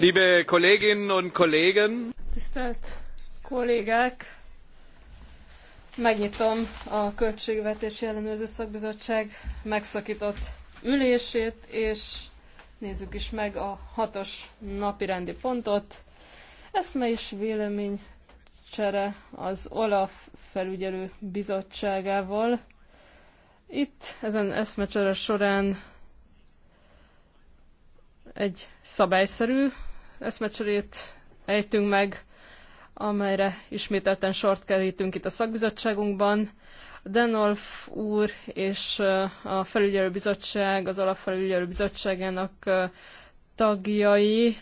Liebe Kolleginnen und Kollegen! Tisztelt kollégák! Megnyitom a Költségvetési Ellenőrző Szakbizottság megszakított ülését, és nézzük is meg a hatos napi rendi pontot. Eszme is véleménycsere az OLAF felügyelő bizottságával. Itt ezen eszmecsere során egy szabályszerű eszmecserét ejtünk meg, amelyre ismételten sort kerítünk itt a szakbizottságunkban. Denolf úr és a felügyelőbizottság, az alapfelügyelőbizottságának tagjai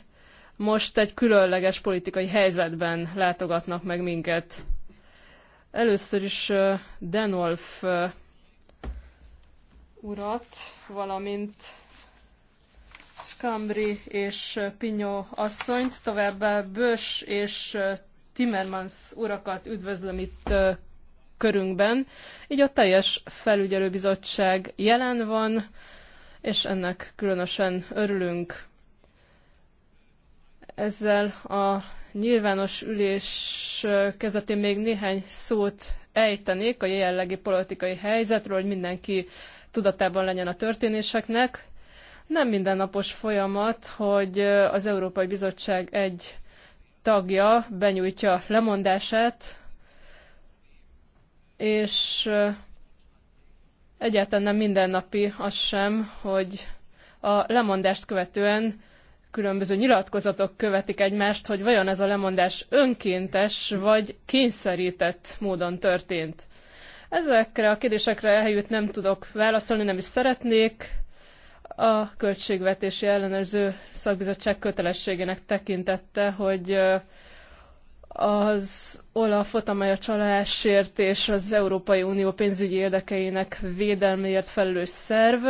most egy különleges politikai helyzetben látogatnak meg minket. Először is Denolf urat, valamint Kamri és Pinyó asszonyt, továbbá Bös és Timmermans urakat üdvözlöm itt körünkben. Így a teljes felügyelőbizottság jelen van, és ennek különösen örülünk. Ezzel a nyilvános ülés kezdetén még néhány szót ejtenék a jelenlegi politikai helyzetről, hogy mindenki tudatában legyen a történéseknek. Nem mindennapos folyamat, hogy az Európai Bizottság egy tagja benyújtja lemondását, és egyáltalán nem mindennapi az sem, hogy a lemondást követően különböző nyilatkozatok követik egymást, hogy vajon ez a lemondás önkéntes vagy kényszerített módon történt. Ezekre a kérdésekre eljut nem tudok válaszolni, nem is szeretnék a Költségvetési Ellenőrző Szakbizottság kötelességének tekintette, hogy az Olafot, amely a csalásért és az Európai Unió pénzügyi érdekeinek védelméért felelős szerv,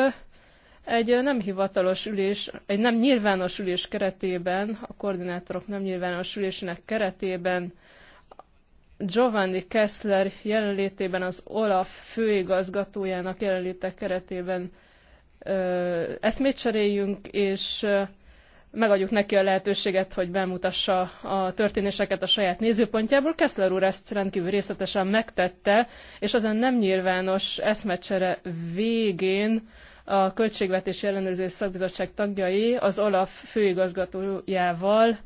egy nem hivatalos ülés, egy nem nyilvános ülés keretében, a koordinátorok nem nyilvános ülésének keretében Giovanni Kessler jelenlétében az Olaf főigazgatójának jelenléte keretében eszmét cseréljünk, és megadjuk neki a lehetőséget, hogy bemutassa a történéseket a saját nézőpontjából. Kessler úr ezt rendkívül részletesen megtette, és ezen nem nyilvános eszmecsere végén a Költségvetési Ellenőrző Szakbizottság tagjai az OLAF főigazgatójával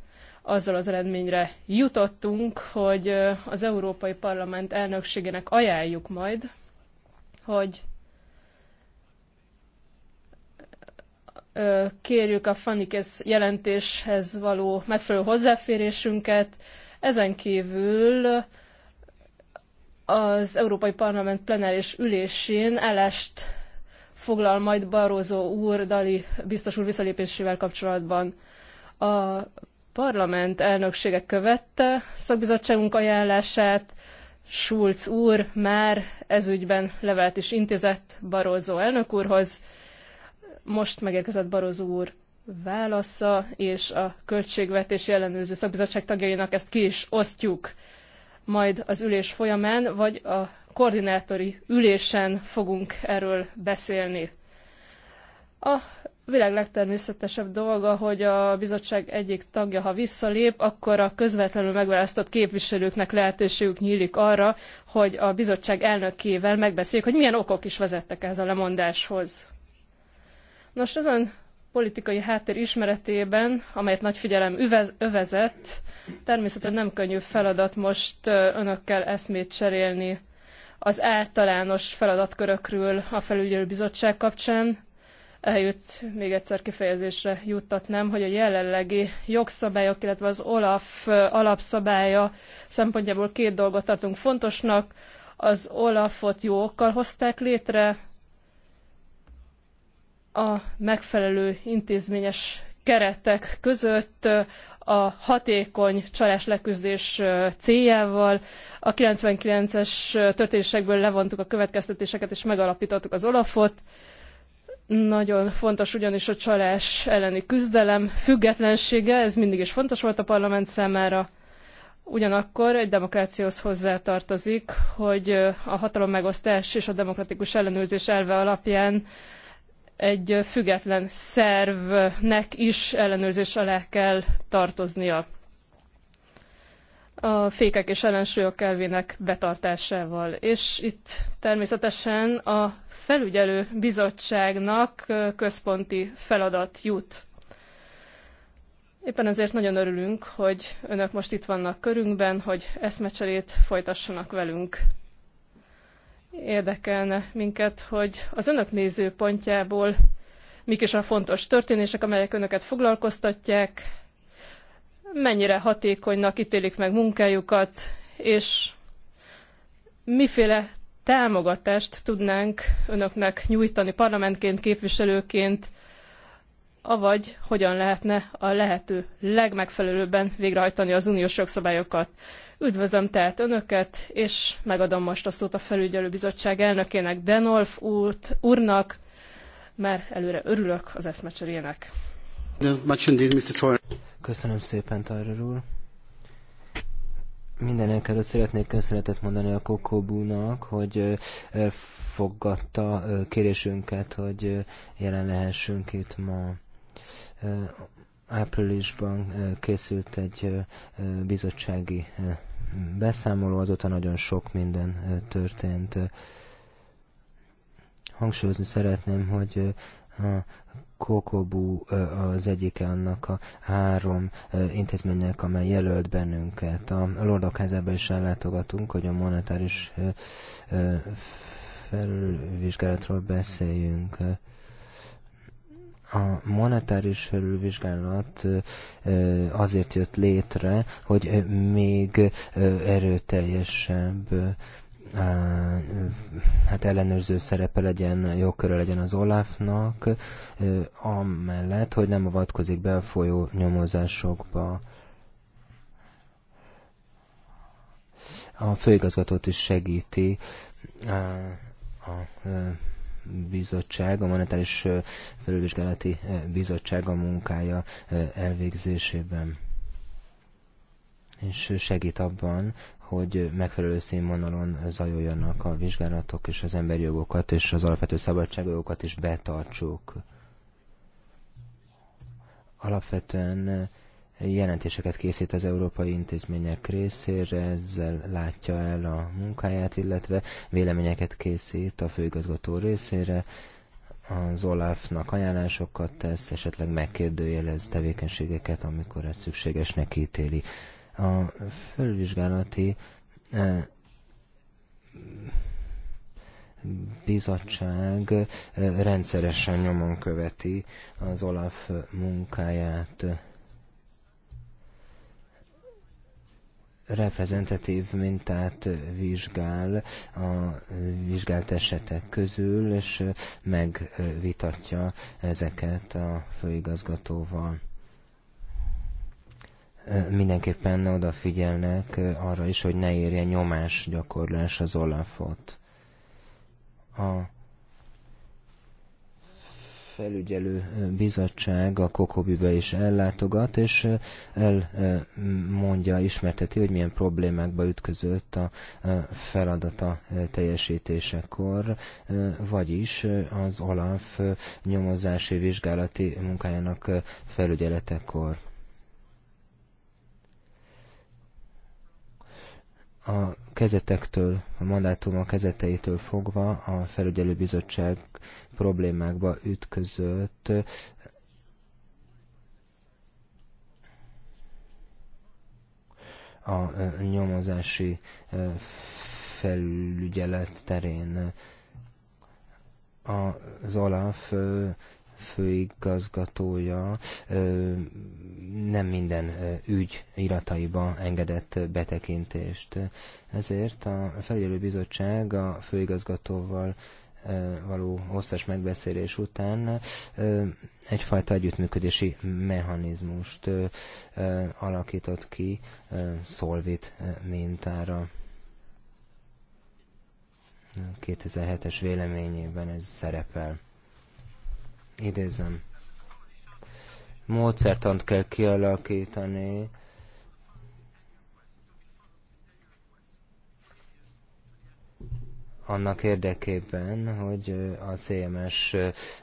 azzal az eredményre jutottunk, hogy az Európai Parlament elnökségének ajánljuk majd, hogy kérjük a Fanikes jelentéshez való megfelelő hozzáférésünket. Ezen kívül az Európai Parlament plenáris ülésén állást foglal majd Barroso úr, Dali biztos úr visszalépésével kapcsolatban. A parlament elnöksége követte szakbizottságunk ajánlását, Schulz úr már ezügyben levelet is intézett Barroso elnök úrhoz, most megérkezett Barozó úr válasza, és a költségvetési ellenőrző szakbizottság tagjainak ezt ki is osztjuk majd az ülés folyamán, vagy a koordinátori ülésen fogunk erről beszélni. A világ legtermészetesebb dolga, hogy a bizottság egyik tagja, ha visszalép, akkor a közvetlenül megválasztott képviselőknek lehetőségük nyílik arra, hogy a bizottság elnökével megbeszéljék, hogy milyen okok is vezettek ez a lemondáshoz. Nos, azon politikai háttér ismeretében, amelyet nagy figyelem üvez, övezett, természetesen nem könnyű feladat most önökkel eszmét cserélni az általános feladatkörökről a felügyelő bizottság kapcsán. Eljött még egyszer kifejezésre juttatnám, hogy a jelenlegi jogszabályok, illetve az OLAF alapszabálya szempontjából két dolgot tartunk fontosnak. Az OLAFot jó okkal hozták létre, a megfelelő intézményes keretek között a hatékony csalás leküzdés céljával. A 99-es történésekből levontuk a következtetéseket és megalapítottuk az Olafot. Nagyon fontos ugyanis a csalás elleni küzdelem függetlensége, ez mindig is fontos volt a parlament számára. Ugyanakkor egy demokráciához hozzátartozik, hogy a hatalommegosztás és a demokratikus ellenőrzés elve alapján egy független szervnek is ellenőrzés alá kell tartoznia a fékek és ellensúlyok elvének betartásával. És itt természetesen a felügyelő bizottságnak központi feladat jut. Éppen ezért nagyon örülünk, hogy önök most itt vannak körünkben, hogy eszmecserét folytassanak velünk. Érdekelne minket, hogy az önök nézőpontjából mik is a fontos történések, amelyek önöket foglalkoztatják, mennyire hatékonynak ítélik meg munkájukat, és miféle támogatást tudnánk önöknek nyújtani parlamentként, képviselőként, avagy hogyan lehetne a lehető legmegfelelőbben végrehajtani az uniós jogszabályokat. Üdvözlöm tehát Önöket, és megadom most a szót a felügyelőbizottság elnökének, Denolf úrt, úrnak, mert előre örülök az eszmecserének. Köszönöm szépen, Tarrer úr. Mindenek előtt szeretnék köszönetet mondani a Kokobúnak, hogy elfogadta kérésünket, hogy jelen lehessünk itt ma áprilisban készült egy bizottsági beszámoló, azóta nagyon sok minden történt. Hangsúlyozni szeretném, hogy a Kokobu az egyike annak a három intézménynek, amely jelölt bennünket. A Lordok házába is ellátogatunk, hogy a monetáris felvizsgálatról beszéljünk a monetáris felülvizsgálat azért jött létre, hogy még erőteljesebb hát ellenőrző szerepe legyen, jogköre legyen az Olafnak, amellett, hogy nem avatkozik be a folyó nyomozásokba. A főigazgatót is segíti a, a bizottság, a monetáris felülvizsgálati bizottság a munkája elvégzésében. És segít abban, hogy megfelelő színvonalon zajoljanak a vizsgálatok, és az emberi jogokat és az alapvető szabadságjogokat is betartsuk. Alapvetően jelentéseket készít az európai intézmények részére, ezzel látja el a munkáját, illetve véleményeket készít a főigazgató részére, az Olafnak ajánlásokat tesz, esetleg megkérdőjelez tevékenységeket, amikor ez szükségesnek ítéli. A fölvizsgálati e, bizottság e, rendszeresen nyomon követi az Olaf munkáját reprezentatív mintát vizsgál a vizsgált esetek közül, és megvitatja ezeket a főigazgatóval mindenképpen odafigyelnek arra is, hogy ne érje nyomás gyakorlás az Olafot. A felügyelő bizottság a Kokobibe is ellátogat, és elmondja, ismerteti, hogy milyen problémákba ütközött a feladata teljesítésekor, vagyis az Olaf nyomozási vizsgálati munkájának felügyeletekor. a kezetektől, a mandátum a kezeteitől fogva a felügyelőbizottság problémákba ütközött. a nyomozási felügyelet terén az Olaf főigazgatója nem minden ügy irataiba engedett betekintést. Ezért a felügyelőbizottság a főigazgatóval való hosszas megbeszélés után egyfajta együttműködési mechanizmust alakított ki Szolvit mintára. 2007-es véleményében ez szerepel. Idézem. Módszertant kell kialakítani, annak érdekében, hogy a CMS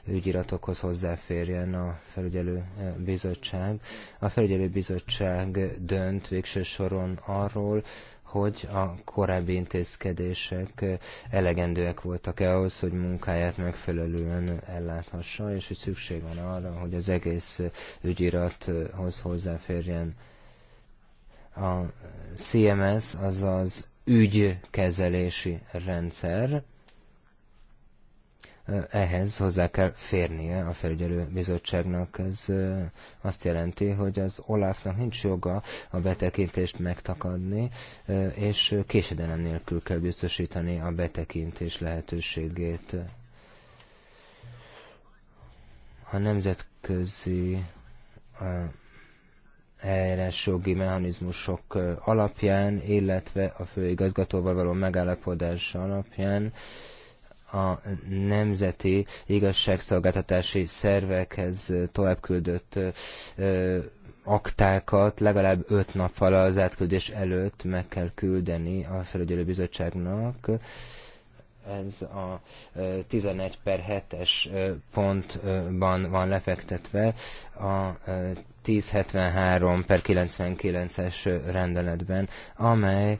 ügyiratokhoz hozzáférjen a felügyelő bizottság. A felügyelő bizottság dönt végső soron arról, hogy a korábbi intézkedések elegendőek voltak-e ahhoz, hogy munkáját megfelelően elláthassa, és hogy szükség van arra, hogy az egész ügyirathoz hozzáférjen. A CMS, azaz ügykezelési rendszer, ehhez hozzá kell férnie a felügyelő bizottságnak. Ez azt jelenti, hogy az Olafnak nincs joga a betekintést megtakadni, és késedelem nélkül kell biztosítani a betekintés lehetőségét. A nemzetközi jogi mechanizmusok alapján, illetve a főigazgatóval való megállapodás alapján a nemzeti igazságszolgáltatási szervekhez küldött aktákat legalább öt nappal az átküldés előtt meg kell küldeni a bizottságnak. Ez a 11 per 7-es pontban van lefektetve a 1073 per 99-es rendeletben, amely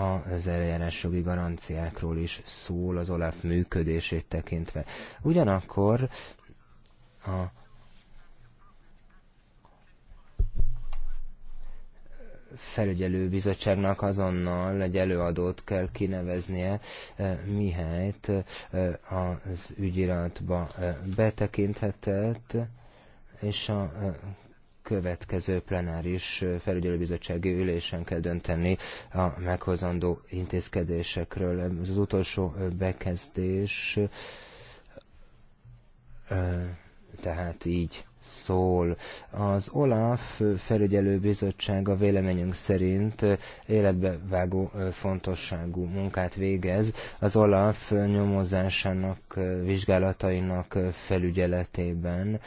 az eljárásjogi garanciákról is szól az OLAF működését tekintve. Ugyanakkor a felügyelőbizottságnak azonnal egy előadót kell kineveznie, e, mihelyt e, az ügyiratba e, betekinthetett, és a következő plenáris felügyelőbizottsági ülésen kell dönteni a meghozandó intézkedésekről. Ez az utolsó bekezdés tehát így szól. Az OLAF a véleményünk szerint életbe vágó fontosságú munkát végez az OLAF nyomozásának, vizsgálatainak felügyeletében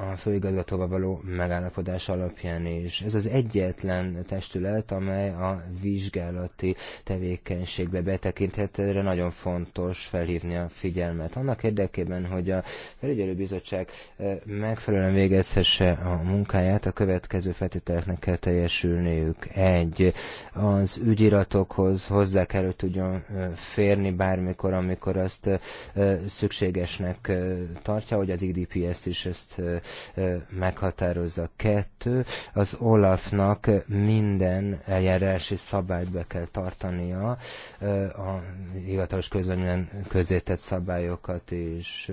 a főigazgatóval való megállapodás alapján is. Ez az egyetlen testület, amely a vizsgálati tevékenységbe betekinthet, erre nagyon fontos felhívni a figyelmet. Annak érdekében, hogy a felügyelőbizottság eh, megfelelően végezhesse a munkáját, a következő feltételeknek kell teljesülniük. Egy, az ügyiratokhoz hozzá kell, hogy tudjon eh, férni bármikor, amikor azt eh, szükségesnek tartja, hogy az IDPS is ezt meghatározza. Kettő, az Olafnak minden eljárási szabályt be kell tartania, a hivatalos közönyben közétett szabályokat is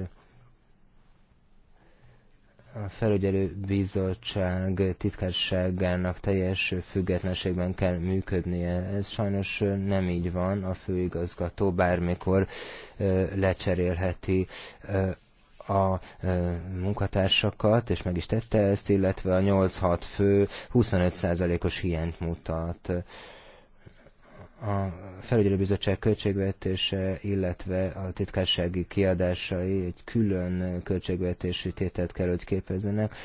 a felügyelő bizottság titkárságának teljes függetlenségben kell működnie. Ez sajnos nem így van, a főigazgató bármikor lecserélheti a e, munkatársakat, és meg is tette ezt, illetve a 86 fő 25%-os hiányt mutat a felügyelőbizottság költségvetése, illetve a titkársági kiadásai egy külön költségvetési tételt kell, hogy képezzenek.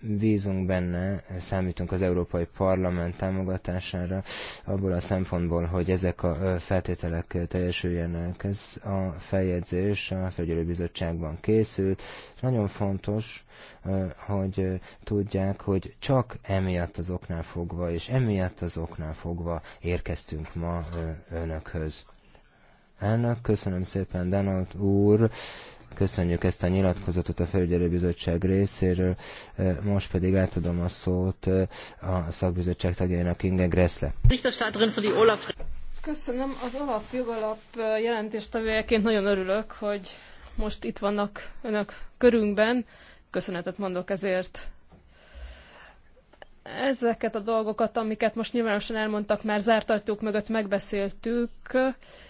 Bízunk benne, számítunk az Európai Parlament támogatására, abból a szempontból, hogy ezek a feltételek teljesüljenek. Ez a feljegyzés a felügyelőbizottságban készült. Nagyon fontos, hogy tudják, hogy csak emiatt az oknál fogva, és emiatt az oknál fogva érkeztünk ma önökhöz. Elnök, köszönöm szépen, Danald úr. Köszönjük ezt a nyilatkozatot a felügyelőbizottság részéről. Most pedig átadom a szót a szakbizottság tagjainak Inge Gressle. Köszönöm. Az Olaf jogalap jelentéstevőjeként nagyon örülök, hogy most itt vannak önök körünkben köszönetet mondok ezért. Ezeket a dolgokat, amiket most nyilvánosan elmondtak, már zárt ajtók mögött megbeszéltük,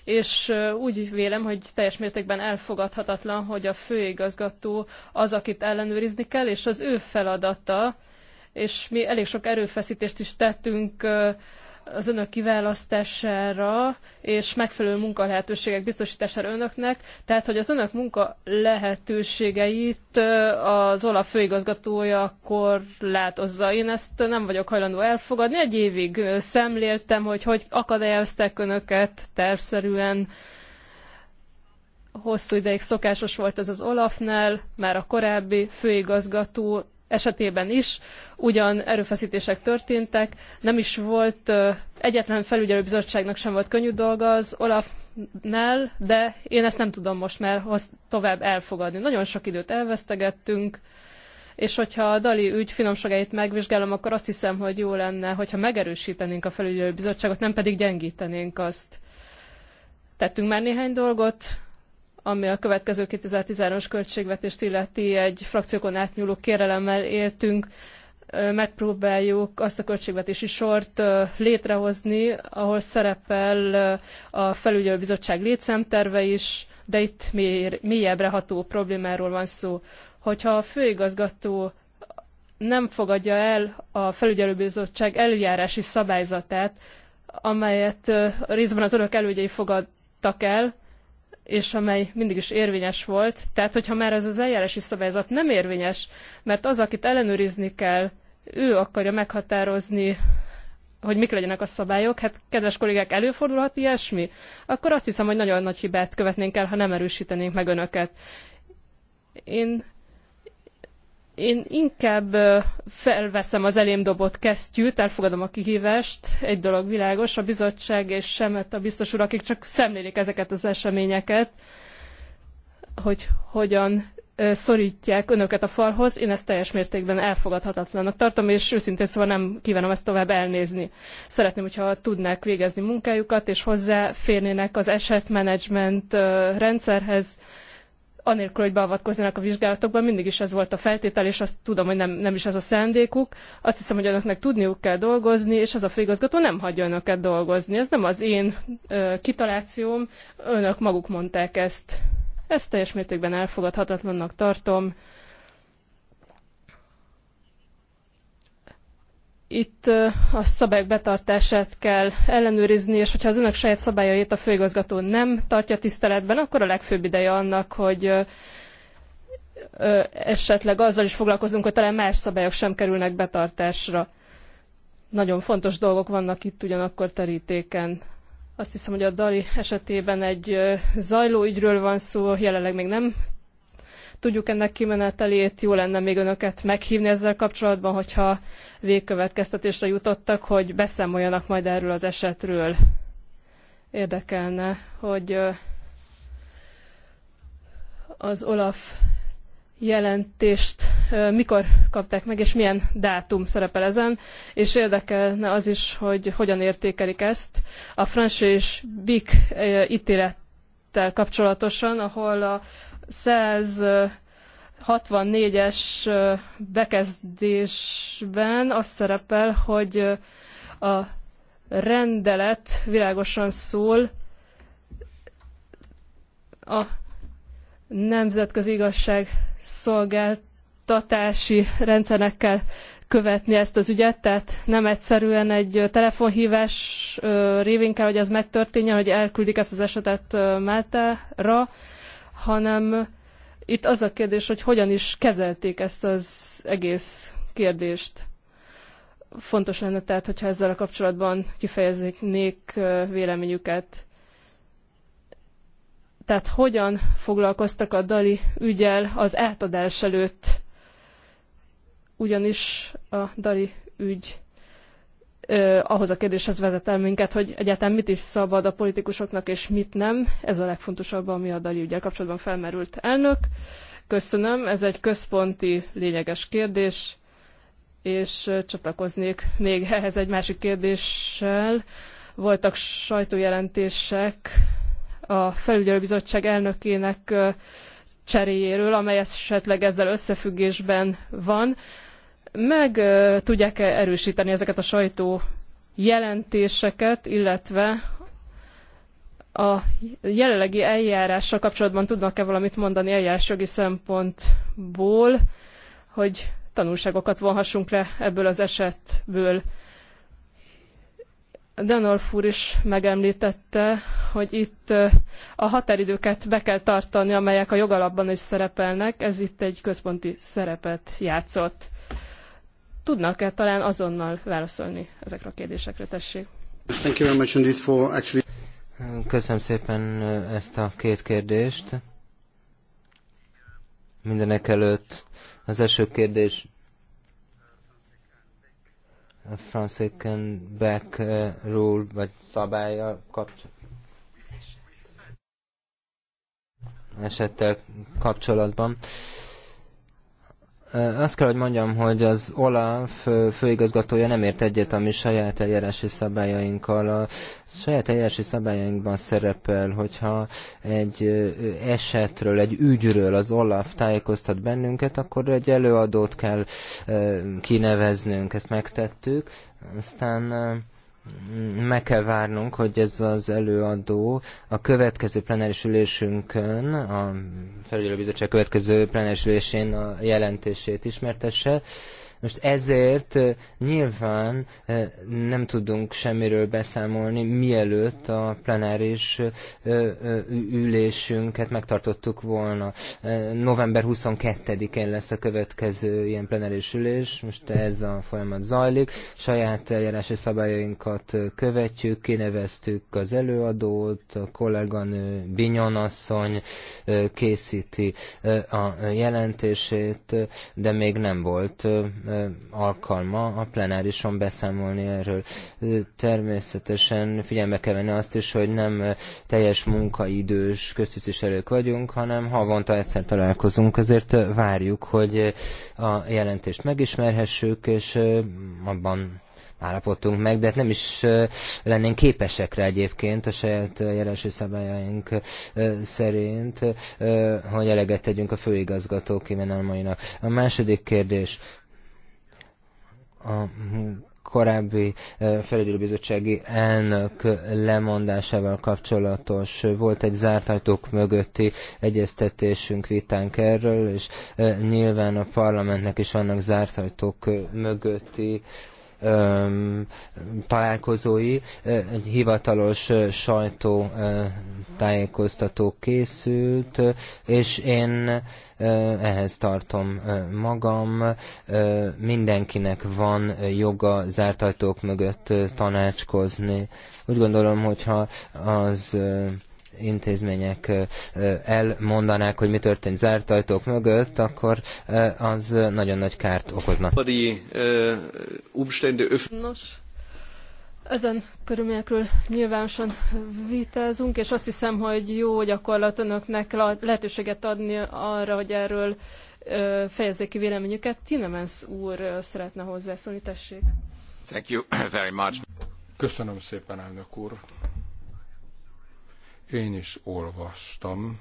és úgy vélem, hogy teljes mértékben elfogadhatatlan, hogy a főigazgató az, akit ellenőrizni kell, és az ő feladata, és mi elég sok erőfeszítést is tettünk az önök kiválasztására és megfelelő munkalehetőségek biztosítására önöknek, tehát hogy az önök munka lehetőségeit az OLAF főigazgatója látozza. Én ezt nem vagyok hajlandó elfogadni. Egy évig szemléltem, hogy hogy akadályoztak önöket tervszerűen. Hosszú ideig szokásos volt ez az Olafnál, már a korábbi főigazgató esetében is ugyan erőfeszítések történtek, nem is volt egyetlen felügyelőbizottságnak sem volt könnyű dolga az Olaf-nel, de én ezt nem tudom most már tovább elfogadni. Nagyon sok időt elvesztegettünk, és hogyha a Dali ügy finomságait megvizsgálom, akkor azt hiszem, hogy jó lenne, hogyha megerősítenénk a felügyelőbizottságot, nem pedig gyengítenénk azt. Tettünk már néhány dolgot, ami a következő 2013-as költségvetést illeti egy frakciókon átnyúló kérelemmel éltünk, megpróbáljuk azt a költségvetési sort létrehozni, ahol szerepel a felügyelőbizottság létszámterve is, de itt mélyebbre ható problémáról van szó. Hogyha a főigazgató nem fogadja el a felügyelőbizottság eljárási szabályzatát, amelyet részben az örök elődjei fogadtak el, és amely mindig is érvényes volt. Tehát, hogyha már ez az eljárási szabályzat nem érvényes, mert az, akit ellenőrizni kell, ő akarja meghatározni, hogy mik legyenek a szabályok, hát kedves kollégák, előfordulhat ilyesmi? Akkor azt hiszem, hogy nagyon nagy hibát követnénk el, ha nem erősítenénk meg önöket. Én én inkább felveszem az elém dobott kesztyűt, elfogadom a kihívást, egy dolog világos, a bizottság és Semet a biztos úr, akik csak szemlélik ezeket az eseményeket, hogy hogyan szorítják önöket a falhoz, én ezt teljes mértékben elfogadhatatlannak tartom, és őszintén szóval nem kívánom ezt tovább elnézni. Szeretném, hogyha tudnák végezni munkájukat, és hozzáférnének az esetmenedzsment rendszerhez, anélkül, hogy beavatkoznának a vizsgálatokban, mindig is ez volt a feltétel, és azt tudom, hogy nem, nem is ez a szándékuk. Azt hiszem, hogy önöknek tudniuk kell dolgozni, és az a főigazgató nem hagyja önöket dolgozni. Ez nem az én ö, kitalációm, önök maguk mondták ezt. Ezt teljes mértékben elfogadhatatlannak tartom. itt a szabályok betartását kell ellenőrizni, és hogyha az önök saját szabályait a főigazgató nem tartja tiszteletben, akkor a legfőbb ideje annak, hogy esetleg azzal is foglalkozunk, hogy talán más szabályok sem kerülnek betartásra. Nagyon fontos dolgok vannak itt ugyanakkor terítéken. Azt hiszem, hogy a Dali esetében egy zajló ügyről van szó, jelenleg még nem Tudjuk ennek kimenetelét, jó lenne még önöket meghívni ezzel kapcsolatban, hogyha végkövetkeztetésre jutottak, hogy beszámoljanak majd erről az esetről. Érdekelne, hogy az Olaf jelentést mikor kapták meg, és milyen dátum szerepel ezen, és érdekelne az is, hogy hogyan értékelik ezt. A Francia és Bic ítélettel kapcsolatosan, ahol a 164-es bekezdésben az szerepel, hogy a rendelet világosan szól a nemzetközi igazság szolgáltatási rendszernek kell követni ezt az ügyet, tehát nem egyszerűen egy telefonhívás révén kell, hogy ez megtörténjen, hogy elküldik ezt az esetet Máltára, hanem itt az a kérdés, hogy hogyan is kezelték ezt az egész kérdést. Fontos lenne tehát, hogyha ezzel a kapcsolatban kifejeznék véleményüket. Tehát hogyan foglalkoztak a Dali ügyel az átadás előtt, ugyanis a Dali ügy ö, ahhoz a kérdéshez vezet el minket, hogy egyáltalán mit is szabad a politikusoknak, és mit nem. Ez a legfontosabb, ami a Dali ügyel kapcsolatban felmerült elnök. Köszönöm, ez egy központi lényeges kérdés, és csatlakoznék még ehhez egy másik kérdéssel. Voltak sajtójelentések a felügyelőbizottság elnökének cseréjéről, amely esetleg ezzel összefüggésben van meg tudják -e erősíteni ezeket a sajtó jelentéseket, illetve a jelenlegi eljárással kapcsolatban tudnak-e valamit mondani eljárásjogi szempontból, hogy tanulságokat vonhassunk le ebből az esetből. Denolf úr is megemlítette, hogy itt a határidőket be kell tartani, amelyek a jogalapban is szerepelnek, ez itt egy központi szerepet játszott. Tudnak-e talán azonnal válaszolni ezekre a kérdésekre, tessék? Köszönöm szépen eh, ezt a két kérdést. Mindenek előtt az első kérdés a Franciscan Back eh, Rule vagy szabálya kapcsolatban esettel kapcsolatban. Azt kell, hogy mondjam, hogy az OLAF főigazgatója nem ért egyet a mi saját eljárási szabályainkkal. A saját eljárási szabályainkban szerepel, hogyha egy esetről, egy ügyről az OLAF tájékoztat bennünket, akkor egy előadót kell kineveznünk. Ezt megtettük. Aztán meg kell várnunk, hogy ez az előadó a következő plenáris ülésünkön, a felügyelőbizottság következő plenáris ülésén a jelentését ismertesse. Most ezért nyilván nem tudunk semmiről beszámolni, mielőtt a plenáris ülésünket megtartottuk volna. November 22-én lesz a következő ilyen plenáris ülés, most ez a folyamat zajlik. Saját eljárási szabályainkat követjük, kineveztük az előadót, a kolléganő Binyonasszony készíti a jelentését, de még nem volt alkalma a plenárison beszámolni erről. Természetesen figyelme kell venni azt is, hogy nem teljes munkaidős köztisztviselők vagyunk, hanem havonta egyszer találkozunk, ezért várjuk, hogy a jelentést megismerhessük, és abban állapodtunk meg, de hát nem is lennénk képesek rá egyébként a saját jelensi szabályaink szerint, hogy eleget tegyünk a főigazgató kivenelmainak. A második kérdés, a korábbi felügyelőbizottsági elnök lemondásával kapcsolatos volt egy zárt ajtók mögötti egyeztetésünk, vitánk erről, és nyilván a parlamentnek is vannak zárt ajtók mögötti találkozói, egy hivatalos sajtó tájékoztató készült, és én ehhez tartom magam. Mindenkinek van joga zárt ajtók mögött tanácskozni. Úgy gondolom, hogyha az intézmények elmondanák, hogy mi történt zárt ajtók mögött, akkor az nagyon nagy kárt okozna. Nos, ezen körülményekről nyilvánosan vitázunk, és azt hiszem, hogy jó gyakorlat önöknek lehetőséget adni arra, hogy erről fejezzék ki véleményüket. Tinemens úr szeretne hozzászólni, tessék. Thank you very much. Köszönöm szépen, elnök úr. Én is olvastam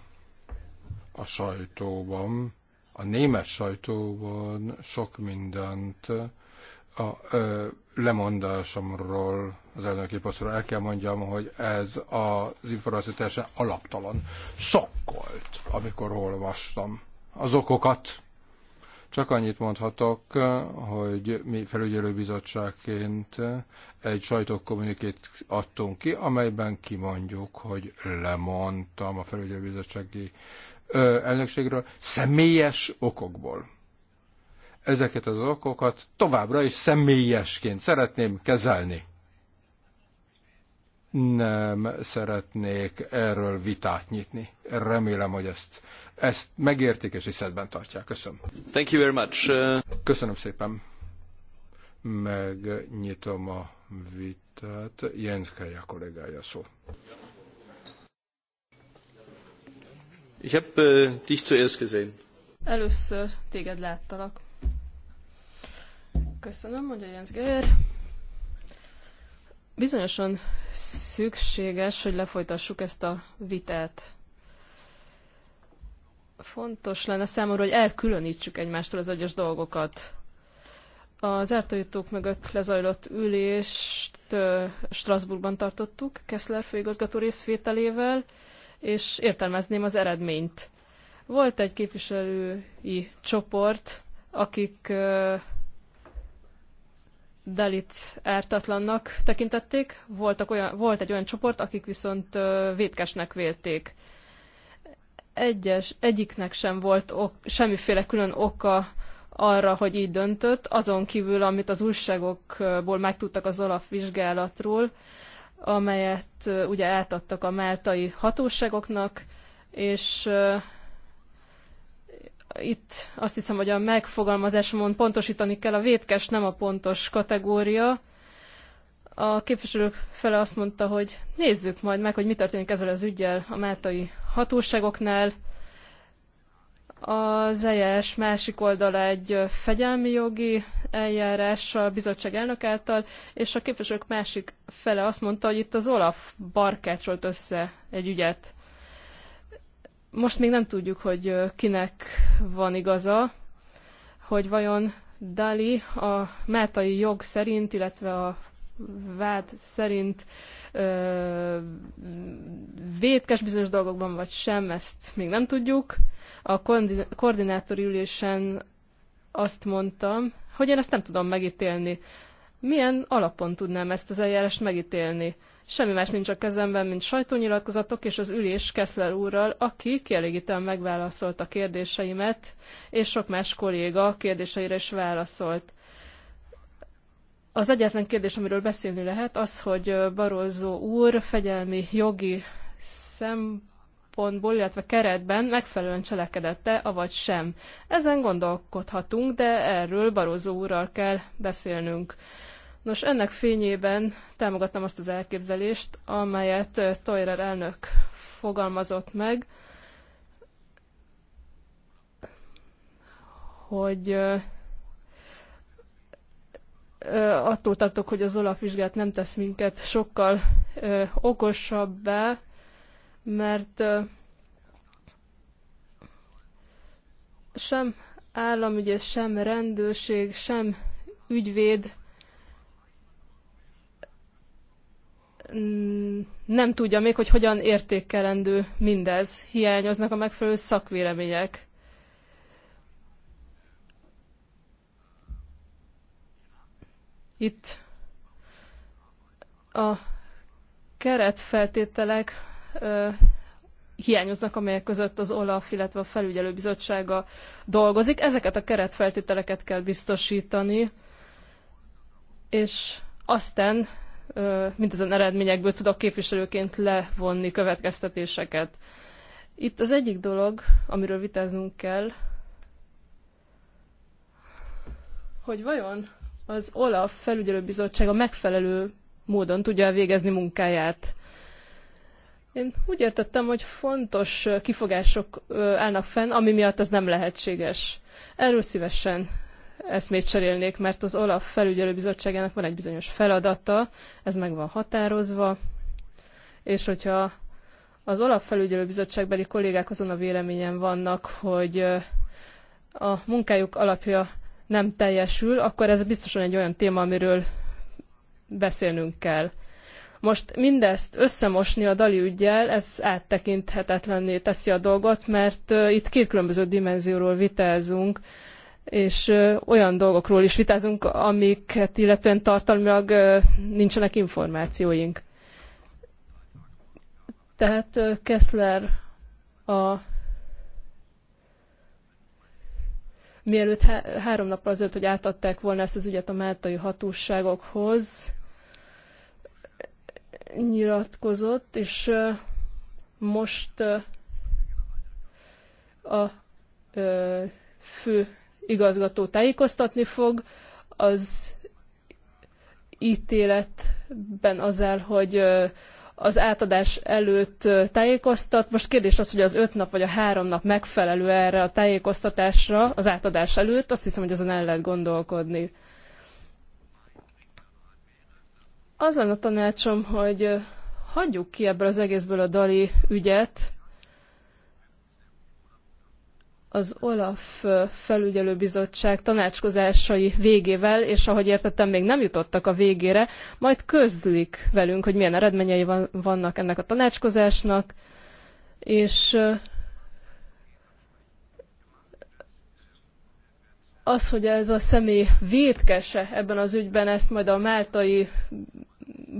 a sajtóban, a német sajtóban sok mindent a ö, lemondásomról az elnöki posztról. El kell mondjam, hogy ez az információ teljesen alaptalan. Sokkolt, amikor olvastam. Az okokat csak annyit mondhatok, hogy mi felügyelőbizottságként egy sajtókommunikét adtunk ki, amelyben kimondjuk, hogy lemondtam a felügyelőbizottsági elnökségről személyes okokból. Ezeket az okokat továbbra is személyesként szeretném kezelni. Nem szeretnék erről vitát nyitni. Remélem, hogy ezt ezt megértik és tiszteletben tartják. Köszönöm. Thank you very much. Uh, Köszönöm szépen. Megnyitom a vitát. Jens a kollégája szó. Ich habe uh, äh, dich zuerst gesehen. Először téged láttalak. Köszönöm, mondja Jens Geyer. Bizonyosan szükséges, hogy lefolytassuk ezt a vitát fontos lenne számomra, hogy elkülönítsük egymástól az egyes dolgokat. Az ártójutók mögött lezajlott ülést Strasbourgban tartottuk, Kessler főigazgató részvételével, és értelmezném az eredményt. Volt egy képviselői csoport, akik Dalit ártatlannak tekintették, Voltak olyan, volt egy olyan csoport, akik viszont vétkesnek vélték egyes, egyiknek sem volt ok, semmiféle külön oka arra, hogy így döntött, azon kívül, amit az újságokból megtudtak az Olaf vizsgálatról, amelyet ugye átadtak a máltai hatóságoknak, és itt azt hiszem, hogy a megfogalmazásomon pontosítani kell, a vétkes nem a pontos kategória, a képviselők fele azt mondta, hogy nézzük majd meg, hogy mi történik ezzel az ügyel a máltai hatóságoknál. Az EJS másik oldala egy fegyelmi jogi eljárás a bizottság elnök által, és a képviselők másik fele azt mondta, hogy itt az Olaf barkácsolt össze egy ügyet. Most még nem tudjuk, hogy kinek van igaza, hogy vajon Dali a mátai jog szerint, illetve a vád szerint ö, vétkes bizonyos dolgokban vagy sem, ezt még nem tudjuk. A koordinátori ülésen azt mondtam, hogy én ezt nem tudom megítélni. Milyen alapon tudnám ezt az eljárást megítélni? Semmi más nincs a kezemben, mint sajtónyilatkozatok és az ülés Keszler úrral, aki kielégítően megválaszolta kérdéseimet, és sok más kolléga kérdéseire is válaszolt. Az egyetlen kérdés, amiről beszélni lehet, az, hogy Barozó úr fegyelmi jogi szempontból, illetve keretben megfelelően cselekedette, avagy sem. Ezen gondolkodhatunk, de erről Barozó úrral kell beszélnünk. Nos, ennek fényében támogattam azt az elképzelést, amelyet Toyer elnök fogalmazott meg, hogy attól tartok, hogy az Olaf vizsgát nem tesz minket sokkal ö, okosabbá, mert ö, sem államügyész, sem rendőrség, sem ügyvéd nem tudja még, hogy hogyan értékelendő mindez. Hiányoznak a megfelelő szakvélemények. Itt a keretfeltételek ö, hiányoznak, amelyek között az OLAF, illetve a felügyelőbizottsága dolgozik. Ezeket a keretfeltételeket kell biztosítani, és aztán ö, mindezen eredményekből tudok képviselőként levonni következtetéseket. Itt az egyik dolog, amiről vitáznunk kell, hogy vajon az OLAF felügyelőbizottsága megfelelő módon tudja végezni munkáját. Én úgy értettem, hogy fontos kifogások állnak fenn, ami miatt ez nem lehetséges. Erről szívesen eszmét cserélnék, mert az OLAF felügyelőbizottságának van egy bizonyos feladata, ez meg van határozva, és hogyha az OLAF felügyelőbizottságbeli kollégák azon a véleményen vannak, hogy a munkájuk alapja nem teljesül, akkor ez biztosan egy olyan téma, amiről beszélnünk kell. Most mindezt összemosni a Dali ügyjel, ez áttekinthetetlenné teszi a dolgot, mert itt két különböző dimenzióról vitázunk, és olyan dolgokról is vitázunk, amiket illetően tartalmilag nincsenek információink. Tehát Kessler a mielőtt há- három nappal azelőtt, hogy átadták volna ezt az ügyet a máltai hatóságokhoz, nyilatkozott, és most a fő igazgató tájékoztatni fog, az ítéletben az el, hogy az átadás előtt tájékoztat. Most kérdés az, hogy az öt nap vagy a három nap megfelelő erre a tájékoztatásra az átadás előtt. Azt hiszem, hogy ezen el lehet gondolkodni. Az lenne a tanácsom, hogy hagyjuk ki ebből az egészből a Dali ügyet, az OLAF felügyelőbizottság tanácskozásai végével, és ahogy értettem, még nem jutottak a végére, majd közlik velünk, hogy milyen eredményei van, vannak ennek a tanácskozásnak, és az, hogy ez a személy vétkese ebben az ügyben, ezt majd a máltai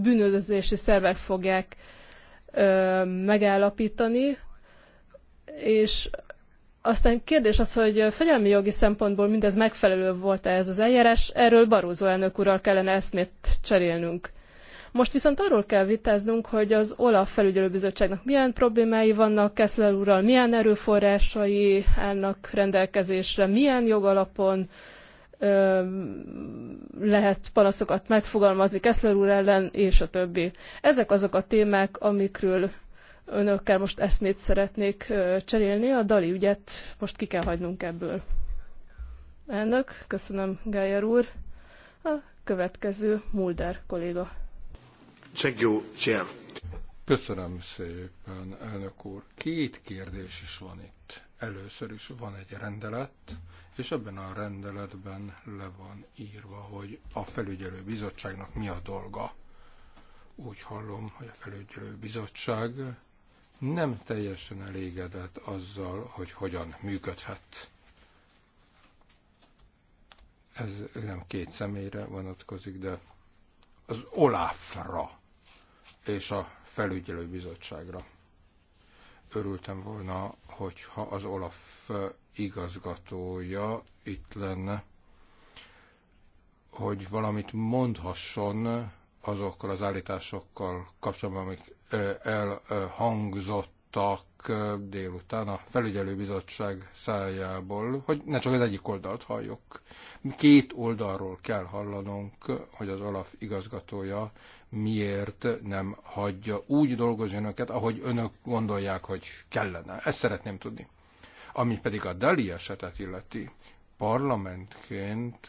bűnözési szervek fogják ö, megállapítani, és aztán kérdés az, hogy fegyelmi jogi szempontból mindez megfelelő volt-e ez az eljárás, erről Barózó elnök úrral kellene eszmét cserélnünk. Most viszont arról kell vitáznunk, hogy az OLAF felügyelőbizottságnak milyen problémái vannak, Keszler úrral milyen erőforrásai állnak rendelkezésre, milyen jogalapon ö, lehet panaszokat megfogalmazni Keszler úr ellen, és a többi. Ezek azok a témák, amikről önökkel most eszmét szeretnék cserélni. A Dali ügyet most ki kell hagynunk ebből. Elnök, köszönöm Gájer úr. A következő Mulder kolléga. Köszönöm szépen, elnök úr. Két kérdés is van itt. Először is van egy rendelet, és ebben a rendeletben le van írva, hogy a felügyelő bizottságnak mi a dolga. Úgy hallom, hogy a felügyelő bizottság nem teljesen elégedett azzal, hogy hogyan működhet. Ez nem két személyre vonatkozik, de az Olafra és a felügyelőbizottságra. Örültem volna, hogyha az Olaf igazgatója itt lenne, hogy valamit mondhasson azokkal az állításokkal kapcsolatban, amik elhangzottak délután a felügyelőbizottság szájából, hogy ne csak az egyik oldalt halljuk. Két oldalról kell hallanunk, hogy az Olaf igazgatója miért nem hagyja úgy dolgozni önöket, ahogy önök gondolják, hogy kellene. Ezt szeretném tudni. Ami pedig a Dali esetet illeti, parlamentként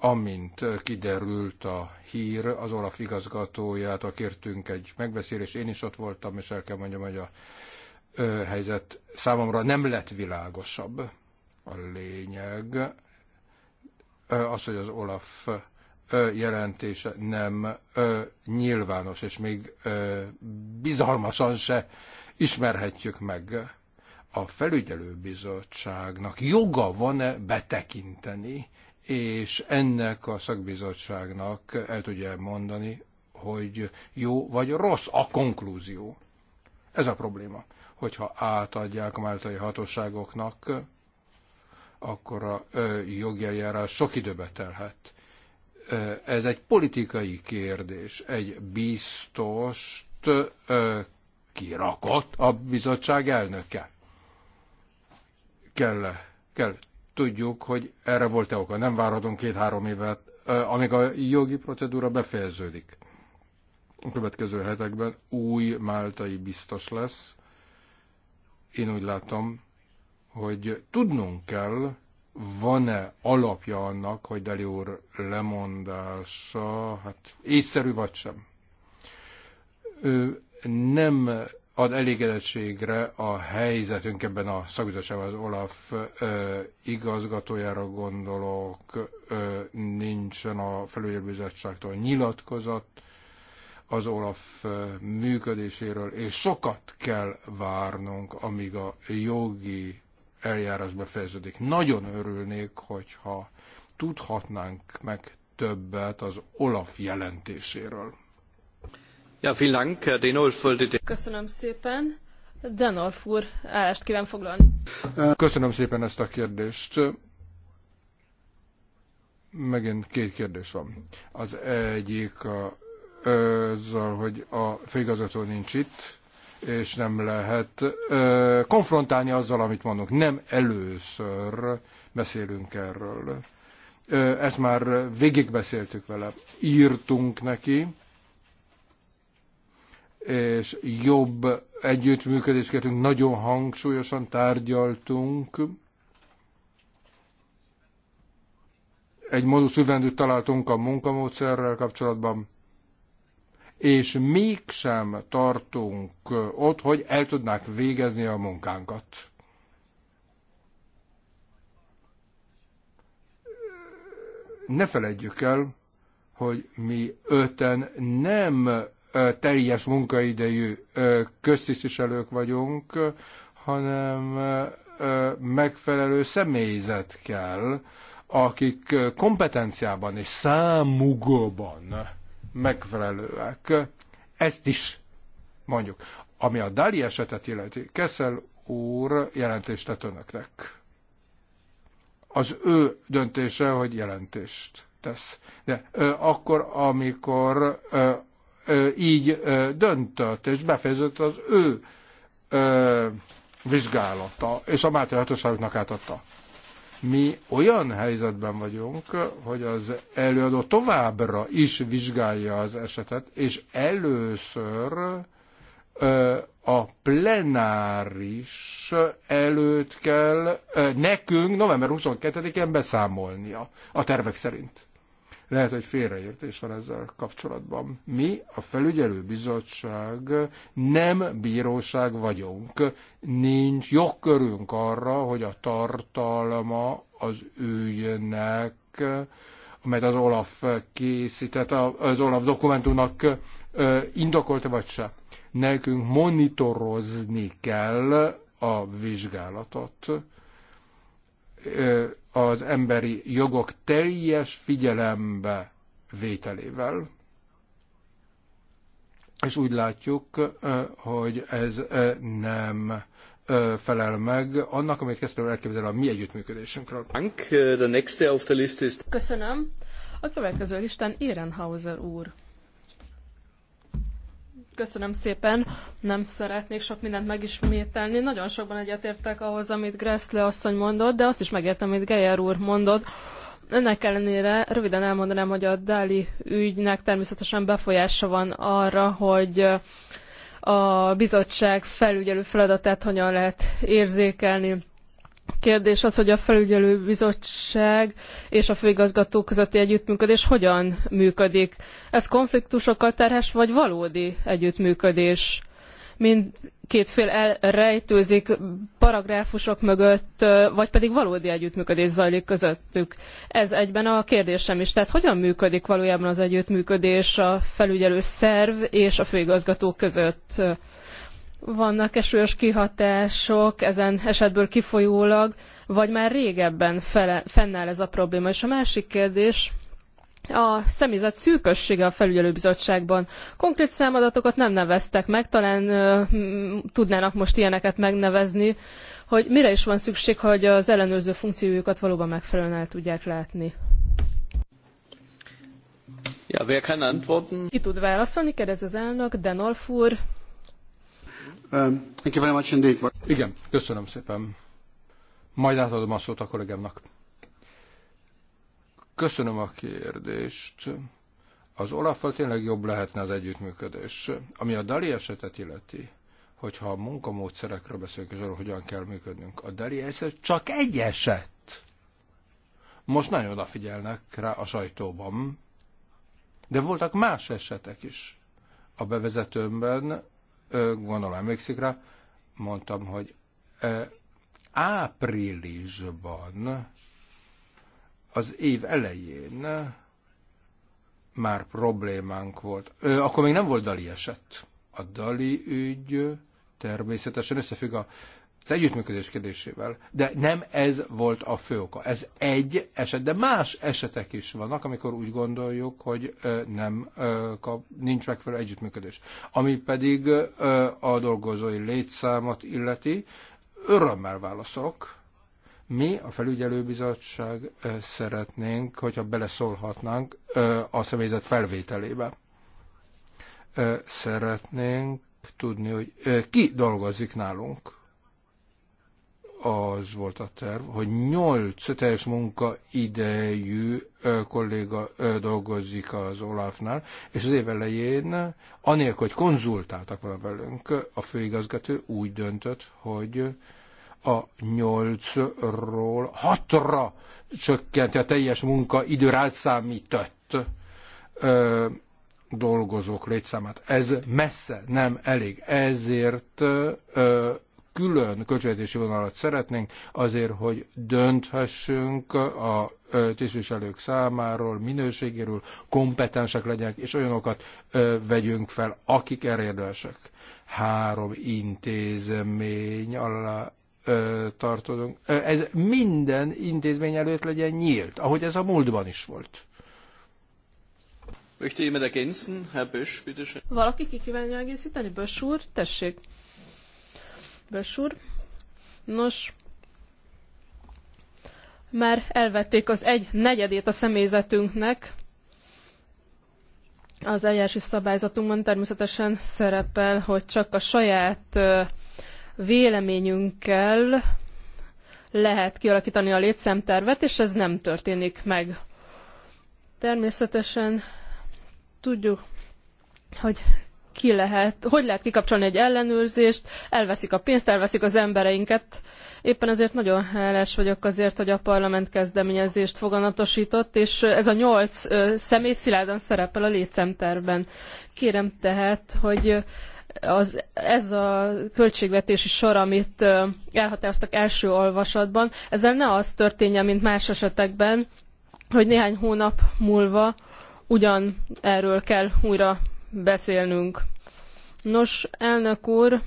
amint kiderült a hír, az Olaf igazgatójától kértünk egy megbeszélést, én is ott voltam, és el kell mondjam, hogy a ö, helyzet számomra nem lett világosabb. A lényeg az, hogy az Olaf jelentése nem nyilvános, és még bizalmasan se ismerhetjük meg. A felügyelőbizottságnak joga van-e betekinteni és ennek a szakbizottságnak el tudja mondani, hogy jó vagy rossz a konklúzió. Ez a probléma. Hogyha átadják a máltai hatóságoknak, akkor a jogi eljárás sok időbe telhet. Ez egy politikai kérdés. Egy biztost kirakott a bizottság elnöke. Kell, kell tudjuk, hogy erre volt-e oka. Nem várhatunk két-három évet, amíg a jogi procedúra befejeződik. A következő hetekben új máltai biztos lesz. Én úgy látom, hogy tudnunk kell, van-e alapja annak, hogy Deli úr lemondása, hát észszerű vagy sem. Ő nem ad elégedettségre a helyzetünk ebben a szakbizottságban, az Olaf ö, igazgatójára gondolok, ö, nincsen a felügyelőbizottságtól nyilatkozat az Olaf ö, működéséről, és sokat kell várnunk, amíg a jogi eljárás befejeződik. Nagyon örülnék, hogyha tudhatnánk meg többet az Olaf jelentéséről. Ja, Köszönöm szépen. úr, kíván foglalni. Köszönöm szépen ezt a kérdést. Megint két kérdés van. Az egyik azzal, hogy a főigazgató nincs itt, és nem lehet konfrontálni azzal, amit mondunk. Nem először beszélünk erről. ezt már végigbeszéltük vele. Írtunk neki, és jobb együttműködést kértünk, nagyon hangsúlyosan tárgyaltunk. Egy modus vivendőt találtunk a munkamódszerrel kapcsolatban, és mégsem tartunk ott, hogy el tudnák végezni a munkánkat. Ne feledjük el, hogy mi öten nem teljes munkaidejű köztisztviselők vagyunk, hanem megfelelő személyzet kell, akik kompetenciában és számugóban megfelelőek. Ezt is mondjuk. Ami a Dali esetet illeti, Keszel úr jelentést tett önöknek. Az ő döntése, hogy jelentést tesz. De ö, akkor, amikor ö, így döntött, és befejeződött az ő vizsgálata, és a Máté hatóságoknak átadta. Mi olyan helyzetben vagyunk, hogy az előadó továbbra is vizsgálja az esetet, és először a plenáris előtt kell nekünk november 22-én beszámolnia a tervek szerint. Lehet, hogy félreértés van ezzel kapcsolatban. Mi, a felügyelőbizottság, nem bíróság vagyunk. Nincs jogkörünk arra, hogy a tartalma az ügynek, amelyet az Olaf készített, az Olaf dokumentumnak indokolta vagy se. Nekünk monitorozni kell a vizsgálatot az emberi jogok teljes figyelembe vételével. És úgy látjuk, hogy ez nem felel meg annak, amit kezdtem elképzel a mi együttműködésünkről. Köszönöm. A következő listán Ehrenhauser úr. Köszönöm szépen, nem szeretnék sok mindent megismételni. Nagyon sokban egyetértek ahhoz, amit Gressle asszony mondott, de azt is megértem, amit Geyer úr mondott. Ennek ellenére röviden elmondanám, hogy a Dali ügynek természetesen befolyása van arra, hogy a bizottság felügyelő feladatát hogyan lehet érzékelni kérdés az, hogy a felügyelő bizottság és a főigazgató közötti együttműködés hogyan működik. Ez konfliktusokkal terhes, vagy valódi együttműködés? Mind két fél elrejtőzik paragráfusok mögött, vagy pedig valódi együttműködés zajlik közöttük. Ez egyben a kérdésem is. Tehát hogyan működik valójában az együttműködés a felügyelő szerv és a főigazgató között? vannak-e súlyos kihatások ezen esetből kifolyólag, vagy már régebben fele, fennáll ez a probléma? És a másik kérdés, a személyzet szűkössége a felügyelőbizottságban. Konkrét számadatokat nem neveztek meg, talán ö, tudnának most ilyeneket megnevezni, hogy mire is van szükség, hogy az ellenőrző funkciójukat valóban megfelelően el tudják látni. Ja, wer kann antworten? Ki tud válaszolni, kérdez az elnök, Denolf úr. Um, thank you very much indeed. Igen, köszönöm szépen. Majd átadom a szót a kollégámnak. Köszönöm a kérdést. Az olaf tényleg jobb lehetne az együttműködés. Ami a Dali esetet illeti, hogyha a munkamódszerekről beszélünk, és arról hogyan kell működnünk. A Dali eset csak egy eset. Most nagyon odafigyelnek rá a sajtóban, de voltak más esetek is. A bevezetőmben gondolom emlékszik rá, mondtam, hogy áprilisban, az év elején már problémánk volt. Ö, akkor még nem volt Dali eset. A Dali ügy természetesen összefügg a az együttműködés kérdésével, de nem ez volt a fő oka. Ez egy eset, de más esetek is vannak, amikor úgy gondoljuk, hogy nem kap, nincs megfelelő együttműködés. Ami pedig a dolgozói létszámot illeti, örömmel válaszolok. Mi a felügyelőbizottság szeretnénk, hogyha beleszólhatnánk a személyzet felvételébe. Szeretnénk tudni, hogy ki dolgozik nálunk az volt a terv, hogy nyolc teljes munkaidejű kolléga dolgozik az Olafnál, és az év elején, anélkül, hogy konzultáltak volna velünk, a főigazgató úgy döntött, hogy a nyolcról hatra csökkenti a teljes munkaidőre átszámított dolgozók létszámát. Ez messze nem elég. Ezért ö, külön költségvetési vonalat szeretnénk, azért, hogy dönthessünk a tisztviselők számáról, minőségéről, kompetensek legyenek, és olyanokat vegyünk fel, akik erre érdemesek. Három intézmény alá tartozunk. Ez minden intézmény előtt legyen nyílt, ahogy ez a múltban is volt. Möchte jemand ergänzen? Herr Bösch, Valaki ki kívánja egészíteni? Bösch úr, tessék. Bös úr. Nos, már elvették az egy negyedét a személyzetünknek. Az eljárási szabályzatunkban természetesen szerepel, hogy csak a saját véleményünkkel lehet kialakítani a létszámtervet, és ez nem történik meg. Természetesen tudjuk, hogy ki lehet, hogy lehet kikapcsolni egy ellenőrzést, elveszik a pénzt, elveszik az embereinket. Éppen ezért nagyon hálás vagyok azért, hogy a parlament kezdeményezést foganatosított, és ez a nyolc személy szilárdan szerepel a létszemterben. Kérem tehát, hogy az, ez a költségvetési sor, amit elhatároztak első olvasatban, ezzel ne az történjen, mint más esetekben, hogy néhány hónap múlva ugyan erről kell újra beszélnünk. Nos, elnök úr,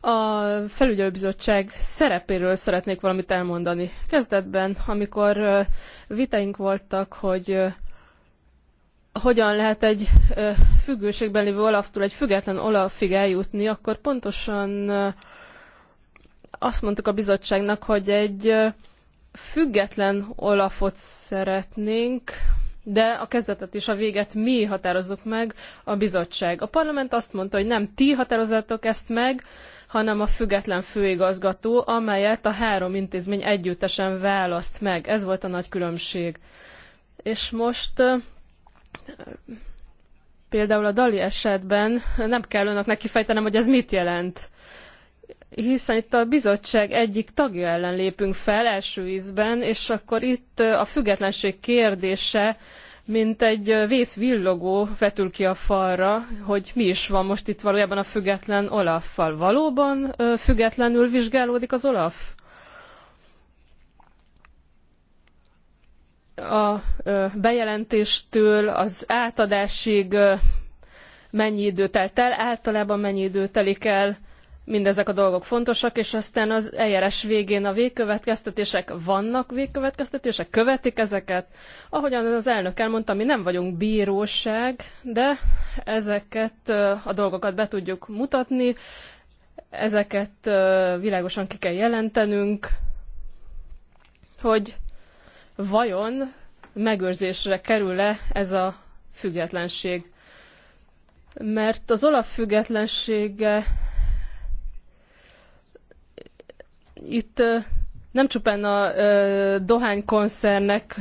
a felügyelőbizottság szerepéről szeretnék valamit elmondani. Kezdetben, amikor vitaink voltak, hogy hogyan lehet egy függőségben lévő Olaftól egy független Olafig eljutni, akkor pontosan azt mondtuk a bizottságnak, hogy egy független Olafot szeretnénk, de a kezdetet és a véget mi határozzuk meg, a bizottság. A parlament azt mondta, hogy nem ti határozzátok ezt meg, hanem a független főigazgató, amelyet a három intézmény együttesen választ meg. Ez volt a nagy különbség. És most például a Dali esetben nem kell önöknek kifejtenem, hogy ez mit jelent hiszen itt a bizottság egyik tagja ellen lépünk fel első ízben, és akkor itt a függetlenség kérdése, mint egy vészvillogó vetül ki a falra, hogy mi is van most itt valójában a független Olaffal. Valóban függetlenül vizsgálódik az Olaf? A bejelentéstől az átadásig mennyi idő telt el, általában mennyi idő telik el, mindezek a dolgok fontosak, és aztán az eljárás végén a végkövetkeztetések vannak végkövetkeztetések, követik ezeket. Ahogyan az elnök elmondta, mi nem vagyunk bíróság, de ezeket a dolgokat be tudjuk mutatni, ezeket világosan ki kell jelentenünk, hogy vajon megőrzésre kerül-e ez a függetlenség. Mert az olaf függetlensége itt nem csupán a dohánykonszernek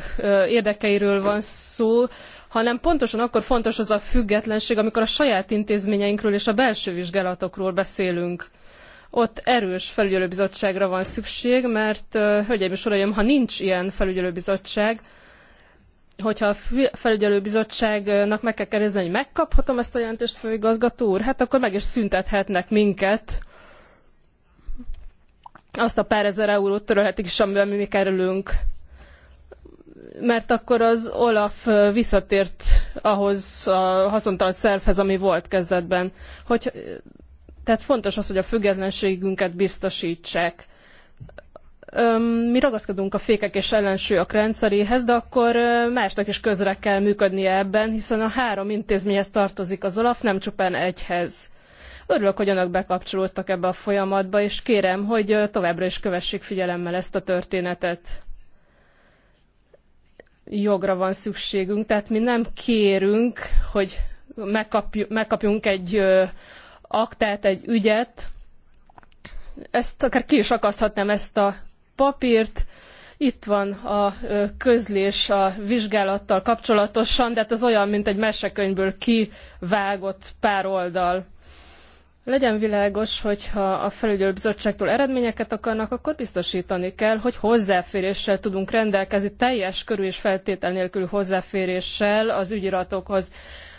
érdekeiről van szó, hanem pontosan akkor fontos az a függetlenség, amikor a saját intézményeinkről és a belső vizsgálatokról beszélünk. Ott erős felügyelőbizottságra van szükség, mert hölgyeim és uraim, ha nincs ilyen felügyelőbizottság, hogyha a felügyelőbizottságnak meg kell kérdezni, hogy megkaphatom ezt a jelentést, főigazgató úr, hát akkor meg is szüntethetnek minket, azt a pár ezer eurót törölhetik is, amivel mi kerülünk. Mert akkor az Olaf visszatért ahhoz a haszontalan szervhez, ami volt kezdetben. Hogy, tehát fontos az, hogy a függetlenségünket biztosítsák mi ragaszkodunk a fékek és ellensúlyok rendszeréhez, de akkor másnak is közre kell működnie ebben, hiszen a három intézményhez tartozik az Olaf, nem csupán egyhez. Örülök, hogy önök bekapcsolódtak ebbe a folyamatba, és kérem, hogy továbbra is kövessék figyelemmel ezt a történetet jogra van szükségünk, tehát mi nem kérünk, hogy megkapjuk, megkapjunk egy aktát, egy ügyet. Ezt akár ki is akaszthatnám ezt a papírt. Itt van a közlés a vizsgálattal kapcsolatosan, de hát ez olyan, mint egy mesekönyvből kivágott pár oldal. Legyen világos, hogyha a felügyelőbizottságtól eredményeket akarnak, akkor biztosítani kell, hogy hozzáféréssel tudunk rendelkezni, teljes körül- és feltétel nélkül hozzáféréssel az ügyiratokhoz.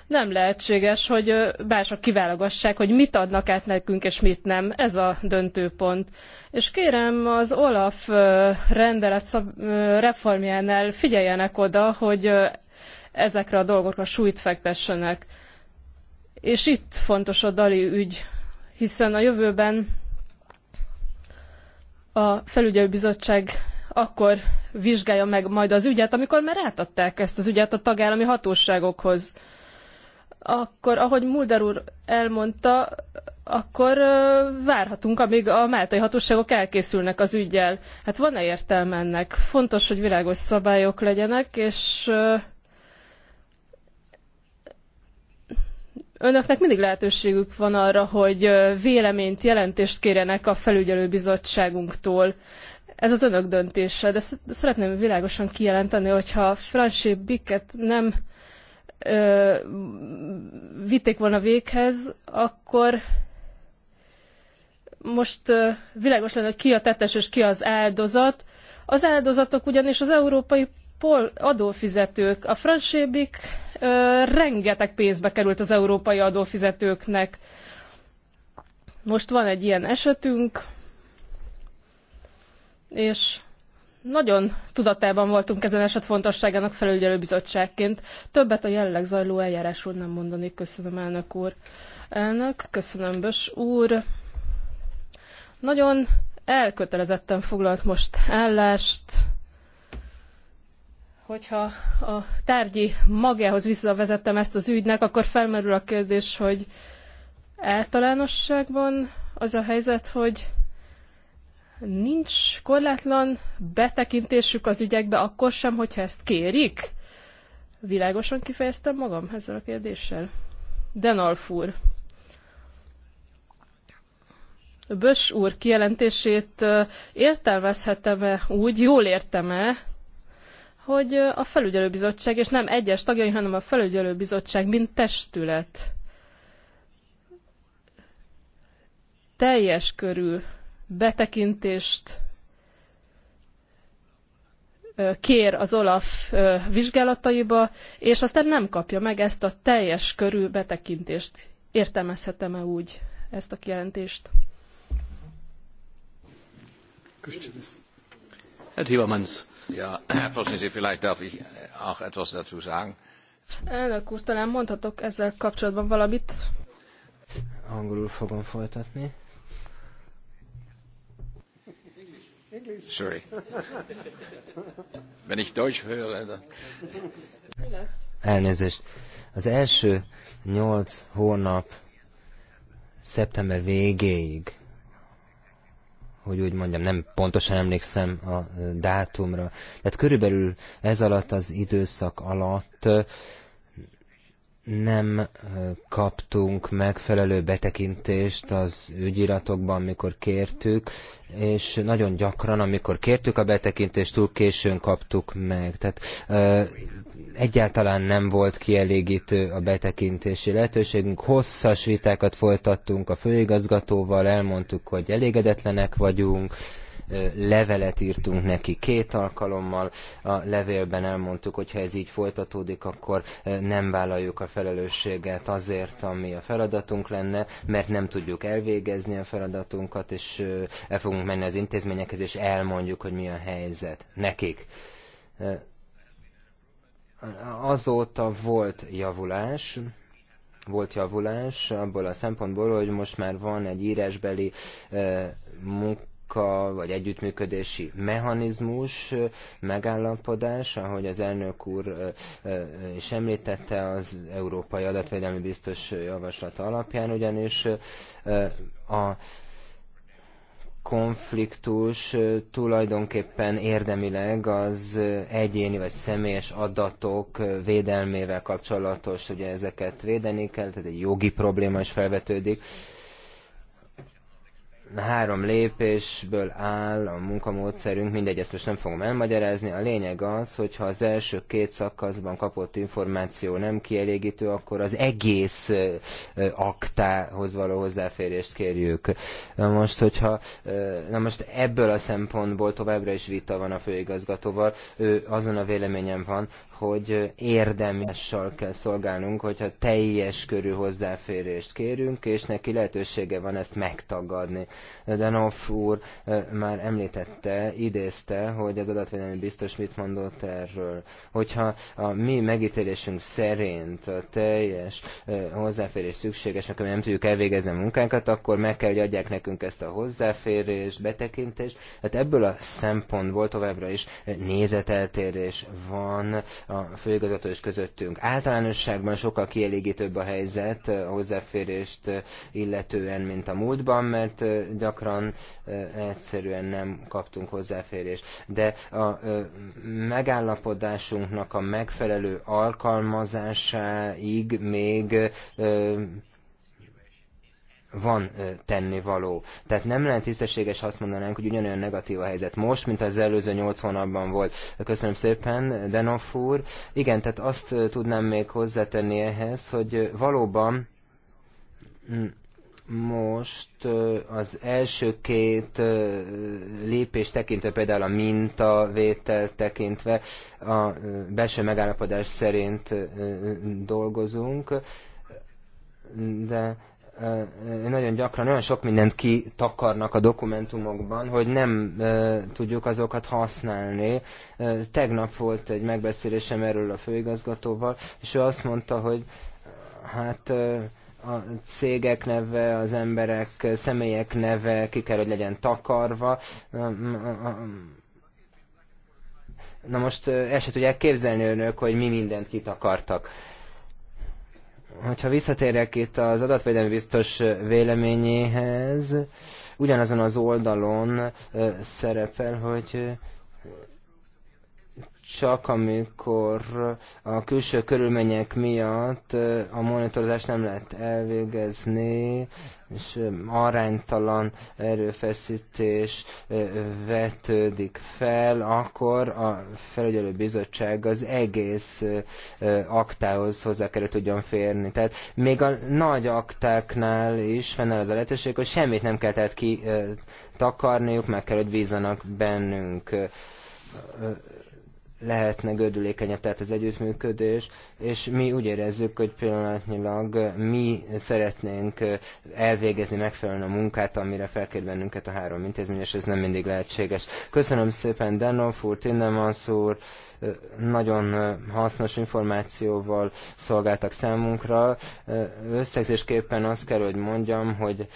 Nem lehetséges, hogy bársak kiválogassák, hogy mit adnak át nekünk, és mit nem. Ez a döntőpont. És kérem az Olaf rendelet reformjánál figyeljenek oda, hogy ezekre a dolgokra súlyt fektessenek. És itt fontos a Dali ügy hiszen a jövőben a felügyelőbizottság akkor vizsgálja meg majd az ügyet, amikor már átadták ezt az ügyet a tagállami hatóságokhoz. Akkor, ahogy Mulder úr elmondta, akkor várhatunk, amíg a máltai hatóságok elkészülnek az ügyel. Hát van-e értelme ennek? Fontos, hogy világos szabályok legyenek, és önöknek mindig lehetőségük van arra, hogy véleményt, jelentést kérjenek a felügyelőbizottságunktól. Ez az önök döntése, de szeretném világosan kijelenteni, hogyha Franci Bicket nem ö, vitték volna véghez, akkor most ö, világos lenne, hogy ki a tettes és ki az áldozat. Az áldozatok ugyanis az Európai pol adófizetők. A franchébik rengeteg pénzbe került az európai adófizetőknek. Most van egy ilyen esetünk, és nagyon tudatában voltunk ezen eset fontosságának felügyelőbizottságként. Többet a jelenleg zajló eljárásról nem mondanék. Köszönöm, elnök úr. Elnök, köszönöm, Bös úr. Nagyon elkötelezetten foglalt most állást hogyha a tárgyi magához visszavezettem ezt az ügynek, akkor felmerül a kérdés, hogy általánosságban az a helyzet, hogy nincs korlátlan betekintésük az ügyekbe akkor sem, hogyha ezt kérik? Világosan kifejeztem magam ezzel a kérdéssel. Denolf úr. Bös úr kijelentését értelmezhetem-e úgy, jól értem-e, hogy a felügyelőbizottság, és nem egyes tagjai, hanem a felügyelőbizottság, mint testület teljes körű betekintést kér az Olaf vizsgálataiba, és aztán nem kapja meg ezt a teljes körű betekintést. Értelmezhetem-e úgy ezt a kijelentést? Köszönöm. Hát, Ja, Herr Vorsitzender, vielleicht darf ich äh, auch etwas dazu sagen. Elnök úr, talán mondhatok ezzel kapcsolatban valamit. Angolul fogom folytatni. Sorry. Wenn ich Deutsch höre, dann... Elnézést. Az első nyolc hónap szeptember végéig hogy úgy mondjam, nem pontosan emlékszem a dátumra. Tehát körülbelül ez alatt az időszak alatt nem kaptunk megfelelő betekintést az ügyiratokban, amikor kértük, és nagyon gyakran, amikor kértük a betekintést, túl későn kaptuk meg. Tehát egyáltalán nem volt kielégítő a betekintési lehetőségünk. Hosszas vitákat folytattunk a főigazgatóval, elmondtuk, hogy elégedetlenek vagyunk, levelet írtunk neki két alkalommal. A levélben elmondtuk, hogy ha ez így folytatódik, akkor nem vállaljuk a felelősséget azért, ami a feladatunk lenne, mert nem tudjuk elvégezni a feladatunkat, és el fogunk menni az intézményekhez, és elmondjuk, hogy mi a helyzet nekik azóta volt javulás, volt javulás abból a szempontból, hogy most már van egy írásbeli munka, bankokkal, vagy együttműködési mechanizmus, megállapodás, ahogy az elnök úr is említette, az Európai Adatvédelmi Biztos javaslata alapján, ugyanis a konfliktus tulajdonképpen érdemileg az egyéni vagy személyes adatok védelmével kapcsolatos, ugye ezeket védeni kell, tehát egy jogi probléma is felvetődik három lépésből áll a munkamódszerünk, mindegy, ezt most nem fogom elmagyarázni. A lényeg az, hogy ha az első két szakaszban kapott információ nem kielégítő, akkor az egész aktához való hozzáférést kérjük. Na most, hogyha, na most ebből a szempontból továbbra is vita van a főigazgatóval, ő azon a véleményem van, hogy érdemessal kell szolgálnunk, hogyha teljes körű hozzáférést kérünk, és neki lehetősége van ezt megtagadni. De Noff úr eh, már említette, idézte, hogy az adatvédelmi biztos mit mondott erről. Hogyha a mi megítélésünk szerint a teljes eh, hozzáférés szükséges, akkor nem tudjuk elvégezni a munkánkat, akkor meg kell, hogy adják nekünk ezt a hozzáférés, betekintést. Tehát ebből a szempontból továbbra is eh, nézeteltérés van a főigazgató és közöttünk. Általánosságban sokkal kielégítőbb a helyzet a hozzáférést illetően, mint a múltban, mert gyakran egyszerűen nem kaptunk hozzáférést. De a megállapodásunknak a megfelelő alkalmazásáig még van tennivaló. Tehát nem lehet tisztességes azt mondanánk, hogy ugyanolyan negatív a helyzet most, mint az előző nyolc hónapban volt. Köszönöm szépen, Denof úr. Igen, tehát azt tudnám még hozzátenni ehhez, hogy valóban most az első két lépés tekintve, például a mintavétel tekintve, a belső megállapodás szerint dolgozunk, de nagyon gyakran olyan sok mindent kitakarnak a dokumentumokban, hogy nem tudjuk azokat használni. Tegnap volt egy megbeszélésem erről a főigazgatóval, és ő azt mondta, hogy hát a cégek neve, az emberek, személyek neve ki kell, hogy legyen takarva. Na most el se tudják képzelni önök, hogy mi mindent kitakartak Hogyha visszatérjek itt az adatvédelmi biztos véleményéhez, ugyanazon az oldalon szerepel, hogy csak amikor a külső körülmények miatt a monitorozást nem lehet elvégezni, és aránytalan erőfeszítés vetődik fel, akkor a felügyelő bizottság az egész aktához hozzá kell tudjon férni. Tehát még a nagy aktáknál is fennáll az a lehetőség, hogy semmit nem kell tehát ki takarniuk, meg kell, hogy bízzanak bennünk lehetne gördülékenyebb, tehát az együttműködés, és mi úgy érezzük, hogy pillanatnyilag mi szeretnénk elvégezni megfelelően a munkát, amire felkér bennünket a három intézmény, és ez nem mindig lehetséges. Köszönöm szépen Danov úr, Tindemans úr, nagyon hasznos információval szolgáltak számunkra. Összegzésképpen azt kell, hogy mondjam, hogy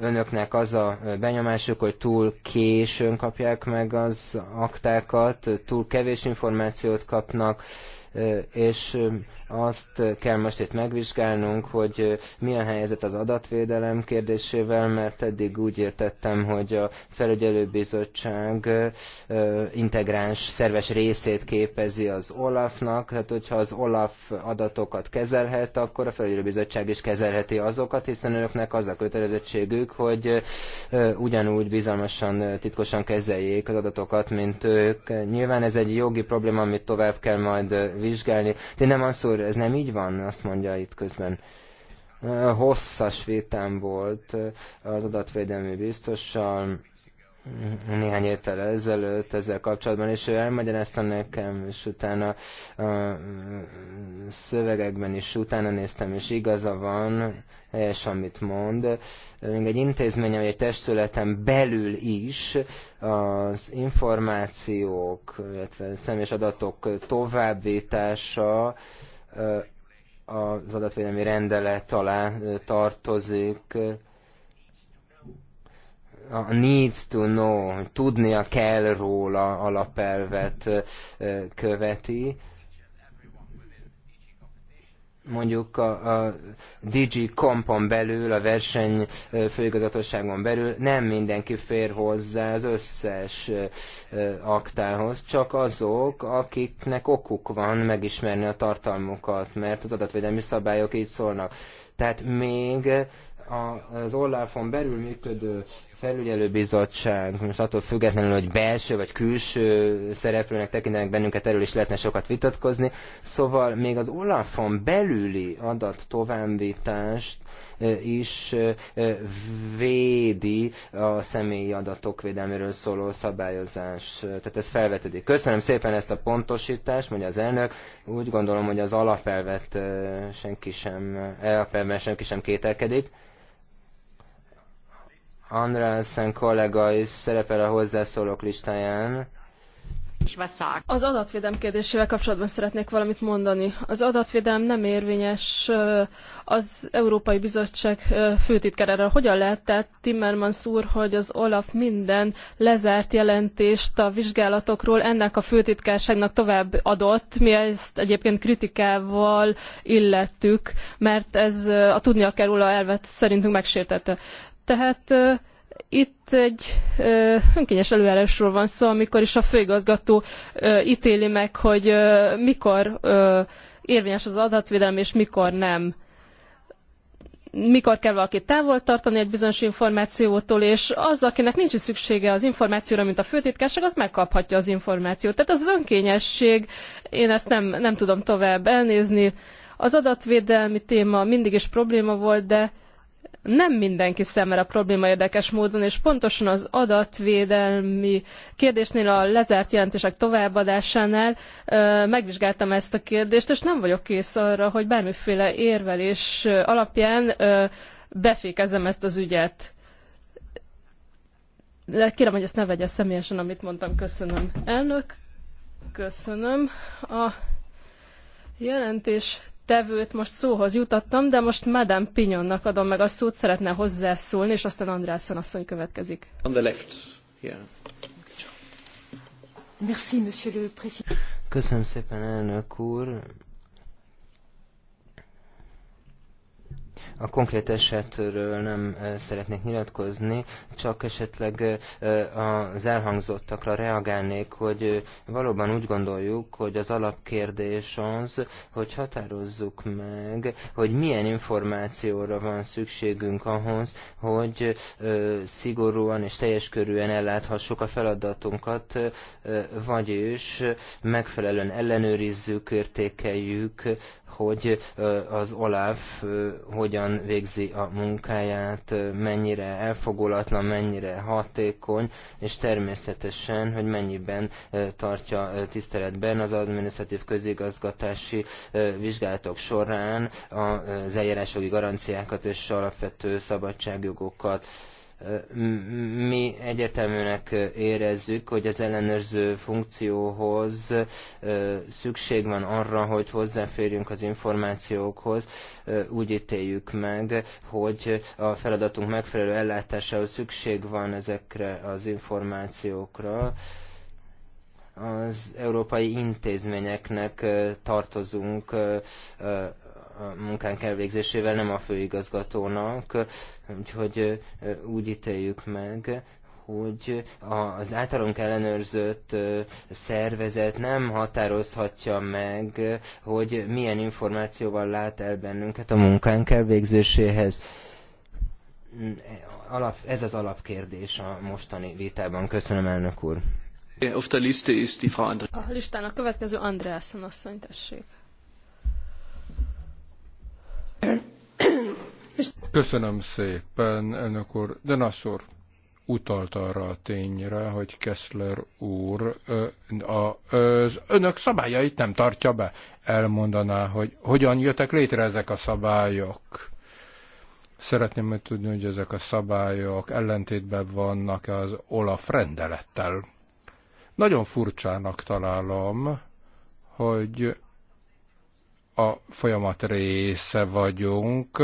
önöknek az a benyomásuk, hogy túl későn kapják meg az aktákat, túl kevés információt kapnak, és azt kell most itt megvizsgálnunk, hogy milyen helyzet az adatvédelem kérdésével, mert eddig úgy értettem, hogy a felügyelőbizottság integráns szerves részét képezi az Olafnak, tehát hogyha az Olaf adatokat kezelhet, akkor a felügyelőbizottság is kezelheti azokat, hiszen őknek az a kötelezettségük, hogy ugyanúgy bizalmasan, titkosan kezeljék az adatokat, mint ők. Nyilván ez egy jogi probléma, amit tovább kell majd vizsgálni. De nem az úr, ez nem így van, azt mondja itt közben. Hosszas vétám volt az adatvédelmi biztossal, néhány héttel ezelőtt ezzel kapcsolatban, és ő elmagyarázta nekem, és utána a szövegekben is utána néztem, és igaza van, helyes, amit mond. Még egy intézmény, vagy egy testületen belül is az információk, illetve személyes adatok továbbítása az adatvédelmi rendelet alá tartozik, a needs to know, hogy tudnia kell róla alapelvet követi. Mondjuk a, a Digi kompon belül, a verseny főigazgatóságon belül nem mindenki fér hozzá az összes aktához, csak azok, akiknek okuk van megismerni a tartalmukat, mert az adatvédelmi szabályok így szólnak. Tehát még az Orláfon belül működő felügyelőbizottság, most attól függetlenül, hogy belső vagy külső szereplőnek tekintenek bennünket, erről is lehetne sokat vitatkozni. Szóval még az Olafon belüli adat továbbítást e, is e, e, védi a személyi adatok védelméről szóló szabályozás. Tehát ez felvetődik. Köszönöm szépen ezt a pontosítást, mondja az elnök. Úgy gondolom, hogy az alapelvet senki sem, alapelvet senki sem kételkedik. Andrásen kollega is szerepel a hozzászólók listáján. Az adatvédelem kérdésével kapcsolatban szeretnék valamit mondani. Az adatvédelem nem érvényes az Európai Bizottság főtitkárára. Hogyan lehet tehát Timmermans úr, hogy az Olaf minden lezárt jelentést a vizsgálatokról ennek a főtitkárságnak tovább adott? Mi ezt egyébként kritikával illettük, mert ez a tudnia kell róla elvet szerintünk megsértette. Tehát itt egy önkényes előállásról van szó, amikor is a főigazgató ítéli meg, hogy mikor érvényes az adatvédelem, és mikor nem mikor kell valakit távol tartani egy bizonyos információtól, és az, akinek nincs szüksége az információra, mint a főtitkárság, az megkaphatja az információt. Tehát ez az önkényesség, én ezt nem, nem tudom tovább elnézni. Az adatvédelmi téma mindig is probléma volt, de nem mindenki számára probléma érdekes módon, és pontosan az adatvédelmi kérdésnél, a lezárt jelentések továbbadásánál megvizsgáltam ezt a kérdést, és nem vagyok kész arra, hogy bármiféle érvelés alapján befékezem ezt az ügyet. De kérem, hogy ezt ne vegye személyesen, amit mondtam. Köszönöm. Elnök, köszönöm. A jelentés tevőt most szóhoz jutattam, de most Madame Pinyonnak adom meg a szót, szeretne hozzászólni, és aztán Andrásson asszony következik. On the left. Yeah. Merci, monsieur le président. Köszönöm szépen, elnök úr. A konkrét esetről nem eh, szeretnék nyilatkozni, csak esetleg eh, az elhangzottakra reagálnék, hogy eh, valóban úgy gondoljuk, hogy az alapkérdés az, hogy határozzuk meg, hogy milyen információra van szükségünk ahhoz, hogy szigorúan és teljes körűen elláthassuk a feladatunkat, vagyis megfelelően ellenőrizzük, értékeljük hogy az OLAF hogyan végzi a munkáját, mennyire elfogulatlan, mennyire hatékony, és természetesen, hogy mennyiben tartja tiszteletben az adminisztratív közigazgatási vizsgálatok során az eljárásjogi garanciákat és alapvető szabadságjogokat mi egyeteműnek érezzük, hogy az ellenőrző funkcióhoz szükség van arra, hogy hozzáférjünk az információkhoz. Úgy ítéljük meg, hogy a feladatunk megfelelő ellátásához szükség van ezekre az információkra az európai intézményeknek tartozunk munkánk elvégzésével, nem a főigazgatónak, úgyhogy úgy ítéljük meg, hogy az általunk ellenőrzött szervezet nem határozhatja meg, hogy milyen információval lát el bennünket a munkánk elvégzéséhez. Alap, ez az alapkérdés a mostani vitában. Köszönöm, elnök úr. A listának következő Andreasen asszony, tessék. Köszönöm szépen, elnök úr. De Nassur utalt arra a tényre, hogy Kessler úr az önök szabályait nem tartja be. Elmondaná, hogy hogyan jöttek létre ezek a szabályok. Szeretném hogy tudni, hogy ezek a szabályok ellentétben vannak az Olaf rendelettel. Nagyon furcsának találom, hogy a folyamat része vagyunk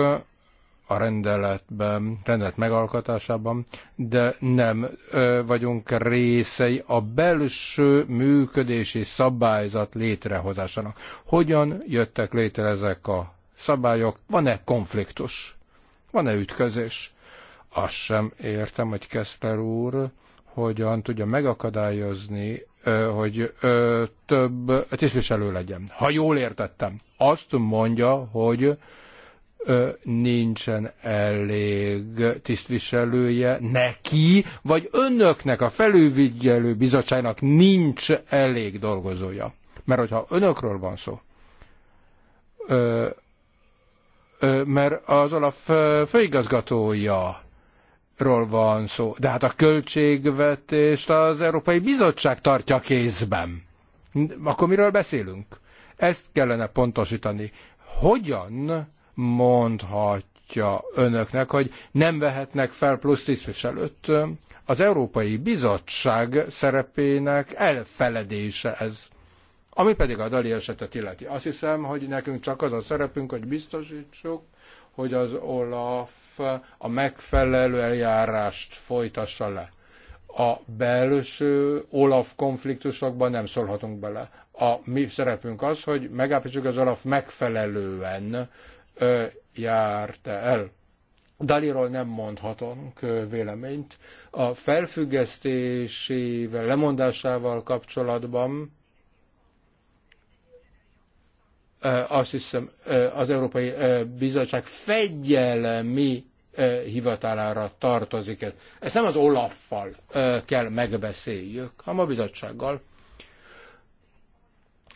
a rendeletben, rendelet megalkotásában, de nem ö, vagyunk részei a belső működési szabályzat létrehozásának. Hogyan jöttek létre ezek a szabályok? Van-e konfliktus? Van-e ütközés? Azt sem értem, hogy Keszler úr hogyan tudja megakadályozni hogy több tisztviselő legyen. Ha jól értettem, azt mondja, hogy nincsen elég tisztviselője neki, vagy önöknek, a felülvigyelő bizottságnak nincs elég dolgozója. Mert hogyha önökről van szó, mert az alap főigazgatója ról van szó. De hát a költségvetést az Európai Bizottság tartja kézben. Akkor miről beszélünk? Ezt kellene pontosítani. Hogyan mondhatja önöknek, hogy nem vehetnek fel plusz tisztviselőt? Az Európai Bizottság szerepének elfeledése ez. Ami pedig a Dali esetet illeti. Azt hiszem, hogy nekünk csak az a szerepünk, hogy biztosítsuk, hogy az Olaf a megfelelő eljárást folytassa le. A belső Olaf konfliktusokban nem szólhatunk bele. A mi szerepünk az, hogy megállapítsuk az Olaf megfelelően ö, járta el. Daliról nem mondhatunk véleményt. A felfüggesztésével, lemondásával kapcsolatban azt hiszem az Európai Bizottság fegyelmi hivatalára tartozik ez. Ezt nem az Olaffal kell megbeszéljük, hanem a bizottsággal.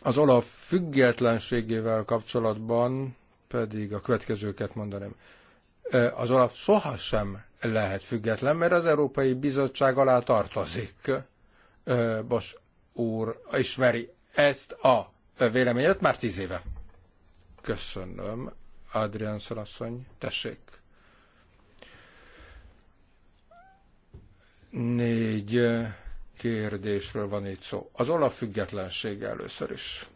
Az Olaf függetlenségével kapcsolatban pedig a következőket mondanám. Az Olaf sohasem lehet független, mert az Európai Bizottság alá tartozik. Bos úr ismeri ezt a véleményet már tíz éve. Köszönöm. Adrián asszony, tessék. Négy eh, kérdésről van itt szó. Az olaf függetlensége először is.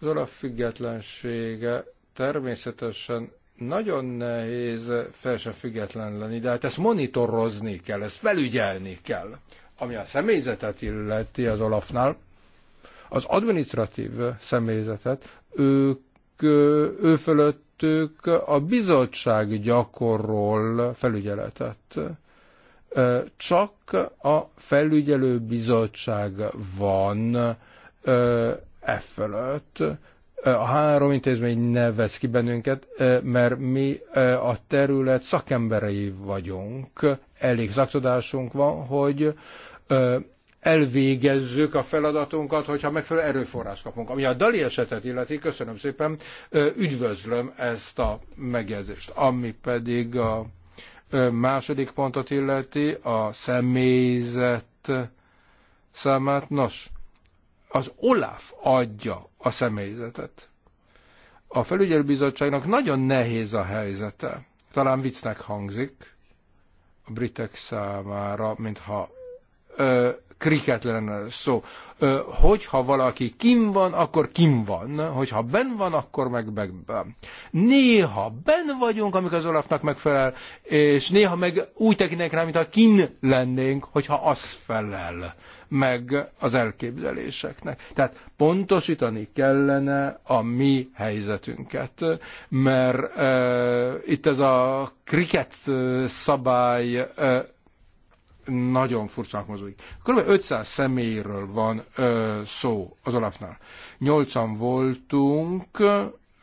Az olaf függetlensége természetesen nagyon nehéz eh, fel se független lenni, de hát ezt monitorozni kell, ezt felügyelni kell. Ami a személyzetet illeti az olafnál, az administratív eh, személyzetet, ők ő fölöttük a bizottság gyakorol felügyeletet. Csak a felügyelő bizottság van e fölött. A három intézmény ne vesz ki bennünket, mert mi a terület szakemberei vagyunk. Elég szaktudásunk van, hogy elvégezzük a feladatunkat, hogyha megfelelő erőforrás kapunk. Ami a Dali esetet illeti, köszönöm szépen, üdvözlöm ezt a megjegyzést. Ami pedig a második pontot illeti, a személyzet számát. Nos, az Olaf adja a személyzetet. A felügyelőbizottságnak nagyon nehéz a helyzete. Talán viccnek hangzik a britek számára, mintha kriket lenne szó. Hogyha valaki kim van, akkor kim van. Hogyha ben van, akkor meg meg ben. Néha ben vagyunk, amikor az Olafnak megfelel, és néha meg úgy tekintenek rá, mintha kin lennénk, hogyha az felel meg az elképzeléseknek. Tehát pontosítani kellene a mi helyzetünket, mert e, itt ez a kriket szabály e, nagyon furcsa mozolik. Körülbelül 500 személyről van ö, szó az Olafnál. Nyolcan voltunk,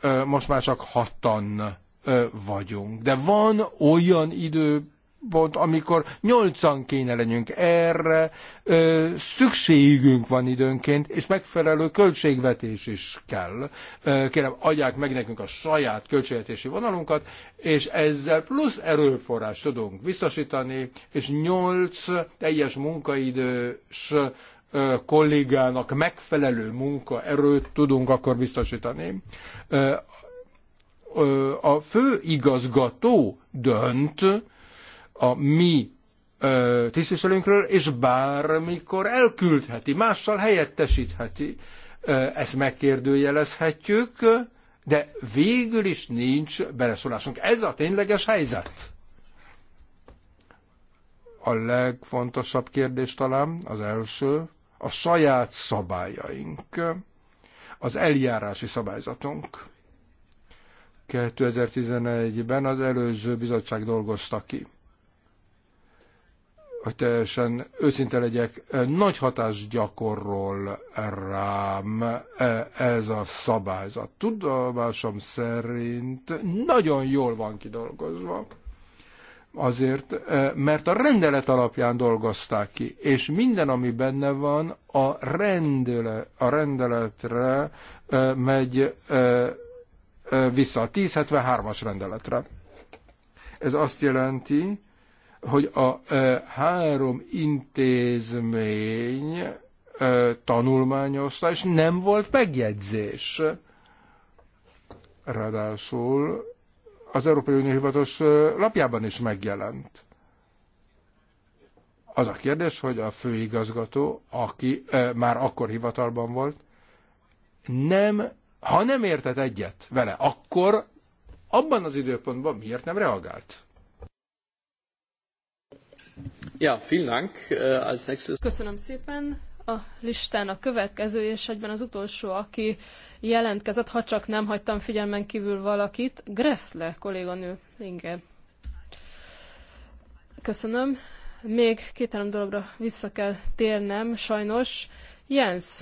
ö, most már csak hatan ö, vagyunk. De van olyan idő pont, amikor nyolcan kéne legyünk. Erre ö, szükségünk van időnként, és megfelelő költségvetés is kell. Ö, kérem, adják meg nekünk a saját költségvetési vonalunkat, és ezzel plusz erőforrás tudunk biztosítani, és nyolc teljes munkaidős kollégának megfelelő munkaerőt tudunk akkor biztosítani. A főigazgató dönt, a mi ö, tisztviselőnkről, és bármikor elküldheti, mással helyettesítheti. ezt megkérdőjelezhetjük, de végül is nincs beleszólásunk. Ez a tényleges helyzet. A legfontosabb kérdés talán az első, a saját szabályaink, az eljárási szabályzatunk. 2011-ben az előző bizottság dolgozta ki hogy teljesen őszinte legyek, nagy hatást gyakorol rám ez a szabályzat. Tudomásom szerint nagyon jól van kidolgozva. Azért, mert a rendelet alapján dolgozták ki, és minden, ami benne van, a, rendele, a rendeletre megy vissza, a 1073-as rendeletre. Ez azt jelenti, hogy a három intézmény tanulmányozta, és nem volt megjegyzés. Ráadásul az Európai Unió hivatalos lapjában is megjelent. Az a kérdés, hogy a főigazgató, aki e, már akkor hivatalban volt, nem, ha nem értett egyet vele, akkor abban az időpontban miért nem reagált? Ja, vielen Dank. Äh, als nächstes... Köszönöm szépen. A listán a következő, és egyben az utolsó, aki jelentkezett, ha csak nem hagytam figyelmen kívül valakit, Gressle kolléganő, Inge. Köszönöm. Még két-három dologra vissza kell térnem, sajnos. Jens,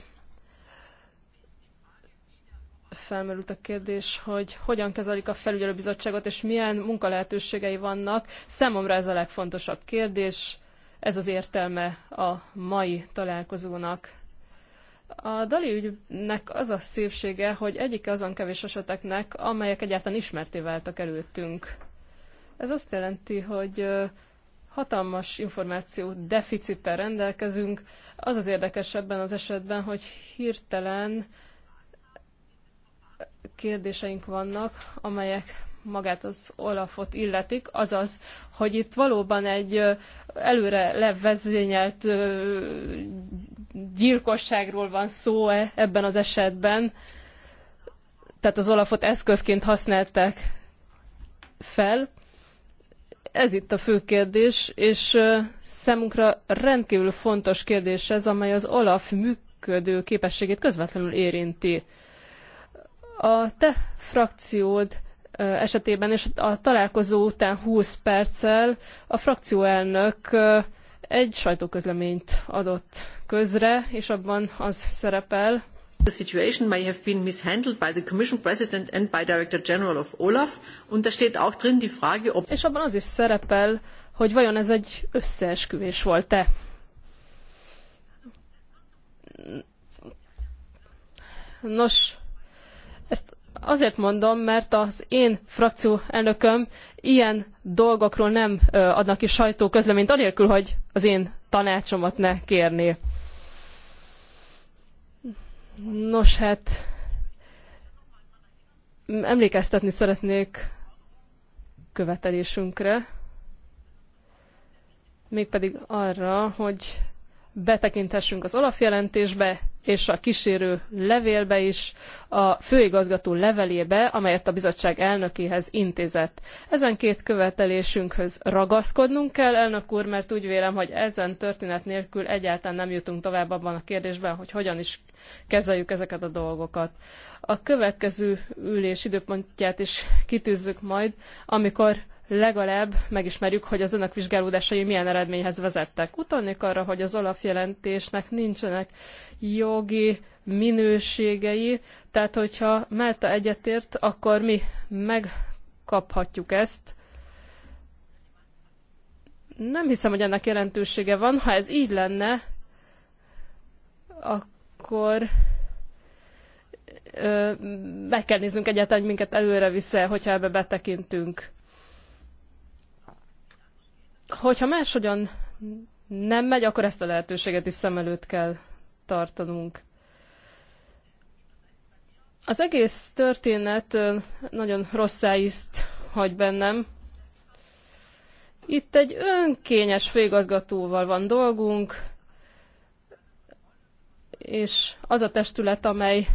felmerült a kérdés, hogy hogyan kezelik a felügyelőbizottságot, és milyen munkalehetőségei vannak. Számomra ez a legfontosabb kérdés. Ez az értelme a mai találkozónak. A Dali ügynek az a szépsége, hogy egyike azon kevés eseteknek, amelyek egyáltalán ismerté váltak előttünk. Ez azt jelenti, hogy hatalmas információ deficittel rendelkezünk. Az az érdekes ebben az esetben, hogy hirtelen kérdéseink vannak, amelyek magát az Olafot illetik, azaz, hogy itt valóban egy előre levezényelt gyilkosságról van szó -e ebben az esetben, tehát az Olafot eszközként használták fel. Ez itt a fő kérdés, és számunkra rendkívül fontos kérdés ez, amely az Olaf működő képességét közvetlenül érinti. A te frakciód esetében, és a találkozó után 20 perccel a frakcióelnök egy sajtóközleményt adott közre, és abban az szerepel, The situation may have been mishandled by the Commission President and by Director General of Olaf. Und da steht auch drin die Frage, ob... És abban az is szerepel, hogy vajon ez egy összeesküvés volt-e. Nos, Azért mondom, mert az én frakció elnököm ilyen dolgokról nem adnak ki sajtóközleményt, anélkül, hogy az én tanácsomat ne kérné. Nos, hát emlékeztetni szeretnék követelésünkre, mégpedig arra, hogy betekintessünk az olafjelentésbe, és a kísérő levélbe is, a főigazgató levelébe, amelyet a bizottság elnökéhez intézett. Ezen két követelésünkhöz ragaszkodnunk kell, elnök úr, mert úgy vélem, hogy ezen történet nélkül egyáltalán nem jutunk tovább abban a kérdésben, hogy hogyan is kezeljük ezeket a dolgokat. A következő ülés időpontját is kitűzzük majd, amikor legalább megismerjük, hogy az önök vizsgálódásai milyen eredményhez vezettek. Utalnék arra, hogy az alapjelentésnek nincsenek jogi minőségei, tehát hogyha Melta egyetért, akkor mi megkaphatjuk ezt. Nem hiszem, hogy ennek jelentősége van. Ha ez így lenne, akkor meg kell néznünk egyáltalán, hogy minket előre vissza, hogyha ebbe betekintünk hogyha máshogyan nem megy, akkor ezt a lehetőséget is szem előtt kell tartanunk. Az egész történet nagyon rossz ízt hagy bennem. Itt egy önkényes főigazgatóval van dolgunk, és az a testület, amely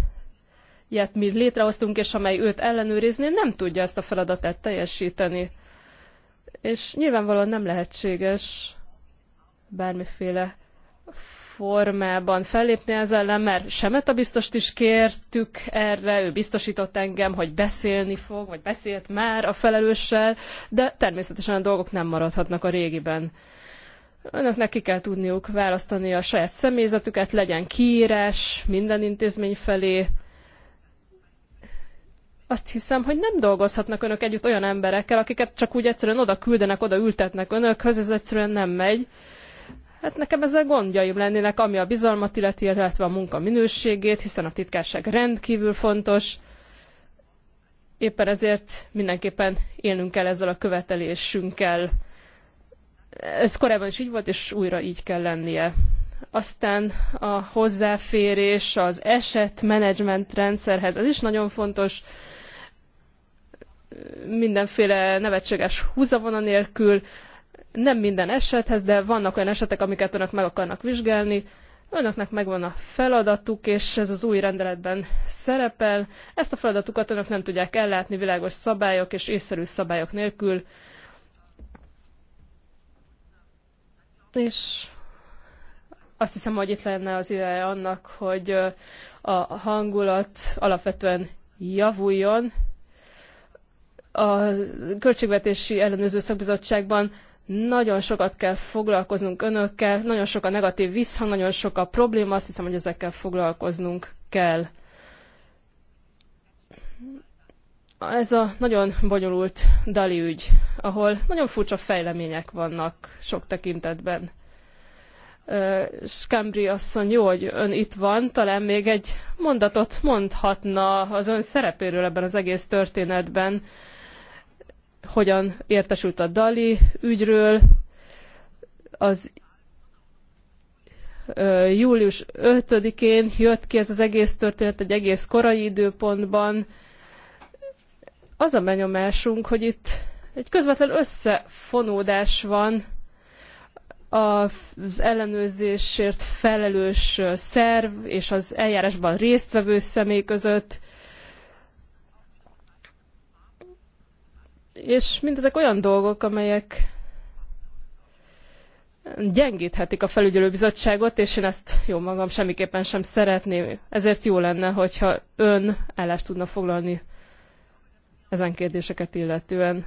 ilyet mi létrehoztunk, és amely őt ellenőrizni, nem tudja ezt a feladatát teljesíteni és nyilvánvalóan nem lehetséges bármiféle formában fellépni ez ellen, mert Semet a biztost is kértük erre, ő biztosított engem, hogy beszélni fog, vagy beszélt már a felelőssel, de természetesen a dolgok nem maradhatnak a régiben. Önöknek ki kell tudniuk választani a saját személyzetüket, legyen kiírás minden intézmény felé, azt hiszem, hogy nem dolgozhatnak önök együtt olyan emberekkel, akiket csak úgy egyszerűen oda küldenek, oda ültetnek önökhöz, ez egyszerűen nem megy. Hát nekem ezzel gondjaim lennének, ami a bizalmat illeti, illetve a munka minőségét, hiszen a titkárság rendkívül fontos. Éppen ezért mindenképpen élnünk kell ezzel a követelésünkkel. Ez korábban is így volt, és újra így kell lennie aztán a hozzáférés, az esetmenedzsment rendszerhez, ez is nagyon fontos mindenféle nevetséges húzavona nélkül, nem minden esethez, de vannak olyan esetek, amiket önök meg akarnak vizsgálni. Önöknek megvan a feladatuk, és ez az új rendeletben szerepel. Ezt a feladatukat önök nem tudják ellátni világos szabályok és észszerű szabályok nélkül. És azt hiszem, hogy itt lenne az ideje annak, hogy a hangulat alapvetően javuljon, a Költségvetési Ellenőrző Szakbizottságban nagyon sokat kell foglalkoznunk önökkel, nagyon sok a negatív visszhang, nagyon sok a probléma, azt hiszem, hogy ezekkel foglalkoznunk kell. Ez a nagyon bonyolult Dali ügy, ahol nagyon furcsa fejlemények vannak sok tekintetben. Skambri asszony, jó, hogy ön itt van, talán még egy mondatot mondhatna az ön szerepéről ebben az egész történetben hogyan értesült a Dali ügyről, az július 5-én jött ki ez az egész történet egy egész korai időpontban. Az a benyomásunk, hogy itt egy közvetlen összefonódás van az ellenőrzésért felelős szerv és az eljárásban résztvevő személy között, És mindezek olyan dolgok, amelyek gyengíthetik a felügyelőbizottságot, és én ezt jó magam semmiképpen sem szeretném. Ezért jó lenne, hogyha ön állást tudna foglalni ezen kérdéseket illetően.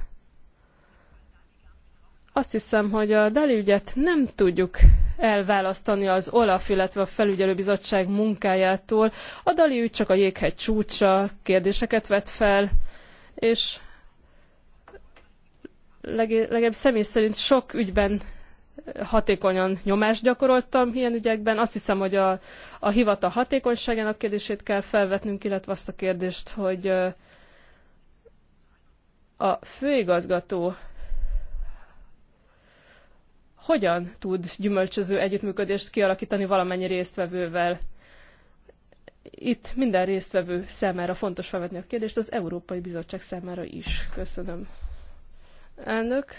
Azt hiszem, hogy a Dali ügyet nem tudjuk elválasztani az OLAF, illetve a felügyelőbizottság munkájától. A Dali ügy csak a jéghegy csúcsa kérdéseket vet fel, és legalább személy szerint sok ügyben eh, hatékonyan nyomást gyakoroltam ilyen ügyekben. Azt hiszem, hogy a, a hivatal hatékonyságának kérdését kell felvetnünk, illetve azt a kérdést, hogy eh, a főigazgató hogyan tud gyümölcsöző együttműködést kialakítani valamennyi résztvevővel. Itt minden résztvevő számára fontos felvetni a kérdést, az Európai Bizottság számára is. Köszönöm. Elnök,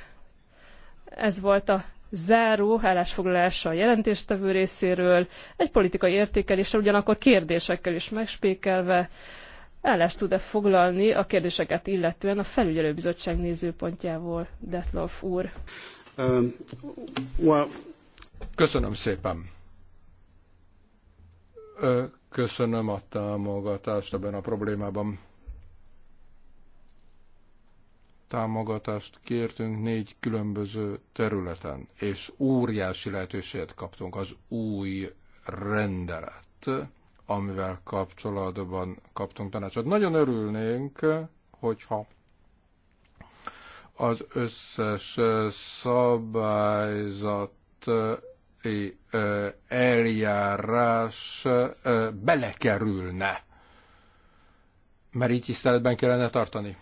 ez volt a záró állásfoglalása a jelentéstevő részéről, egy politikai értékelésre, ugyanakkor kérdésekkel is megspékelve állást tud-e foglalni a kérdéseket illetően a felügyelőbizottság nézőpontjából, Detlof úr. Um, well... Köszönöm szépen. Köszönöm a támogatást ebben a problémában támogatást kértünk négy különböző területen, és óriási lehetőséget kaptunk az új rendelet, amivel kapcsolatban kaptunk tanácsot. Nagyon örülnénk, hogyha az összes szabályzat eh, eljárás eh, belekerülne, mert így tiszteletben kellene tartani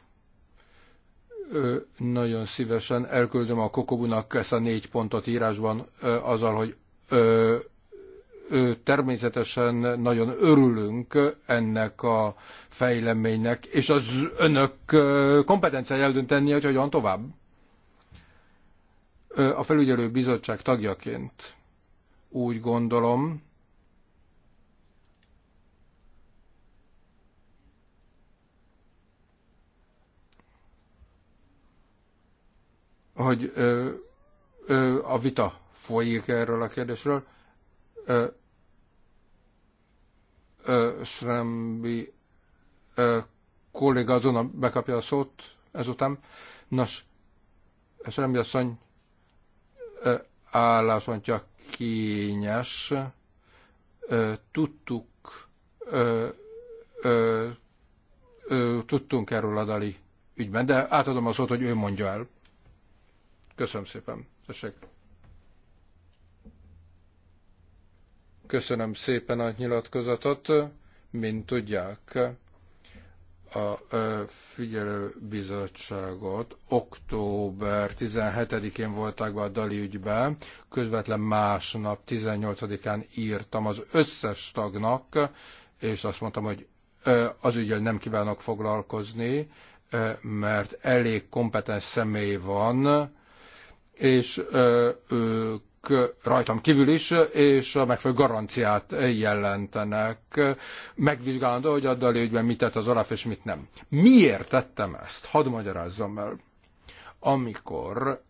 nagyon szívesen elküldöm a Kokobunak ezt a négy pontot írásban azzal, hogy természetesen nagyon örülünk ennek a fejleménynek, és az önök kompetenciája eldönteni, hogy hogyan tovább. A felügyelő bizottság tagjaként úgy gondolom, hogy ö, ö, a vita folyik erről a kérdésről. Ö, ö, Srembi ö, kolléga azonnal bekapja a szót ezután. Nos, Srembi asszony ö, álláspontja kényes. Ö, tudtuk, ö, ö, ö, tudtunk erről a Dali ügyben, de átadom a szót, hogy ő mondja el. Köszönöm szépen. Tessék. Köszönöm szépen a nyilatkozatot. Mint tudják, a figyelőbizottságot október 17-én volták be a Dali ügybe, közvetlen másnap 18-án írtam az összes tagnak, és azt mondtam, hogy az ügyel nem kívánok foglalkozni, mert elég kompetens személy van, és ők rajtam kívül is, és a megfelelő garanciát jelentenek. Megvizsgálandó, hogy a Dali ügyben mit tett az Olaf, és mit nem. Miért tettem ezt? Hadd magyarázzam el. Amikor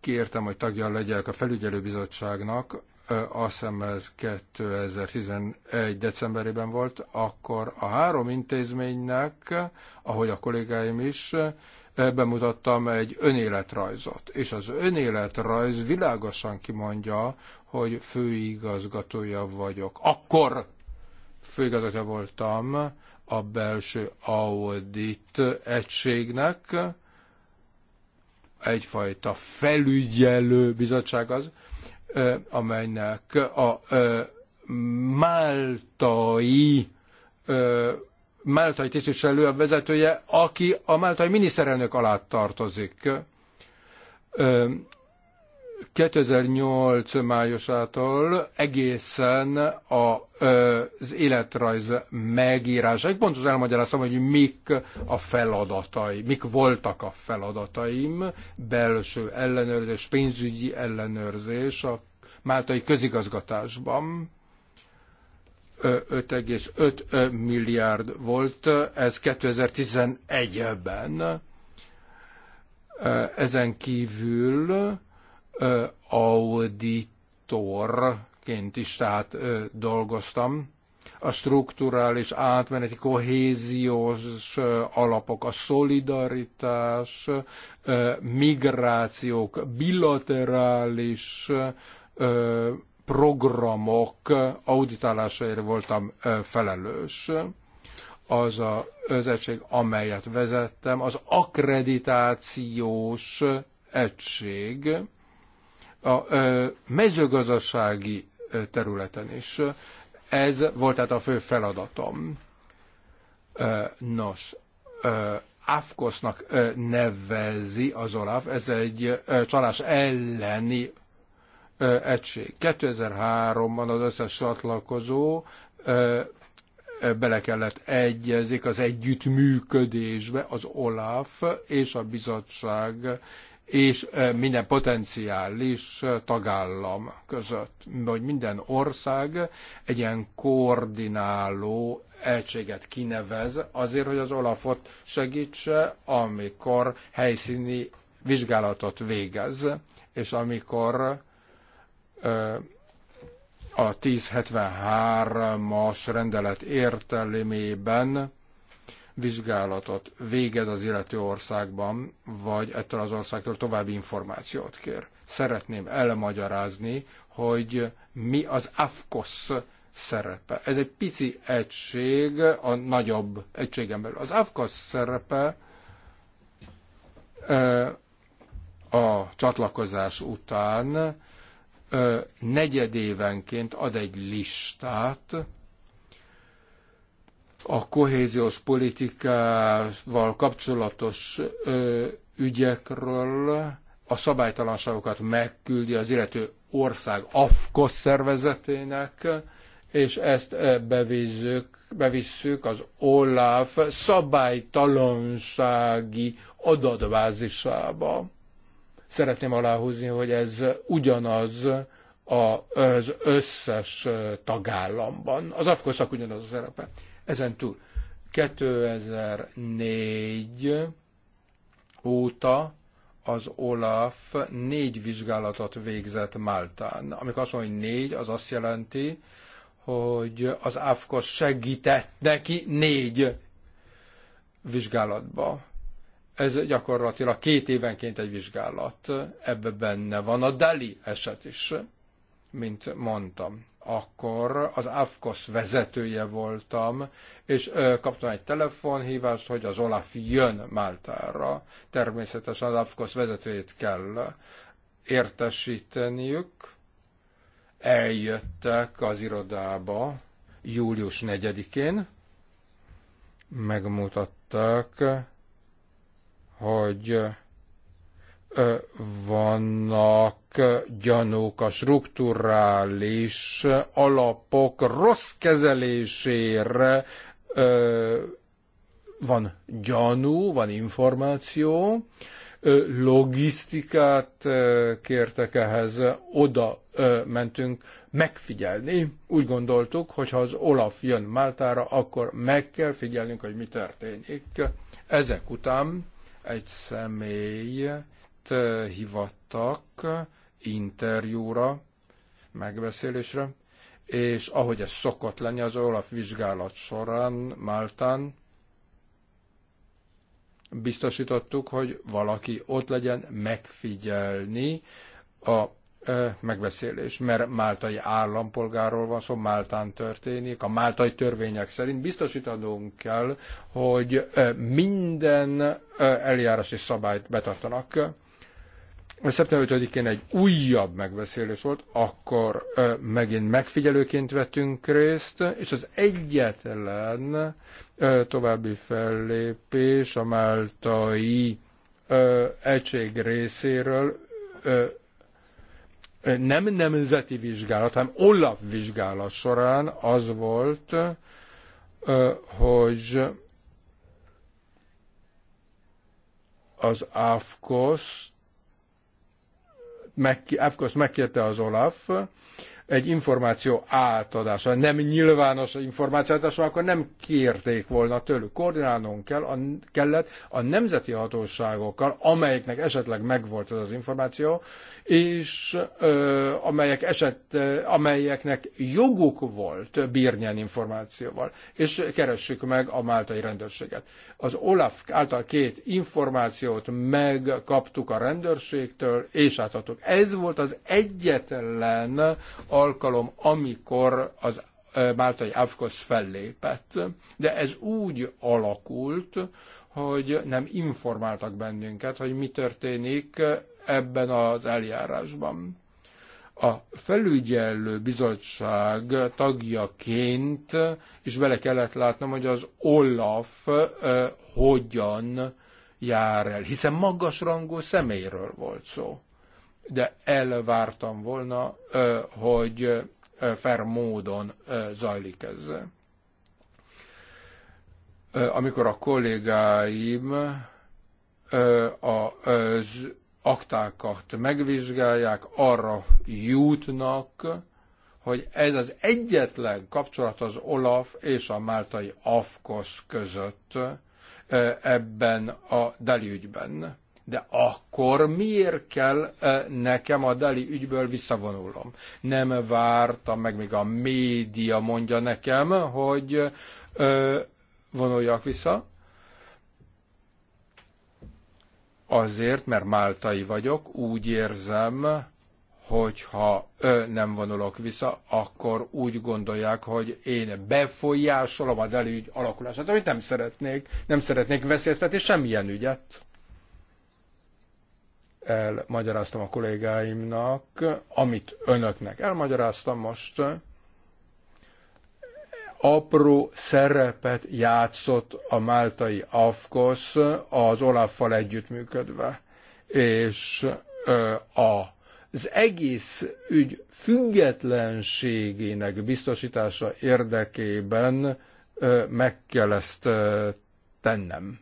kértem, hogy tagja legyek a felügyelőbizottságnak, azt hiszem ez 2011. decemberében volt, akkor a három intézménynek, ahogy a kollégáim is, bemutattam egy önéletrajzot, és az önéletrajz világosan kimondja, hogy főigazgatója vagyok. Akkor főigazgatója voltam a belső audit egységnek, egyfajta felügyelő bizottság az, amelynek a máltai máltai tisztviselő a vezetője, aki a máltai miniszterelnök alá tartozik. 2008 májusától egészen az életrajz megírásáig. Pontosan elmagyarázom, hogy mik a feladatai, mik voltak a feladataim, belső ellenőrzés, pénzügyi ellenőrzés a máltai közigazgatásban 5,5 milliárd volt, ez 2011-ben. Ezen kívül auditorként is tehát dolgoztam. A strukturális átmeneti kohéziós alapok, a szolidaritás, migrációk, bilaterális programok auditálásáért voltam felelős. Az a, az egység, amelyet vezettem, az akkreditációs egység a mezőgazdasági területen is. Ez volt tehát a fő feladatom. Nos, AFKOSZ-nak nevezi az OLAF, ez egy csalás elleni egység. 2003-ban az összes csatlakozó bele kellett egyezik az együttműködésbe az OLAF és a bizottság és minden potenciális tagállam között, vagy minden ország egy ilyen koordináló egységet kinevez azért, hogy az Olafot segítse, amikor helyszíni vizsgálatot végez, és amikor a 1073-as rendelet értelmében vizsgálatot végez az illető országban, vagy ettől az országtól további információt kér. Szeretném elmagyarázni, hogy mi az AFKOSZ szerepe. Ez egy pici egység a nagyobb egységen belül. Az AFKOSZ szerepe a csatlakozás után negyedévenként ad egy listát a kohéziós politikával kapcsolatos ügyekről, a szabálytalanságokat megküldi az illető ország AFKOS szervezetének, és ezt bevizzük, bevisszük az OLAF szabálytalansági adatbázisába Szeretném aláhúzni, hogy ez ugyanaz az összes tagállamban. Az afkoszak ugyanaz a szerepe. Ezen túl 2004 óta az Olaf négy vizsgálatot végzett Máltán. Amikor azt mondom, hogy négy, az azt jelenti, hogy az AFKOS segített neki négy vizsgálatba. Ez gyakorlatilag két évenként egy vizsgálat. Ebbe benne van a Dali eset is, mint mondtam. Akkor az AFKOSZ vezetője voltam, és kaptam egy telefonhívást, hogy az Olaf jön Máltára. Természetesen az AFKOSZ vezetőjét kell értesíteniük. Eljöttek az irodába július 4-én, megmutatták hogy vannak gyanúk a strukturális alapok rossz kezelésére, van gyanú, van információ, logisztikát kértek ehhez, oda mentünk megfigyelni. Úgy gondoltuk, hogy ha az Olaf jön Máltára, akkor meg kell figyelnünk, hogy mi történik. Ezek után egy személyt hivattak interjúra, megbeszélésre, és ahogy ez szokott lenni az Olaf vizsgálat során Máltán, biztosítottuk, hogy valaki ott legyen megfigyelni a megbeszélés, mert máltai állampolgáról van szó, szóval Máltán történik, a máltai törvények szerint biztosítanunk kell, hogy minden eljárási szabályt betartanak. Szeptember 5-én egy újabb megbeszélés volt, akkor megint megfigyelőként vettünk részt, és az egyetlen további fellépés a máltai egység részéről nem nemzeti vizsgálat, hanem Olaf vizsgálat során az volt, hogy az AFKOS meg, AFKOS megkérte az Olaf, egy információ átadása, nem nyilvános információ átadása, akkor nem kérték volna tőlük. Koordinálnunk kell, a, kellett a nemzeti hatóságokkal, amelyeknek esetleg megvolt ez az információ, és ö, amelyek eset, amelyeknek joguk volt bírnyen információval, és keressük meg a máltai rendőrséget. Az Olaf által két információt megkaptuk a rendőrségtől, és átadtuk. Ez volt az egyetlen alkalom, amikor az Máltai Avkosz fellépett, de ez úgy alakult, hogy nem informáltak bennünket, hogy mi történik ebben az eljárásban. A felügyelő bizottság tagjaként is bele kellett látnom, hogy az Olaf hogyan jár el, hiszen magasrangú személyről volt szó de elvártam volna, hogy fair módon zajlik ez. Amikor a kollégáim az aktákat megvizsgálják, arra jutnak, hogy ez az egyetlen kapcsolat az Olaf és a máltai AFKOSZ között ebben a ügyben. De akkor miért kell nekem a Deli ügyből visszavonulnom? Nem vártam meg, még a média mondja nekem, hogy vonuljak vissza. Azért, mert máltai vagyok, úgy érzem, hogyha ö, nem vonulok vissza, akkor úgy gondolják, hogy én befolyásolom a delügy alakulását, amit nem szeretnék, nem szeretnék veszélyeztetni semmilyen ügyet elmagyaráztam a kollégáimnak, amit önöknek elmagyaráztam most, apró szerepet játszott a máltai AFKOSZ az Olaffal együttműködve, és a az egész ügy függetlenségének biztosítása érdekében meg kell ezt tennem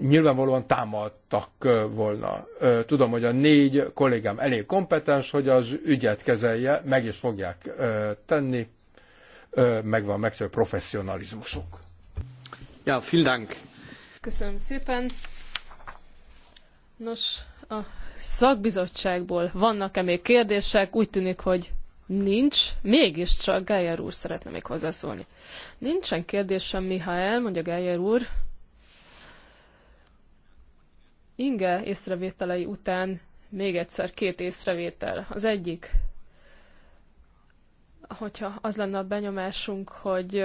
nyilvánvalóan támadtak volna. Tudom, hogy a négy kollégám elég kompetens, hogy az ügyet kezelje, meg is fogják tenni. Megvan megfelelő professzionalizmusuk. Ja, vielen Dank. Köszönöm szépen. Nos, a szakbizottságból vannak-e még kérdések? Úgy tűnik, hogy nincs, mégiscsak Geyer úr szeretne még hozzászólni. Nincsen kérdésem, Mihály, mondja Geyer úr. Inge észrevételei után még egyszer két észrevétel. Az egyik, hogyha az lenne a benyomásunk, hogy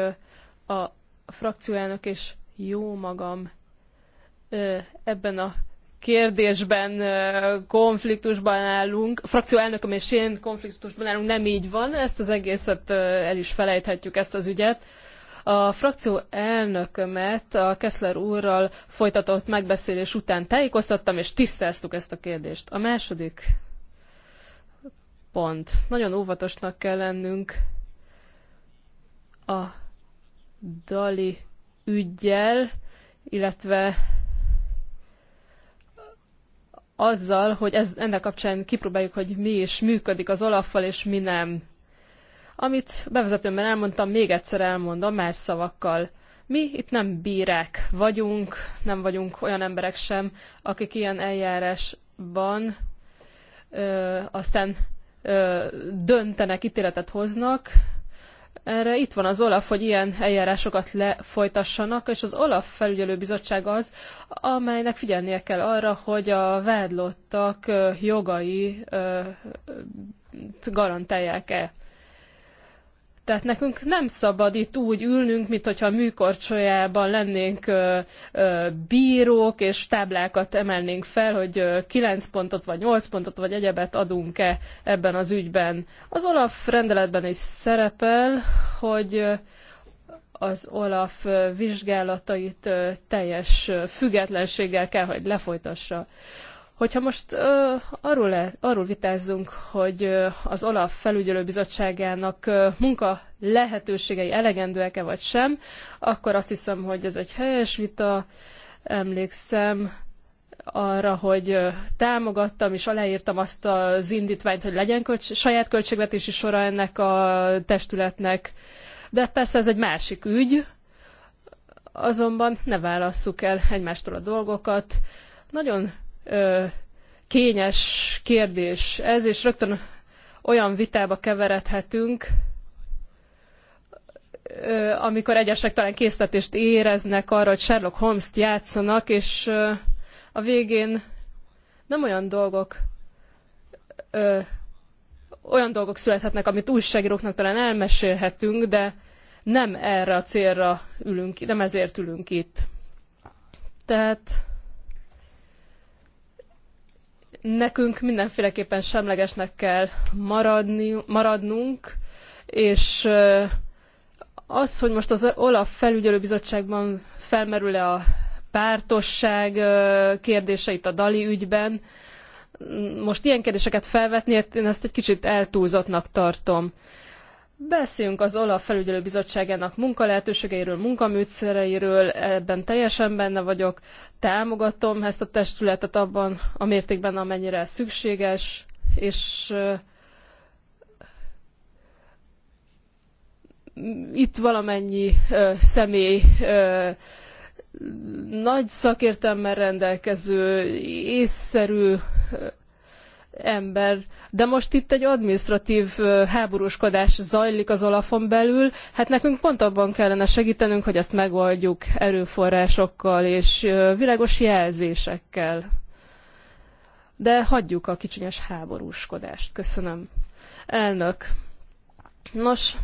a frakcióelnök és jó magam ebben a kérdésben konfliktusban állunk, a és én konfliktusban állunk, nem így van, ezt az egészet el is felejthetjük, ezt az ügyet. A frakció elnökömet a Kessler úrral folytatott megbeszélés után tájékoztattam, és tisztáztuk ezt a kérdést. A második pont. Nagyon óvatosnak kell lennünk a Dali ügyjel, illetve azzal, hogy ez, ennek kapcsán kipróbáljuk, hogy mi is működik az olaffal, és mi nem. Amit bevezetőmben elmondtam, még egyszer elmondom más szavakkal. Mi itt nem bírák vagyunk, nem vagyunk olyan emberek sem, akik ilyen eljárásban ö, aztán ö, döntenek, ítéletet hoznak. Erre itt van az Olaf, hogy ilyen eljárásokat lefolytassanak, és az Olaf felügyelőbizottság az, amelynek figyelnie kell arra, hogy a vádlottak jogai garantálják-e. Tehát nekünk nem szabad itt úgy ülnünk, mint hogyha a műkorcsolyában lennénk ö, ö, bírók, és táblákat emelnénk fel, hogy ö, 9 pontot, vagy 8 pontot, vagy egyebet adunk-e ebben az ügyben. Az Olaf rendeletben is szerepel, hogy az Olaf vizsgálatait teljes függetlenséggel kell, hogy lefolytassa. Hogyha most ö, arról, le, arról vitázzunk, hogy ö, az OLAF bizottságának ö, munka lehetőségei elegendőek-e vagy sem, akkor azt hiszem, hogy ez egy helyes vita. Emlékszem arra, hogy ö, támogattam és aláírtam azt az indítványt, hogy legyen költs- saját költségvetési sora ennek a testületnek. De persze ez egy másik ügy, azonban ne válasszuk el egymástól a dolgokat. Nagyon kényes kérdés ez, és rögtön olyan vitába keveredhetünk, amikor egyesek talán késztetést éreznek arra, hogy Sherlock Holmes-t játszanak, és a végén nem olyan dolgok olyan dolgok születhetnek, amit újságíróknak talán elmesélhetünk, de nem erre a célra ülünk, nem ezért ülünk itt. Tehát Nekünk mindenféleképpen semlegesnek kell maradni, maradnunk, és az, hogy most az Olaf felügyelőbizottságban felmerül-e a pártosság kérdéseit a Dali ügyben, most ilyen kérdéseket felvetni, hát én ezt egy kicsit eltúlzottnak tartom. Beszéljünk az OLAF bizottságának munkalehetőségeiről, munkaműszereiről, ebben teljesen benne vagyok, támogatom ezt a testületet abban a mértékben, amennyire szükséges, és itt valamennyi uh, személy uh, nagy szakértelmmel rendelkező, észszerű uh, ember. De most itt egy administratív háborúskodás zajlik az Olafon belül, hát nekünk pont abban kellene segítenünk, hogy ezt megoldjuk erőforrásokkal és világos jelzésekkel. De hagyjuk a kicsinyes háborúskodást. Köszönöm. Elnök. Nos,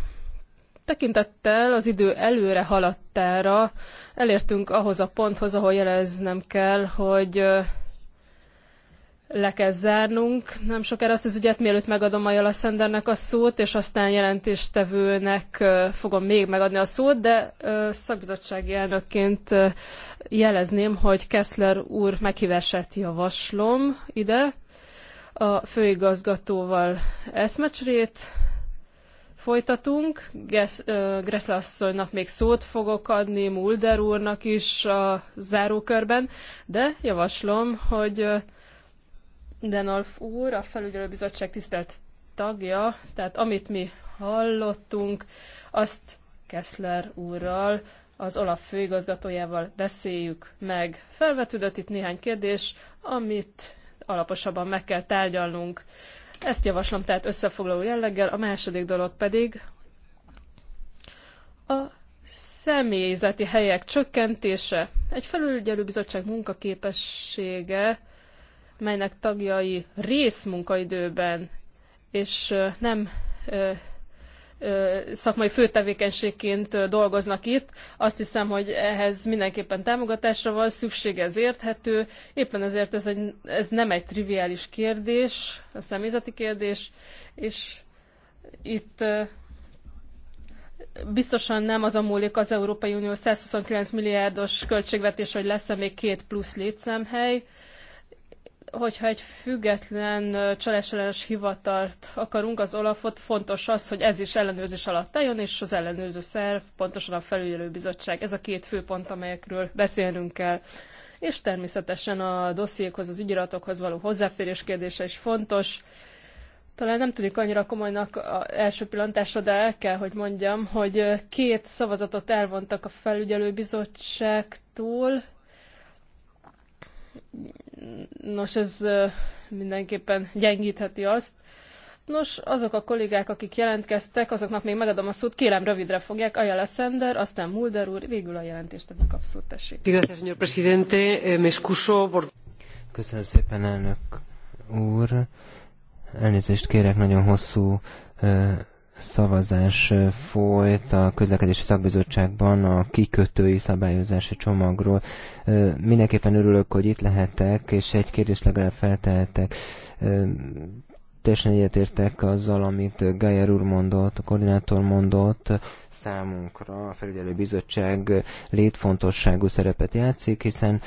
tekintettel az idő előre haladtára elértünk ahhoz a ponthoz, ahol jeleznem kell, hogy le kell zárnunk nem sokára azt az ügyet, mielőtt megadom a Jalaszendernek a szót, és aztán jelentéstevőnek fogom még megadni a szót, de szakbizottsági elnökként jelezném, hogy Kessler úr meghívását javaslom ide, a főigazgatóval eszmecserét folytatunk. Gressle asszonynak még szót fogok adni, Mulder úrnak is a zárókörben, de javaslom, hogy Denolf úr, a felügyelőbizottság tisztelt tagja, tehát amit mi hallottunk, azt Kessler úrral, az Olaf főigazgatójával beszéljük meg. Felvetődött itt néhány kérdés, amit alaposabban meg kell tárgyalnunk. Ezt javaslom tehát összefoglaló jelleggel, a második dolog pedig a személyzeti helyek csökkentése. Egy felügyelőbizottság munkaképessége melynek tagjai részmunkaidőben és nem szakmai főtevékenységként dolgoznak itt. Azt hiszem, hogy ehhez mindenképpen támogatásra van szüksége, ez érthető. Éppen ezért ez, egy, ez nem egy triviális kérdés, a személyzeti kérdés, és itt biztosan nem az a múlik az Európai Unió 129 milliárdos költségvetés, hogy lesz-e még két plusz létszámhely, hogyha egy független csalásellenes hivatalt akarunk, az Olafot fontos az, hogy ez is ellenőrzés alatt álljon, és az ellenőrző szerv, pontosan a felügyelőbizottság. Ez a két fő pont, amelyekről beszélnünk kell. És természetesen a dossziékhoz, az ügyiratokhoz való hozzáférés kérdése is fontos. Talán nem tűnik annyira komolynak a első pillantásra, de el kell, hogy mondjam, hogy két szavazatot elvontak a felügyelőbizottságtól, Nos, ez mindenképpen gyengítheti azt. Nos, azok a kollégák, akik jelentkeztek, azoknak még megadom a szót, kérem rövidre fogják. Ajala Sender, aztán Mulder úr, végül a jelentést ebben kap szót, tessék. Eh, Köszönöm szépen, elnök úr. Elnézést kérek, nagyon hosszú szavazás folyt a közlekedési szakbizottságban a kikötői szabályozási csomagról. Mindenképpen örülök, hogy itt lehetek, és egy kérdést legalább feltehetek. Teljesen egyetértek azzal, amit Gajer úr mondott, a koordinátor mondott, számunkra a bizottság létfontosságú szerepet játszik, hiszen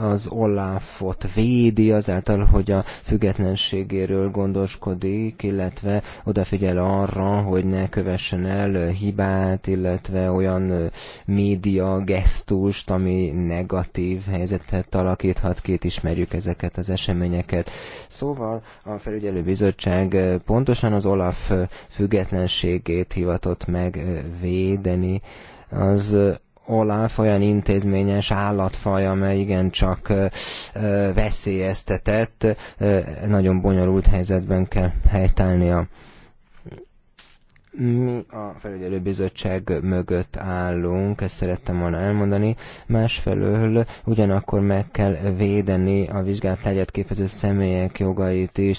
az Olafot védi azáltal, hogy a függetlenségéről gondoskodik, illetve odafigyel arra, hogy ne kövessen el hibát, illetve olyan média gesztust, ami negatív helyzetet alakíthat ki, ismerjük ezeket az eseményeket. Szóval a bizottság pontosan az Olaf függetlenségét hivatott meg védeni. Az Olaf olyan intézményes állatfaj, amely igencsak veszélyeztetett, nagyon bonyolult helyzetben kell helytállnia. Mi a felügyelőbizottság mögött állunk, ezt szerettem volna elmondani. Másfelől ugyanakkor meg kell védeni a vizsgált tárgyat képező személyek jogait is.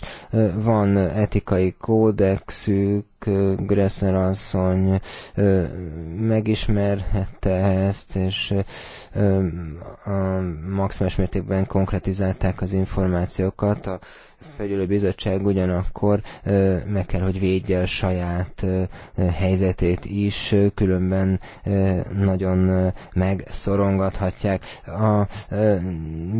Van etikai kódexük, Gressner asszony megismerhette ezt, és a maximális mértékben konkretizálták az információkat. A fegyülő bizottság ugyanakkor meg kell, hogy védje a saját helyzetét is, különben nagyon megszorongathatják. A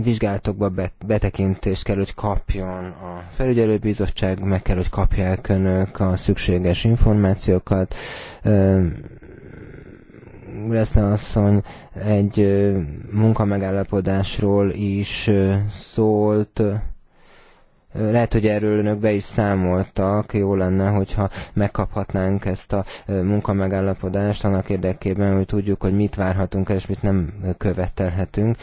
vizsgálatokba betekintést kell, hogy kapjon a felügyelőbizottság, meg kell, hogy kapják önök a szükséges tényleges információkat. Leszne asszony egy munkamegállapodásról is szólt, lehet, hogy erről önök be is számoltak, jó lenne, hogyha megkaphatnánk ezt a munkamegállapodást annak érdekében, hogy tudjuk, hogy mit várhatunk el, és mit nem követelhetünk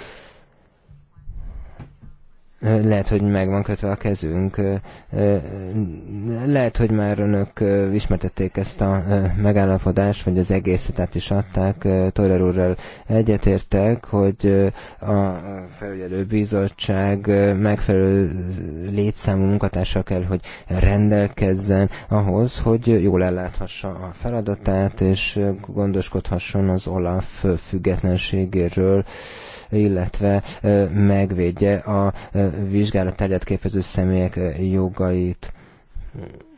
lehet, hogy meg van kötve a kezünk. Lehet, hogy már önök ismertették ezt a megállapodást, vagy az egészet át is adták. Toller úrral egyetértek, hogy a bizottság megfelelő létszámú munkatársa kell, hogy rendelkezzen ahhoz, hogy jól elláthassa a feladatát, és gondoskodhasson az OLAF függetlenségéről illetve megvédje a vizsgálat terjedt képező személyek jogait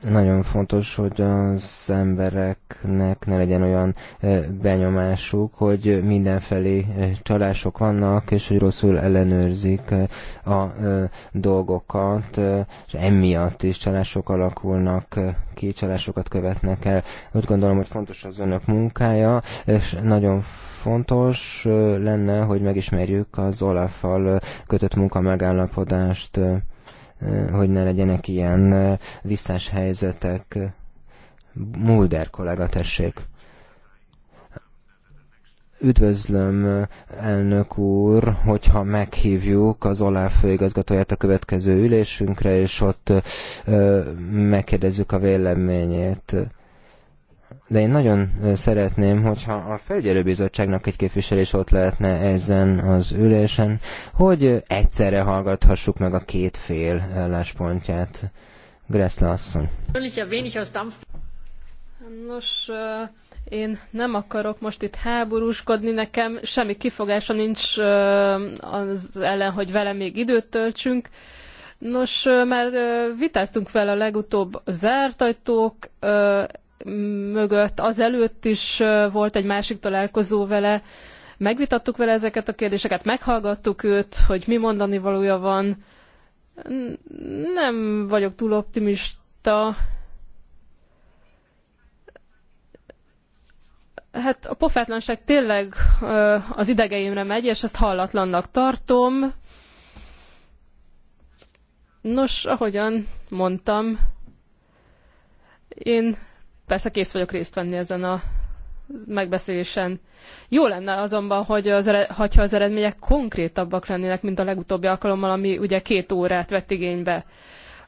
nagyon fontos, hogy az embereknek ne legyen olyan benyomásuk, hogy mindenfelé csalások vannak, és hogy rosszul ellenőrzik a dolgokat, és emiatt is csalások alakulnak ki, csalásokat követnek el. Úgy gondolom, hogy fontos az önök munkája, és nagyon fontos lenne, hogy megismerjük az olaf kötött munkamegállapodást, hogy ne legyenek ilyen visszás helyzetek. Mulder kollega, tessék. Üdvözlöm, elnök úr, hogyha meghívjuk az OLAF főigazgatóját a következő ülésünkre, és ott megkérdezzük a véleményét de én nagyon szeretném, hogyha a felügyelőbizottságnak egy képviselés ott lehetne ezen az ülésen, hogy egyszerre hallgathassuk meg a két fél álláspontját. Gressle asszony. Nos, én nem akarok most itt háborúskodni, nekem semmi kifogása nincs az ellen, hogy vele még időt töltsünk. Nos, már vitáztunk vele a legutóbb zárt ajtók mögött. Azelőtt is volt egy másik találkozó vele, megvitattuk vele ezeket a kérdéseket, meghallgattuk őt, hogy mi mondani valója van. Nem vagyok túl optimista. Hát a pofátlanság tényleg az idegeimre megy, és ezt hallatlannak tartom. Nos, ahogyan mondtam, én persze kész vagyok részt venni ezen a megbeszélésen. Jó lenne azonban, hogy az, hogyha az eredmények konkrétabbak lennének, mint a legutóbbi alkalommal, ami ugye két órát vett igénybe.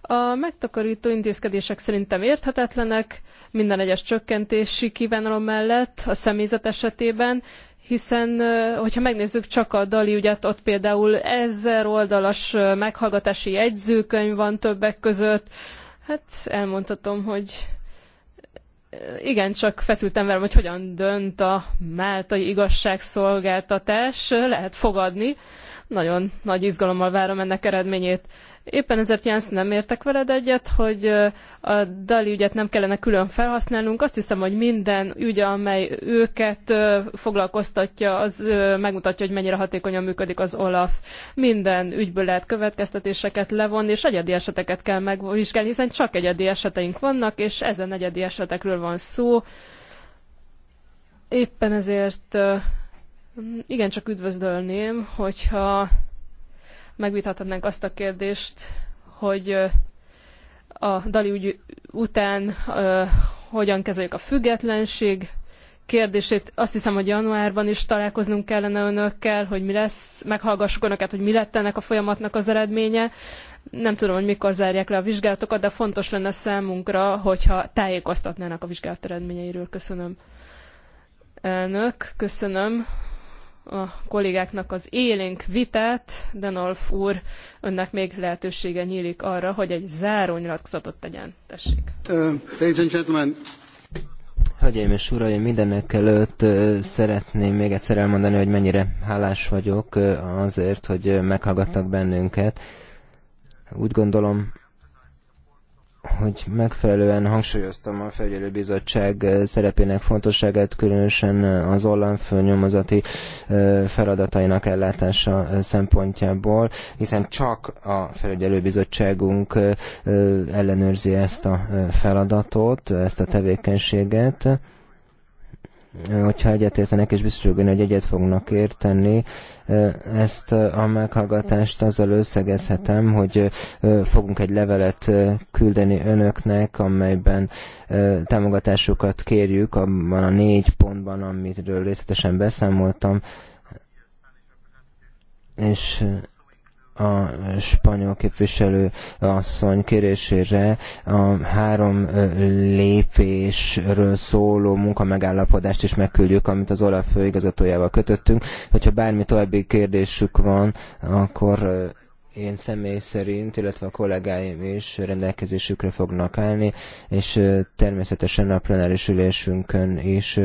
A megtakarító intézkedések szerintem érthetetlenek, minden egyes csökkentési kívánalom mellett a személyzet esetében, hiszen hogyha megnézzük csak a Dali ügyet, ott például ezer oldalas meghallgatási jegyzőkönyv van többek között, hát elmondhatom, hogy igen, csak feszültem velem, hogy hogyan dönt a máltai igazságszolgáltatás. Lehet fogadni. Nagyon nagy izgalommal várom ennek eredményét. Éppen ezért Jens nem értek veled egyet, hogy a Dali ügyet nem kellene külön felhasználnunk. Azt hiszem, hogy minden ügy, amely őket foglalkoztatja, az megmutatja, hogy mennyire hatékonyan működik az OLAF. Minden ügyből lehet következtetéseket levonni, és egyedi eseteket kell megvizsgálni, hiszen csak egyedi eseteink vannak, és ezen egyedi esetekről van szó. Éppen ezért igencsak üdvözlölném, hogyha megvitathatnánk azt a kérdést, hogy a Dali ügy után hogyan kezeljük a függetlenség kérdését. Azt hiszem, hogy januárban is találkoznunk kellene önökkel, hogy mi lesz, meghallgassuk önöket, hogy mi lett ennek a folyamatnak az eredménye. Nem tudom, hogy mikor zárják le a vizsgálatokat, de fontos lenne számunkra, hogyha tájékoztatnának a vizsgálat eredményeiről. Köszönöm. Elnök, köszönöm a kollégáknak az élénk vitát. Denolf úr, önnek még lehetősége nyílik arra, hogy egy záró nyilatkozatot tegyen. Tessék. Hölgyeim és uraim, mindenek előtt szeretném még egyszer elmondani, hogy mennyire hálás vagyok azért, hogy meghallgattak bennünket. Úgy gondolom, hogy megfelelően hangsúlyoztam a felügyelőbizottság eh, szerepének fontosságát, különösen eh, az online főnyomozati eh, feladatainak ellátása szempontjából, hiszen csak a felügyelőbizottságunk ellenőrzi ezt a feladatot, ezt a tevékenységet hogyha egyetértenek, és biztos benne, hogy egyet fognak érteni, ezt a meghallgatást azzal összegezhetem, hogy fogunk egy levelet küldeni önöknek, amelyben támogatásukat kérjük abban a négy pontban, amitről részletesen beszámoltam, és a spanyol képviselő asszony kérésére a három lépésről szóló munkamegállapodást is megküldjük, amit az OLAF főigazgatójával kötöttünk. Hogyha bármi további kérdésük van, akkor én személy szerint, illetve a kollégáim is rendelkezésükre fognak állni, és természetesen a plenáris ülésünkön is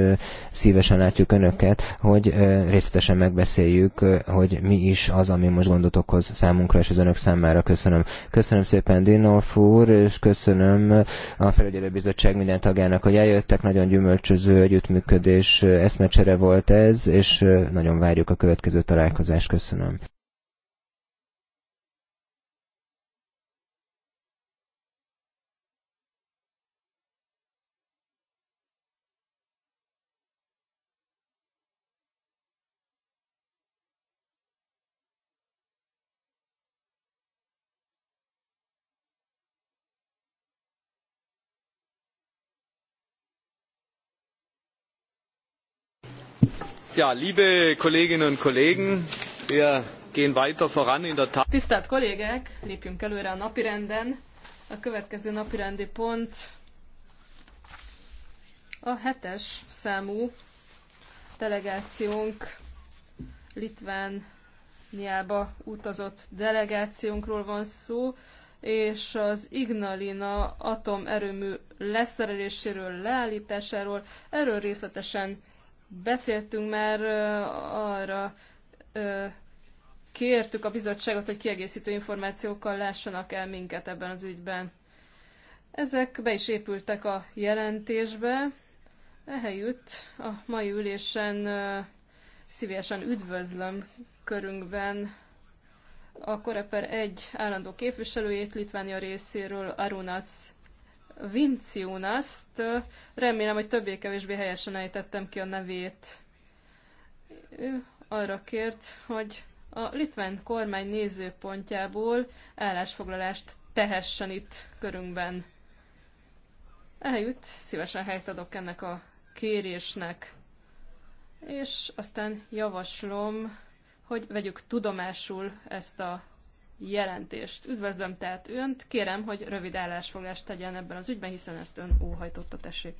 szívesen látjuk Önöket, hogy részletesen megbeszéljük, hogy mi is az, ami most gondot okoz számunkra és az Önök számára. Köszönöm. Köszönöm szépen Dinolf úr, és köszönöm a felügyelőbizottság minden tagjának, hogy eljöttek. Nagyon gyümölcsöző együttműködés, eszmecsere volt ez, és nagyon várjuk a következő találkozást. Köszönöm. Ja, liebe Kolleginnen und Kollegen, wir gehen weiter voran in der Tat. Tisztelt kollégák, lépjünk előre a napirenden. A következő napirendi pont a hetes számú delegációnk Litvániába utazott delegációnkról van szó, és az Ignalina atomerőmű leszereléséről, leállításáról, erről részletesen Beszéltünk már arra, kértük a bizottságot, hogy kiegészítő információkkal lássanak el minket ebben az ügyben. Ezek be is épültek a jelentésbe. Ehelyütt a mai ülésen szívesen üdvözlöm körünkben a Koreper egy állandó képviselőjét Litvánia részéről, Arunas Vinciunaszt, remélem, hogy többé-kevésbé helyesen ejtettem ki a nevét. Ő arra kért, hogy a litván kormány nézőpontjából állásfoglalást tehessen itt körünkben. Eljut, szívesen helyt adok ennek a kérésnek. És aztán javaslom, hogy vegyük tudomásul ezt a jelentést. Üdvözlöm tehát önt, kérem, hogy rövid állásfoglást tegyen ebben az ügyben, hiszen ezt ön óhajtotta, tessék.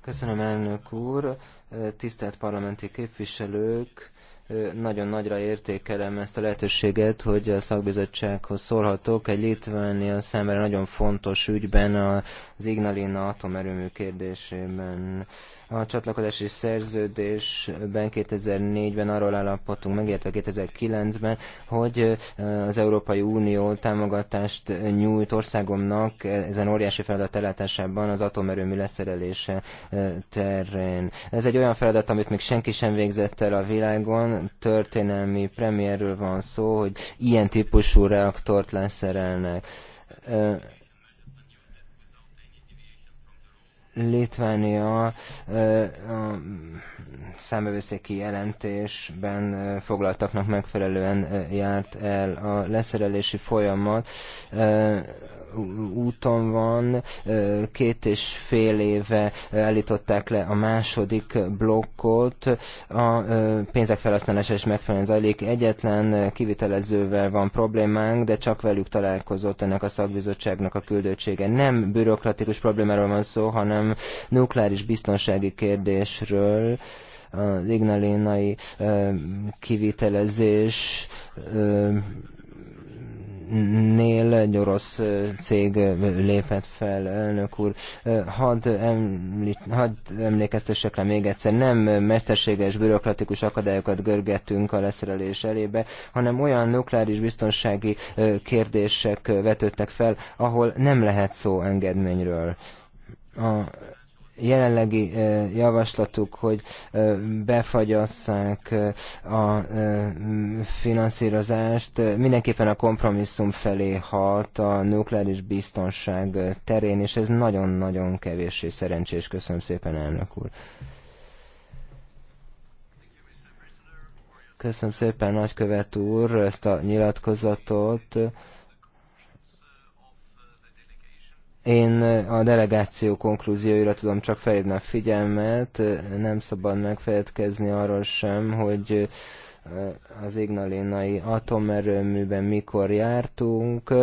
Köszönöm, elnök úr. Tisztelt parlamenti képviselők, nagyon nagyra értékelem ezt a lehetőséget, hogy a szakbizottsághoz szólhatok. Egy Litvánia számára nagyon fontos ügyben az Ignalina atomerőmű kérdésében a csatlakozási szerződésben 2004-ben arról állapodtunk meg, illetve 2009-ben, hogy az Európai Unió támogatást nyújt országomnak ezen óriási feladat ellátásában az atomerőmű leszerelése terén. Ez egy olyan feladat, amit még senki sem végzett el a világon. Történelmi premierről van szó, hogy ilyen típusú reaktort leszerelnek Litvánia a számbevőszéki jelentésben foglaltaknak megfelelően járt el a leszerelési folyamat úton van, két és fél éve elították le a második blokkot, a pénzek felhasználása is megfelelően zajlik, egyetlen kivitelezővel van problémánk, de csak velük találkozott ennek a szakbizottságnak a küldöttsége. Nem bürokratikus problémáról van szó, hanem nukleáris biztonsági kérdésről, az ignalénai kivitelezés nél egy orosz cég lépett fel, elnök úr. Hadd, említ, hadd emlékeztessek le még egyszer, nem mesterséges, bürokratikus akadályokat görgetünk a leszerelés elébe, hanem olyan nukleáris biztonsági kérdések vetődtek fel, ahol nem lehet szó engedményről. A jelenlegi javaslatuk, hogy befagyasszák a finanszírozást, mindenképpen a kompromisszum felé hat a nukleáris biztonság terén, és ez nagyon-nagyon kevéssé szerencsés. Köszönöm szépen, elnök úr. Köszönöm szépen, nagykövet úr, ezt a nyilatkozatot. Én a delegáció konklúzióira tudom csak felhívni a figyelmet, nem szabad megfeledkezni arról sem, hogy az ignalinai atomerőműben mikor jártunk,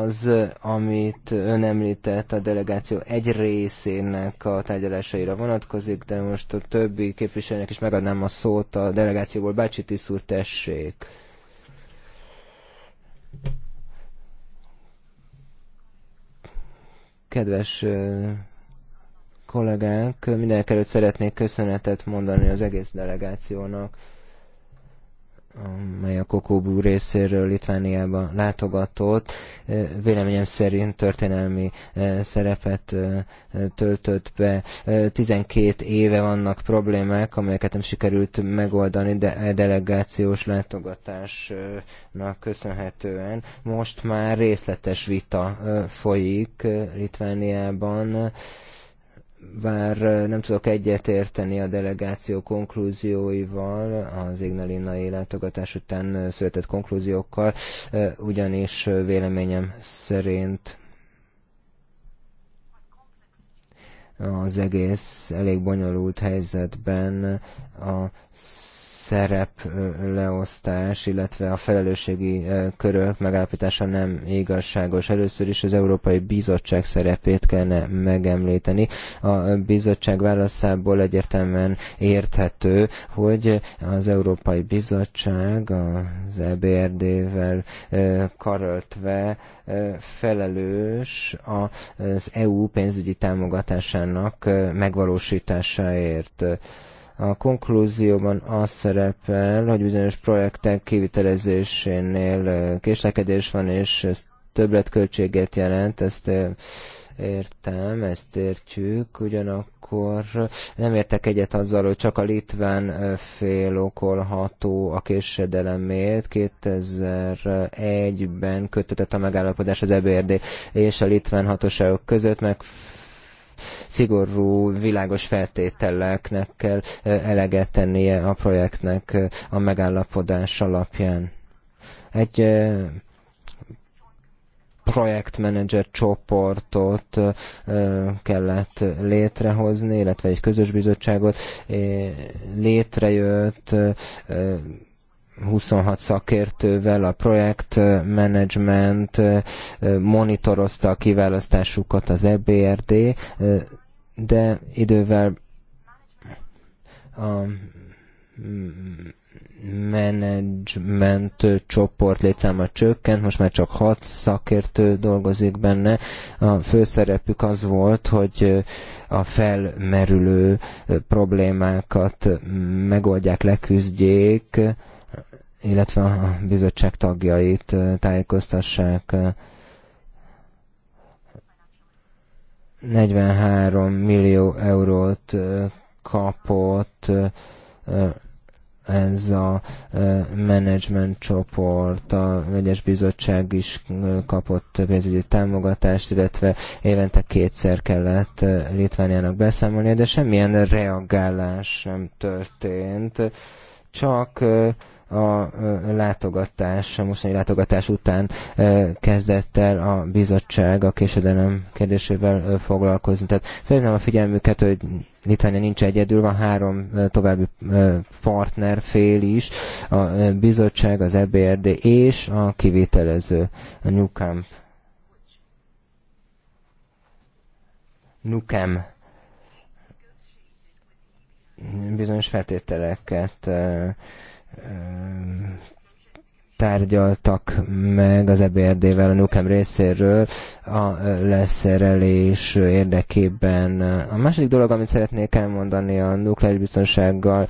az, amit ön említett, a delegáció egy részének a tárgyalásaira vonatkozik, de most a többi képviselőnek is megadnám a szót a delegációból. Bácsi Tiszúr, tessék! Kedves kollégánk, mindenek előtt szeretnék köszönetet mondani az egész delegációnak, amely a Kokóbú részéről Litvániába látogatott, véleményem szerint történelmi szerepet töltött be. 12 éve vannak problémák, amelyeket nem sikerült megoldani, de a e delegációs látogatásnak köszönhetően. Most már részletes vita folyik Litvániában bár nem tudok egyetérteni a delegáció konklúzióival, az Ignalinai látogatás után született konklúziókkal, ugyanis véleményem szerint az egész elég bonyolult helyzetben a szerep leosztás, illetve a felelősségi körök megállapítása nem igazságos. Először is az Európai Bizottság szerepét kellene megemlíteni. A bizottság válaszából egyértelműen érthető, hogy az Európai Bizottság az EBRD-vel karöltve felelős az EU pénzügyi támogatásának megvalósításáért. A konklúzióban az szerepel, hogy bizonyos projektek kivitelezésénél késlekedés van, és ez többletköltséget jelent, ezt értem, ezt értjük, ugyanakkor nem értek egyet azzal, hogy csak a litván fél okolható a késedelemért. 2001-ben kötötött a megállapodás az EBRD és a litván hatóságok között, meg szigorú, világos feltételeknek kell eleget tennie a projektnek a megállapodás alapján. Egy projektmenedzser csoportot kellett létrehozni, illetve egy közös bizottságot létrejött 26 szakértővel a projektmenedzsment monitorozta a kiválasztásukat az EBRD de idővel a menedzsment csoport létszáma csökkent, most már csak hat szakértő dolgozik benne. A főszerepük az volt, hogy a felmerülő problémákat megoldják, leküzdjék, illetve a bizottság tagjait tájékoztassák 43 millió eurót kapott ez a management csoport, a vegyes bizottság is kapott pénzügyi támogatást, illetve évente kétszer kellett Litvániának beszámolnia, de semmilyen reagálás nem történt, csak a látogatás, a mostani látogatás után kezdett el a bizottság a késedelem kérdésével foglalkozni. Tehát felhívnám a figyelmüket, hogy Litvánia nincs egyedül, van három további partner fél is, a bizottság, az EBRD és a kivételező, a Newcamp. Nukem bizonyos feltételeket tárgyaltak meg az EBRD-vel a Nukem részéről a leszerelés érdekében. A második dolog, amit szeretnék elmondani a nukleáris biztonsággal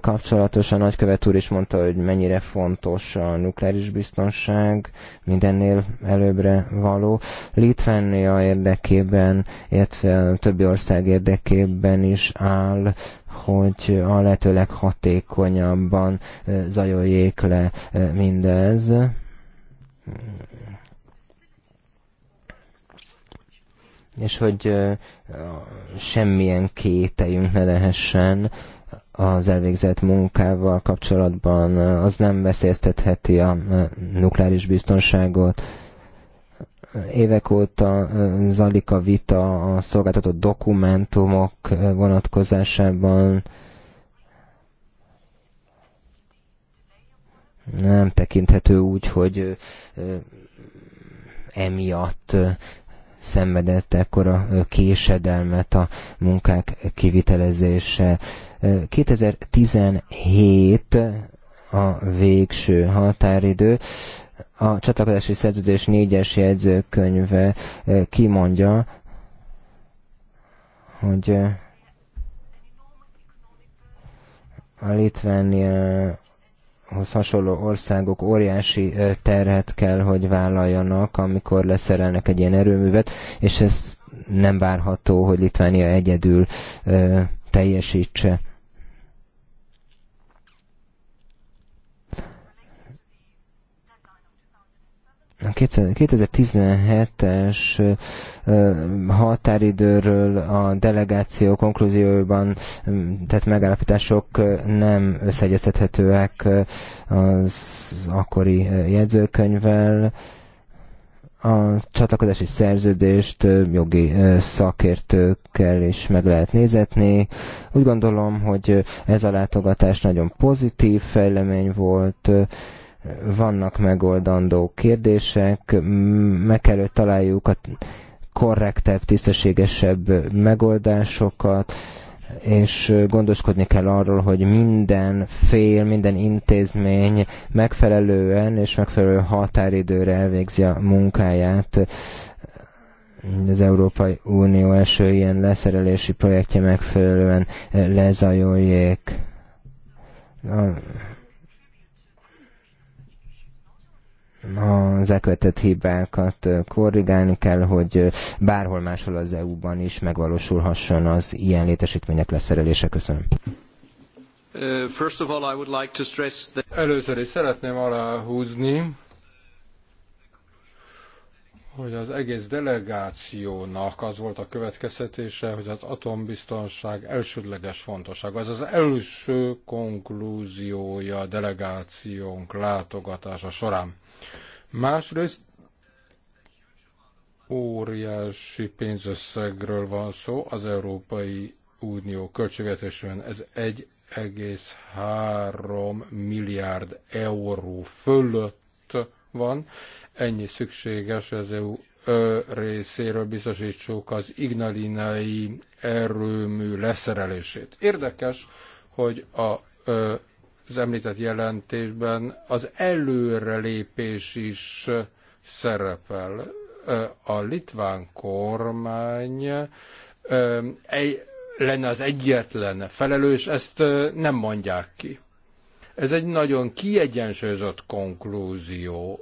kapcsolatosan, nagykövet úr is mondta, hogy mennyire fontos a nukleáris biztonság, mindennél előbbre való. Litvánia érdekében, illetve többi ország érdekében is áll hogy a lehetőleg hatékonyabban zajoljék le mindez. És hogy semmilyen kételjünk ne lehessen az elvégzett munkával kapcsolatban, az nem veszélyeztetheti a nukleáris biztonságot évek óta zajlik a vita a szolgáltatott dokumentumok vonatkozásában. Nem tekinthető úgy, hogy emiatt szenvedett ekkora késedelmet a munkák kivitelezése. 2017 a végső határidő a csatlakozási szerződés négyes jegyzőkönyve eh, kimondja, hogy eh, a Litvániához hasonló országok óriási eh, terhet kell, hogy vállaljanak, amikor leszerelnek egy ilyen erőművet, és ez nem várható, hogy Litvánia egyedül teljesítse. 2017-es határidőről a delegáció konklúzióiban tett megállapítások nem összeegyeztethetőek az akkori jegyzőkönyvvel. A csatlakozási szerződést jogi szakértőkkel is meg lehet nézetni. Úgy gondolom, hogy ez a látogatás nagyon pozitív fejlemény volt, vannak megoldandó kérdések, meg kell, hogy találjuk a korrektebb, tisztességesebb megoldásokat, és gondoskodni kell arról, hogy minden fél, minden intézmény megfelelően és megfelelő határidőre elvégzi a munkáját. Az Európai Unió első ilyen leszerelési projektje megfelelően lezajoljék. az elkövetett hibákat korrigálni kell, hogy bárhol máshol az EU-ban is megvalósulhasson az ilyen létesítmények leszerelése. Köszönöm. Uh, first of all, I would like to stress that... Először is szeretném aláhúzni, hogy az egész delegációnak az volt a következtetése, hogy az atombiztonság elsődleges fontosság. Ez az első konklúziója a delegációnk látogatása során. Másrészt óriási pénzösszegről van szó az Európai Unió költségvetésben. Ez 1,3 milliárd euró fölött van. Ennyi szükséges az EU részéről biztosítsuk az ignalinai erőmű leszerelését. Érdekes, hogy a az említett jelentésben az előrelépés is szerepel. A litván kormány lenne az egyetlen felelős, ezt nem mondják ki. Ez egy nagyon kiegyensúlyozott konklúzió,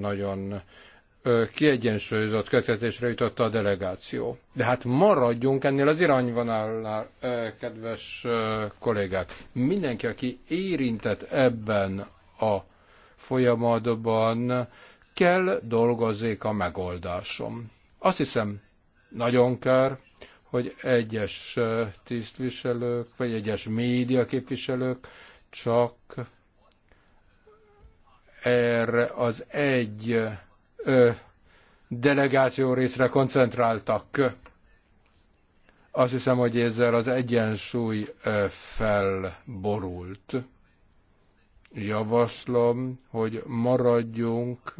nagyon kiegyensúlyozott kötetésre jutott a delegáció. De hát maradjunk ennél az irányvonalnál, kedves kollégák. Mindenki, aki érintett ebben a folyamatban, kell dolgozzék a megoldásom. Azt hiszem, nagyon kár, hogy egyes tisztviselők, vagy egyes médiaképviselők csak erre az egy ö, delegáció részre koncentráltak. Azt hiszem, hogy ezzel az egyensúly ö, felborult. Javaslom, hogy maradjunk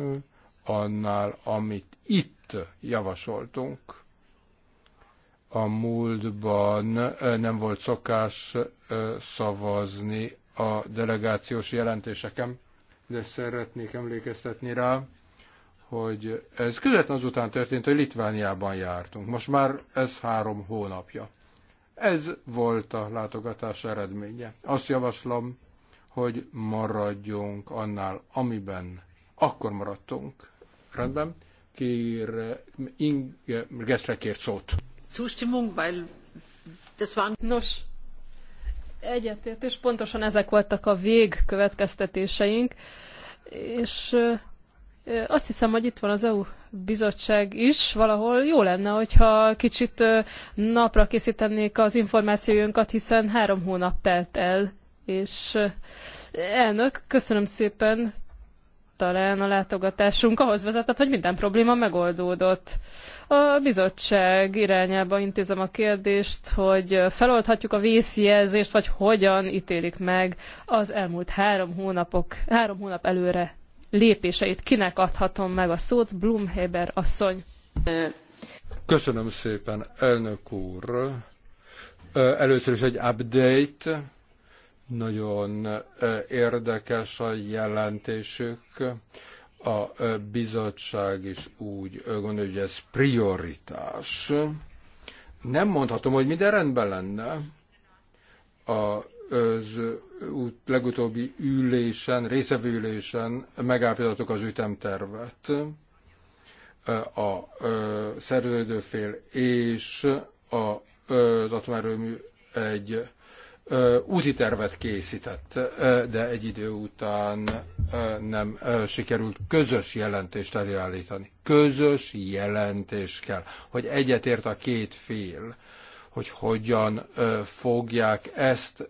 annál, amit itt javasoltunk. A múltban nem volt szokás szavazni a delegációs jelentéseken, de szeretnék emlékeztetni rá, hogy ez közvetlen azután történt, hogy Litvániában jártunk. Most már ez három hónapja. Ez volt a látogatás eredménye. Azt javaslom, hogy maradjunk annál, amiben akkor maradtunk. Rendben? Kér, Inge, Geszre kért szót. Zustimmung, weil das Nos, és pontosan ezek voltak a következtetéseink, és azt hiszem, hogy itt van az EU bizottság is, valahol jó lenne, hogyha kicsit napra készítenék az információjunkat, hiszen három hónap telt el, és elnök, köszönöm szépen, talán a látogatásunk ahhoz vezetett, hogy minden probléma megoldódott. A bizottság irányába intézem a kérdést, hogy feloldhatjuk a vészjelzést, vagy hogyan ítélik meg az elmúlt három, hónapok, három hónap előre lépéseit. Kinek adhatom meg a szót? Blumheber asszony. Köszönöm szépen, elnök úr. Először is egy update nagyon érdekes a jelentésük. A bizottság is úgy gondolja, hogy ez prioritás. Nem mondhatom, hogy minden rendben lenne. A az legutóbbi ülésen, részevő ülésen megállapítottuk az ütemtervet. A szerződőfél és a atomerőmű egy úti tervet készített, de egy idő után nem sikerült közös jelentést előállítani. Közös jelentés kell, hogy egyetért a két fél, hogy hogyan fogják ezt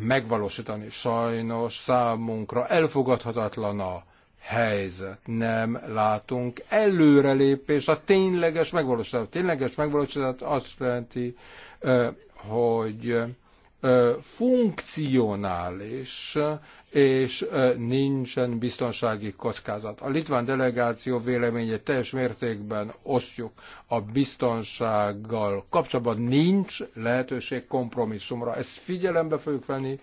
megvalósítani. Sajnos számunkra elfogadhatatlan a helyzet. Nem látunk előrelépést, a tényleges megvalósítás. A tényleges megvalósítás azt jelenti, hogy funkcionális, és nincsen biztonsági kockázat. A litván delegáció véleményét teljes mértékben osztjuk. A biztonsággal kapcsolatban nincs lehetőség kompromisszumra. Ezt figyelembe fogjuk venni,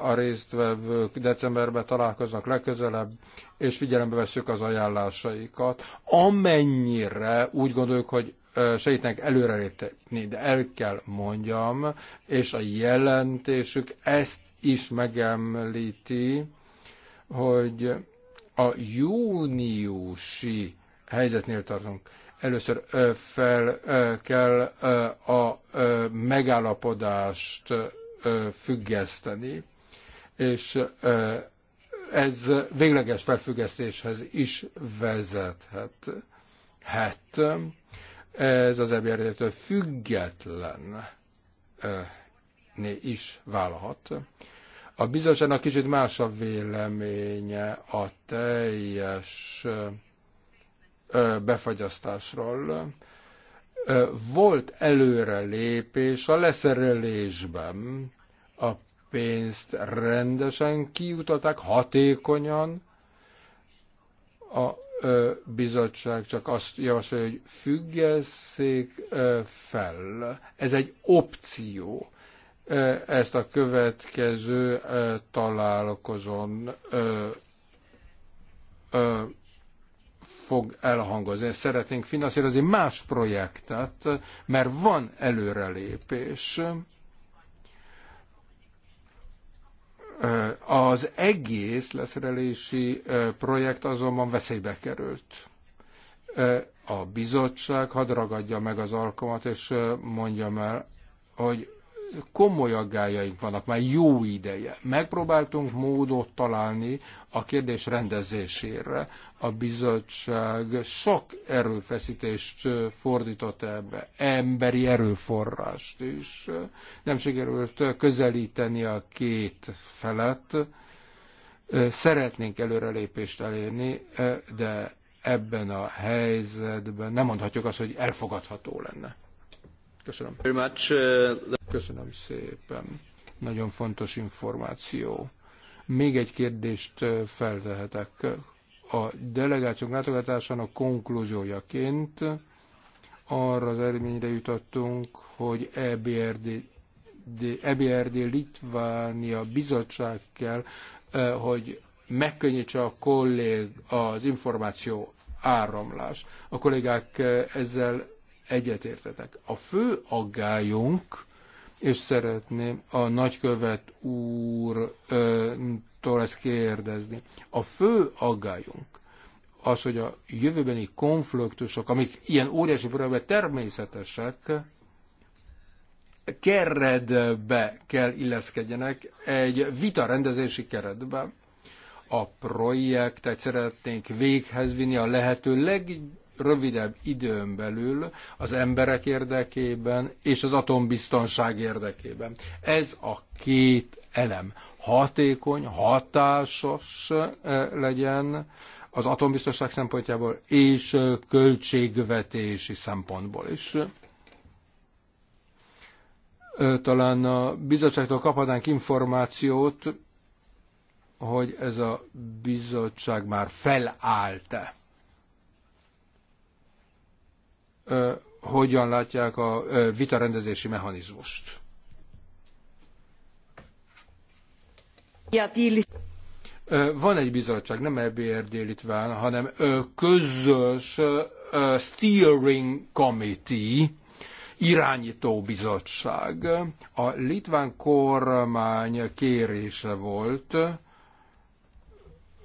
a résztvevők decemberben találkoznak legközelebb, és figyelembe veszük az ajánlásaikat, amennyire úgy gondoljuk, hogy segítenek előrelépni, de el kell mondjam, és a jelentésük ezt is megemlíti, hogy a júniusi helyzetnél tartunk. Először fel kell a megállapodást függeszteni, és ez végleges felfüggesztéshez is vezethet. Hát, ez az ebérdétől től független is válhat. A bizottságnak kicsit más a véleménye a teljes befagyasztásról. Volt előrelépés a leszerelésben, a pénzt rendesen kiutalták, hatékonyan, a bizottság csak azt javasolja, hogy függesszék fel. Ez egy opció. Ezt a következő találkozón fog elhangozni. Szeretnénk finanszírozni más projektet, mert van előrelépés. Az egész leszerelési projekt azonban veszélybe került. A bizottság hadd ragadja meg az alkalmat, és mondjam el, hogy komoly aggájaink vannak már jó ideje. Megpróbáltunk módot találni a kérdés rendezésére. A bizottság sok erőfeszítést fordított ebbe, emberi erőforrást is. Nem sikerült közelíteni a két felet. Szeretnénk előrelépést elérni, de ebben a helyzetben nem mondhatjuk azt, hogy elfogadható lenne. Köszönöm. Uh, Köszönöm szépen. Nagyon fontos információ. Még egy kérdést uh, feltehetek. A delegációk látogatásának konklúziójaként arra az eredményre jutottunk, hogy EBRD, EBRD Litvánia bizottság kell, uh, hogy megkönnyítse a kollég az információ áramlás. A kollégák ezzel egyetértetek. A fő aggályunk, és szeretném a nagykövet úrtól ezt kérdezni, a fő aggályunk az, hogy a jövőbeni konfliktusok, amik ilyen óriási problémák természetesek, keredbe kell illeszkedjenek, egy vita rendezési keretbe. A projektet szeretnénk véghez vinni a lehető leg rövidebb időn belül az emberek érdekében és az atombiztonság érdekében. Ez a két elem hatékony, hatásos eh, legyen az atombiztonság szempontjából és eh, költségvetési szempontból is eh, talán a bizottságtól kaphatnánk információt, hogy ez a bizottság már felállt-e. hogyan látják a vitarendezési mechanizmust. Van egy bizottság, nem EBRD Litván, hanem közös steering committee, irányító bizottság. A litván kormány kérése volt,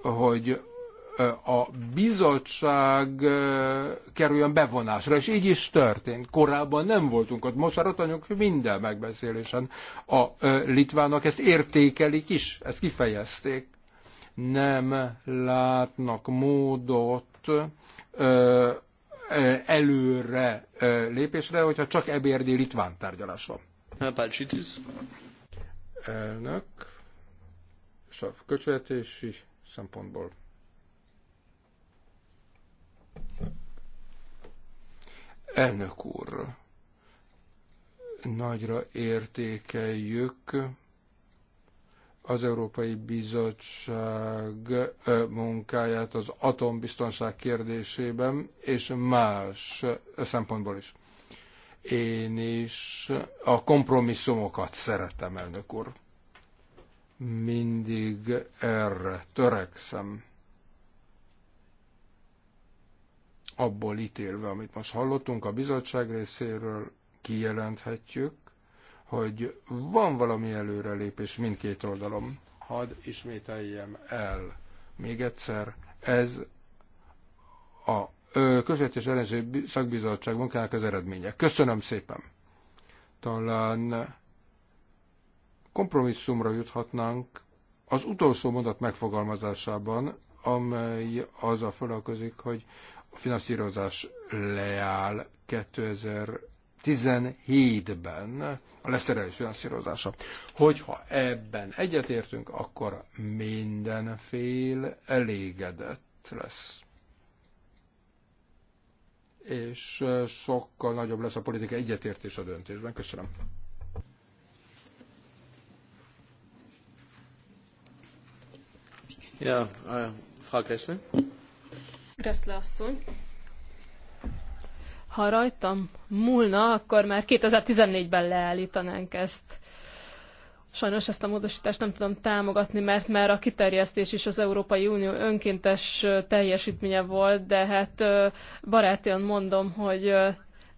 hogy a bizottság kerüljön bevonásra, és így is történt. Korábban nem voltunk ott, most már ott vagyunk minden megbeszélésen. A litvánok ezt értékelik is, ezt kifejezték. Nem látnak módot előre lépésre, hogyha csak ebérdi litván tárgyalás van. Elnök. És a köcsövetési szempontból Elnök úr, nagyra értékeljük az Európai Bizottság munkáját az atombiztonság kérdésében, és más szempontból is. Én is a kompromisszumokat szeretem, elnök úr. Mindig erre törekszem. abból ítélve, amit most hallottunk a bizottság részéről, kijelenthetjük, hogy van valami előrelépés mindkét oldalon. Hadd ismételjem el még egyszer, ez a Közvetés Ellenző Szakbizottság munkának az eredménye. Köszönöm szépen! Talán kompromisszumra juthatnánk az utolsó mondat megfogalmazásában, amely azzal foglalkozik, hogy a finanszírozás leáll 2017-ben a leszerelés finanszírozása. Hogyha ebben egyetértünk, akkor minden fél elégedett lesz. És sokkal nagyobb lesz a politika egyetértés a döntésben. Köszönöm. Ja, Frau Kressel. Kreszle asszony. Ha rajtam múlna, akkor már 2014-ben leállítanánk ezt. Sajnos ezt a módosítást nem tudom támogatni, mert már a kiterjesztés is az Európai Unió önkéntes teljesítménye volt, de hát barátian mondom, hogy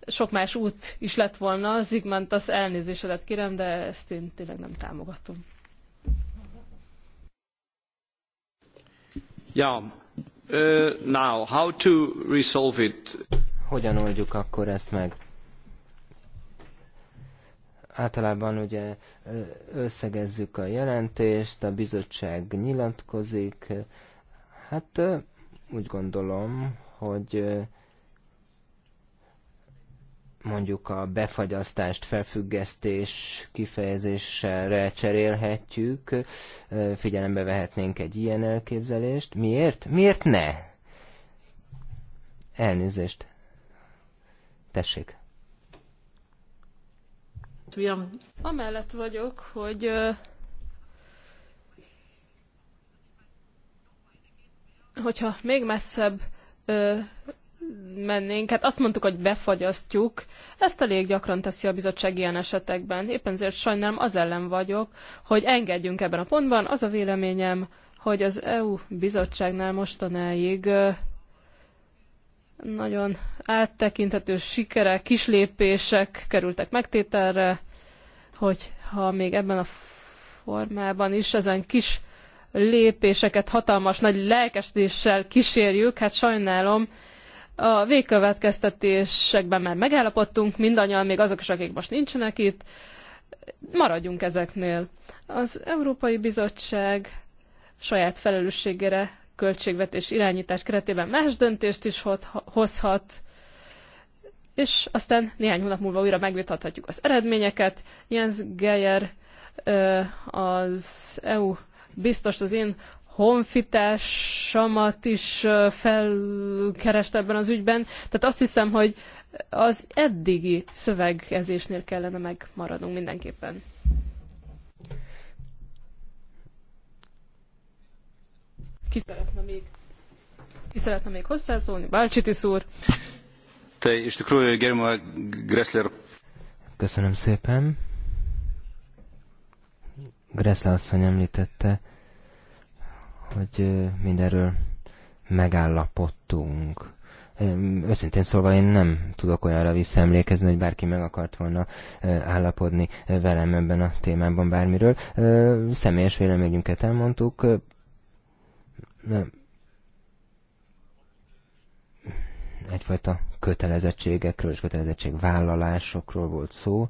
sok más út is lett volna. Zigmant, az elnézésedet kérem, de ezt én tényleg nem támogatom. Ja, uh, now? How to resolve it? Hogyan oldjuk akkor ezt meg? Általában ugye összegezzük a jelentést, a bizottság nyilatkozik. Hát úgy gondolom, hogy mondjuk a befagyasztást, felfüggesztés kifejezésre cserélhetjük, figyelembe vehetnénk egy ilyen elképzelést. Miért? Miért ne? Elnézést. Tessék. Fiam. Amellett vagyok, hogy hogyha még messzebb mennénk, hát azt mondtuk, hogy befagyasztjuk, ezt elég gyakran teszi a bizottság ilyen esetekben. Éppen ezért sajnálom az ellen vagyok, hogy engedjünk ebben a pontban. Az a véleményem, hogy az EU bizottságnál mostanáig nagyon áttekintető sikerek, kislépések kerültek megtételre, hogy ha még ebben a formában is ezen kis lépéseket hatalmas nagy lelkesedéssel kísérjük, hát sajnálom, a végkövetkeztetésekben már megállapodtunk, mindannyian, még azok is, akik most nincsenek itt, maradjunk ezeknél. Az Európai Bizottság saját felelősségére költségvetés irányítás keretében más döntést is hozhat, és aztán néhány hónap múlva újra megvitathatjuk az eredményeket. Jens Geyer az EU biztos az én honfitársamat is felkereste ebben az ügyben. Tehát azt hiszem, hogy az eddigi szövegezésnél kellene megmaradnunk mindenképpen. Ki szeretne még, ki szeretne még hozzászólni? Bálcsitis úr. Te és Germa Gressler. Köszönöm szépen. Gressler asszony említette, hogy mindenről megállapodtunk. Őszintén szólva én nem tudok olyanra visszaemlékezni, hogy bárki meg akart volna állapodni velem ebben a témában bármiről. Személyes véleményünket elmondtuk. Egyfajta kötelezettségekről és kötelezettségvállalásokról volt szó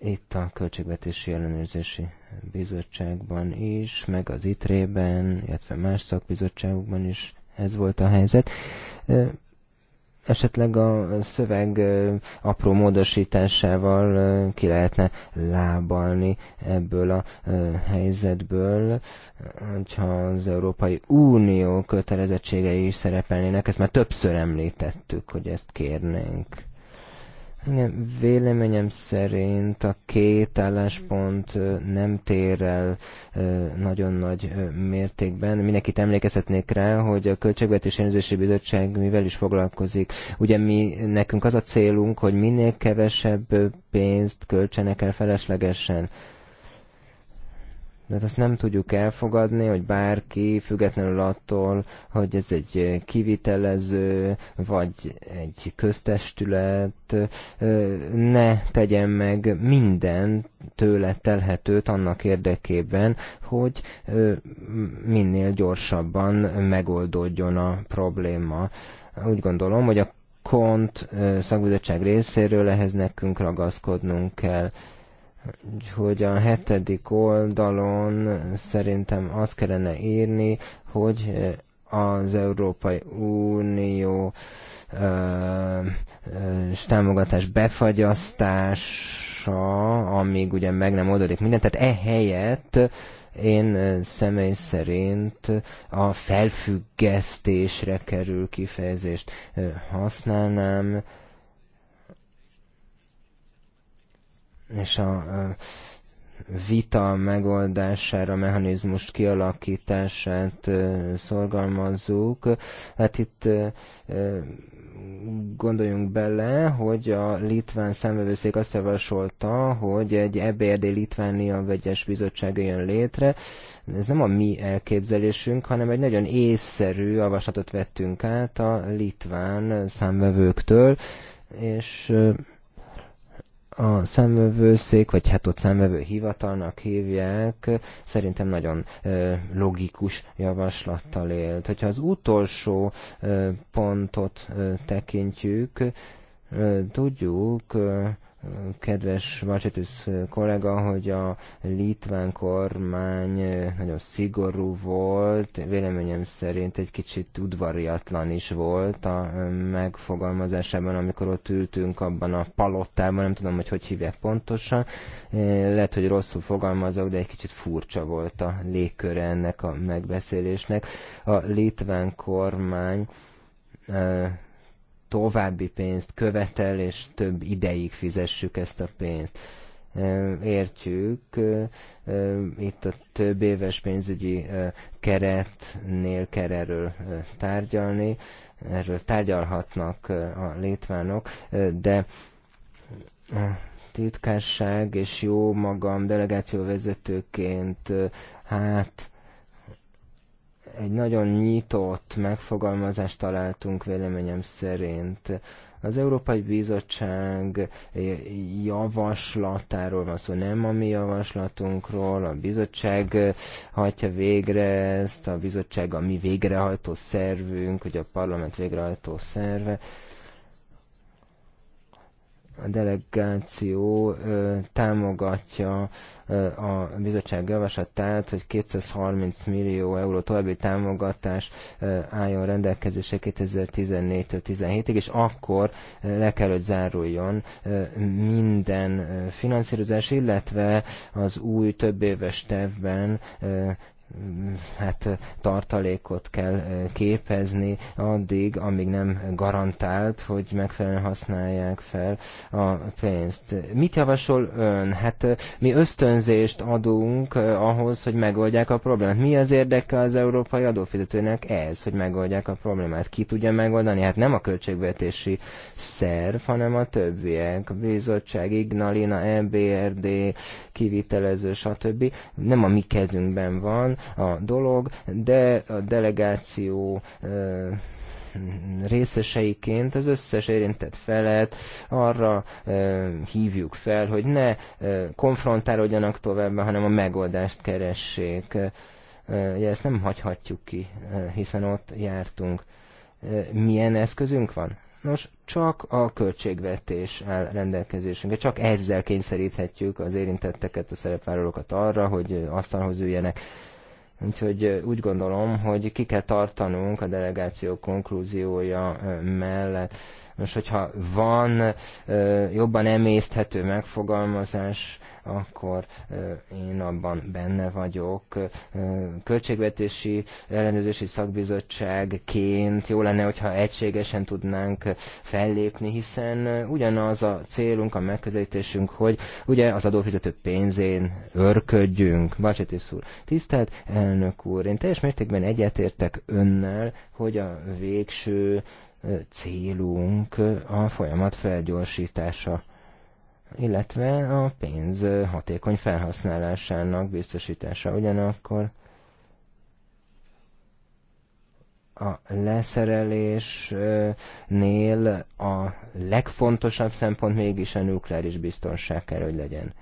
itt a Költségvetési Ellenőrzési Bizottságban is, meg az ITRE-ben, illetve más szakbizottságokban is ez volt a helyzet. Esetleg a szöveg apró módosításával ki lehetne lábalni ebből a helyzetből, hogyha az Európai Unió kötelezettségei is szerepelnének, ezt már többször említettük, hogy ezt kérnénk igen, véleményem szerint a két álláspont nem tér el nagyon nagy mértékben. Mindenkit emlékezhetnék rá, hogy a Költségvetési Ellenőrzési Bizottság mivel is foglalkozik. Ugye mi, nekünk az a célunk, hogy minél kevesebb pénzt költsenek el feleslegesen de azt nem tudjuk elfogadni, hogy bárki, függetlenül attól, hogy ez egy kivitelező, vagy egy köztestület, ne tegyen meg minden tőle telhetőt annak érdekében, hogy minél gyorsabban megoldódjon a probléma. Úgy gondolom, hogy a kont szakbizottság részéről ehhez nekünk ragaszkodnunk kell hogy a hetedik oldalon szerintem azt kellene írni, hogy eh, az Európai Unió eh, eh, és támogatás befagyasztása, amíg ugye meg nem oldódik minden, tehát ehelyett én személy szerint a felfüggesztésre kerül kifejezést használnám, és a vita megoldására, mechanizmust kialakítását szorgalmazzuk. Hát itt gondoljunk bele, hogy a litván számvevőszék azt javasolta, hogy egy EBRD Litvánia vegyes bizottság jön létre. Ez nem a mi elképzelésünk, hanem egy nagyon észszerű javaslatot vettünk át a litván számvevőktől, és a szemvevőszék, vagy hát ott szemvevő hivatalnak hívják, szerintem nagyon logikus javaslattal élt. Hogyha az utolsó pontot tekintjük, tudjuk, kedves Macsetis kollega, hogy a litván kormány nagyon szigorú volt, véleményem szerint egy kicsit udvariatlan is volt a megfogalmazásában, amikor ott ültünk abban a palotában, nem tudom, hogy hogy hívják pontosan. Lehet, hogy rosszul fogalmazok, de egy kicsit furcsa volt a légköre ennek a megbeszélésnek. A litván kormány eh, további pénzt követel, és több ideig fizessük ezt a pénzt. Értjük, itt a több éves pénzügyi keretnél kell erről tárgyalni, erről tárgyalhatnak a létvánok, de titkárság és jó magam delegációvezetőként, hát egy nagyon nyitott megfogalmazást találtunk véleményem szerint. Az Európai Bizottság javaslatáról van szó, nem a mi javaslatunkról, a bizottság hajtja végre ezt, a bizottság a mi végrehajtó szervünk, ugye a parlament végrehajtó szerve, a delegáció támogatja a bizottság javaslatát, hogy 230 millió euró további támogatás álljon rendelkezésre 2014-től 17-ig, és akkor le kell, hogy záruljon minden finanszírozás, illetve az új több éves tervben hát tartalékot kell képezni addig, amíg nem garantált, hogy megfelelően használják fel a pénzt. Mit javasol ön? Hát mi ösztönzést adunk ahhoz, hogy megoldják a problémát. Mi az érdeke az európai adófizetőnek ez, hogy megoldják a problémát? Ki tudja megoldani? Hát nem a költségvetési szerv, hanem a többiek. Bizottság, Ignalina, EBRD, kivitelező, stb. Nem a mi kezünkben van, a dolog, de a delegáció részeseiként az összes érintett felet arra uh, hívjuk fel, hogy ne uh, konfrontálódjanak tovább, hanem a megoldást keressék. Uh, ugye ezt nem hagyhatjuk ki, uh, hiszen ott jártunk. Uh, milyen eszközünk van? Nos, csak a költségvetés áll rendelkezésünkre, csak ezzel kényszeríthetjük az érintetteket, a szerepvállalókat arra, hogy asztalhoz üljenek. Uh, Úgyhogy úgy gondolom, hogy ki kell tartanunk a delegáció konklúziója mellett. Most, hogyha van jobban emészthető megfogalmazás, akkor én abban benne vagyok. Költségvetési ellenőrzési szakbizottságként jó lenne, hogyha egységesen tudnánk fellépni, hiszen ugyanaz a célunk, a megközelítésünk, hogy ugye az adófizető pénzén örködjünk. Bacsetis úr, tisztelt elnök úr, én teljes mértékben egyetértek önnel, hogy a végső célunk a folyamat felgyorsítása illetve a pénz hatékony felhasználásának biztosítása. Ugyanakkor a leszerelésnél a legfontosabb szempont mégis a nukleáris biztonság kell, hogy legyen.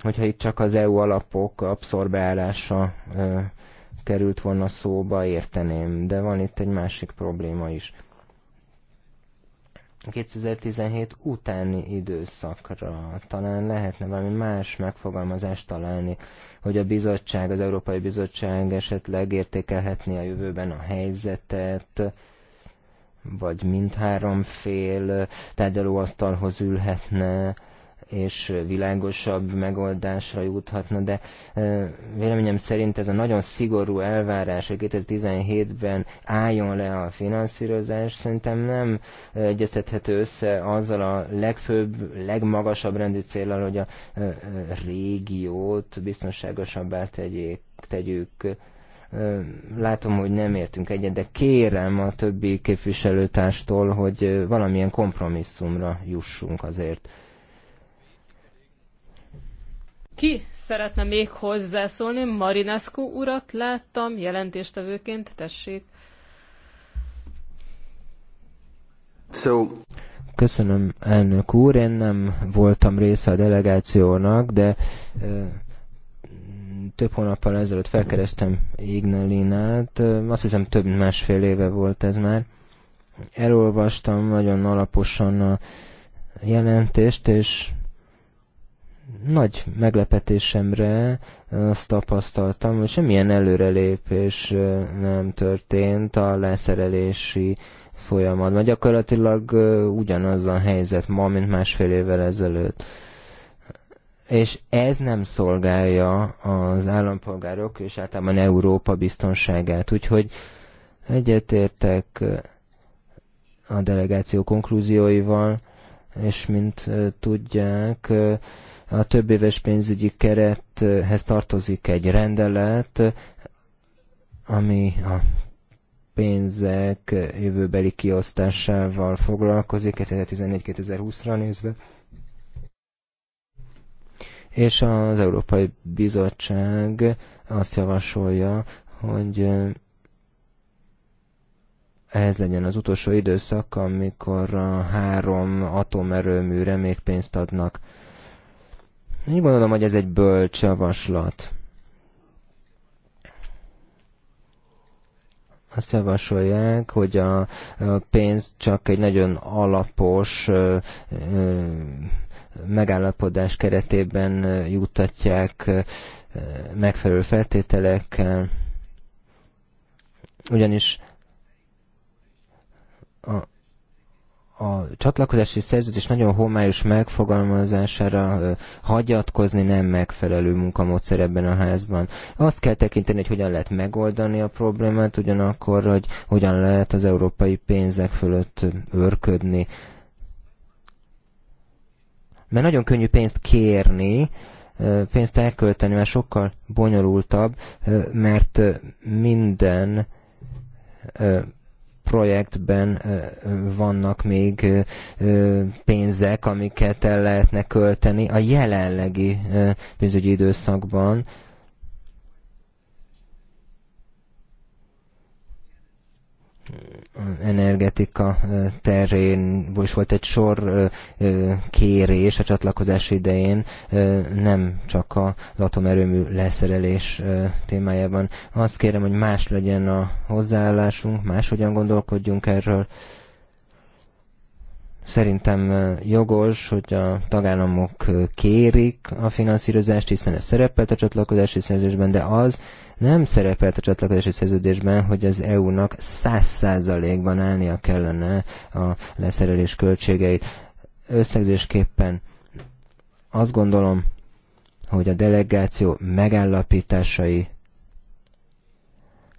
Hogyha itt csak az EU alapok abszorbálása került volna szóba, érteném, de van itt egy másik probléma is. 2017 utáni időszakra talán lehetne valami más megfogalmazást találni, hogy a bizottság, az Európai Bizottság esetleg értékelhetné a jövőben a helyzetet, vagy mindhárom fél tárgyalóasztalhoz ülhetne, és világosabb megoldásra juthatna, de véleményem szerint ez a nagyon szigorú elvárás, hogy 2017-ben álljon le a finanszírozás, szerintem nem egyeztethető össze azzal a legfőbb, legmagasabb rendű célral, hogy a régiót biztonságosabbá tegyék, tegyük látom, hogy nem értünk egyet, de kérem a többi képviselőtárstól, hogy valamilyen kompromisszumra jussunk azért. Ki szeretne még hozzászólni? Marinescu urat láttam, jelentéstevőként, tessék. So. Köszönöm, elnök úr. Én nem voltam része a delegációnak, de ö, több hónappal ezelőtt felkerestem Ignalinát. Azt hiszem több másfél éve volt ez már. Elolvastam nagyon alaposan a jelentést, és nagy meglepetésemre azt tapasztaltam, hogy semmilyen előrelépés nem történt a leszerelési folyamatban. Gyakorlatilag ugyanaz a helyzet ma, mint másfél évvel ezelőtt. És ez nem szolgálja az állampolgárok és általában Európa biztonságát. Úgyhogy egyetértek a delegáció konklúzióival, és mint tudják, a több éves pénzügyi kerethez tartozik egy rendelet, ami a pénzek jövőbeli kiosztásával foglalkozik 2014-2020-ra nézve. És az Európai Bizottság azt javasolja, hogy ez legyen az utolsó időszak, amikor a három atomerőműre még pénzt adnak. Úgy gondolom, hogy ez egy bölcs javaslat. azt javasolják, hogy a, pénz csak egy nagyon alapos megállapodás keretében juttatják megfelelő feltételekkel, ugyanis a a csatlakozási szerződés nagyon homályos megfogalmazására hagyatkozni nem megfelelő munkamódszer ebben a házban. Azt kell tekinteni, hogy hogyan lehet megoldani a problémát, ugyanakkor, hogy hogyan lehet az európai pénzek fölött örködni. Mert nagyon könnyű pénzt kérni, pénzt elkölteni, mert sokkal bonyolultabb, mert minden projektben vannak még pénzek, amiket el lehetne költeni a jelenlegi pénzügyi időszakban, energetika terén is volt egy sor kérés a csatlakozás idején, nem csak az atomerőmű leszerelés témájában. Azt kérem, hogy más legyen a hozzáállásunk, máshogyan gondolkodjunk erről, Szerintem jogos, hogy a tagállamok kérik a finanszírozást, hiszen ez szerepelt a csatlakozási szerződésben, de az nem szerepelt a csatlakozási szerződésben, hogy az EU-nak száz százalékban állnia kellene a leszerelés költségeit. Összegzésképpen azt gondolom, hogy a delegáció megállapításai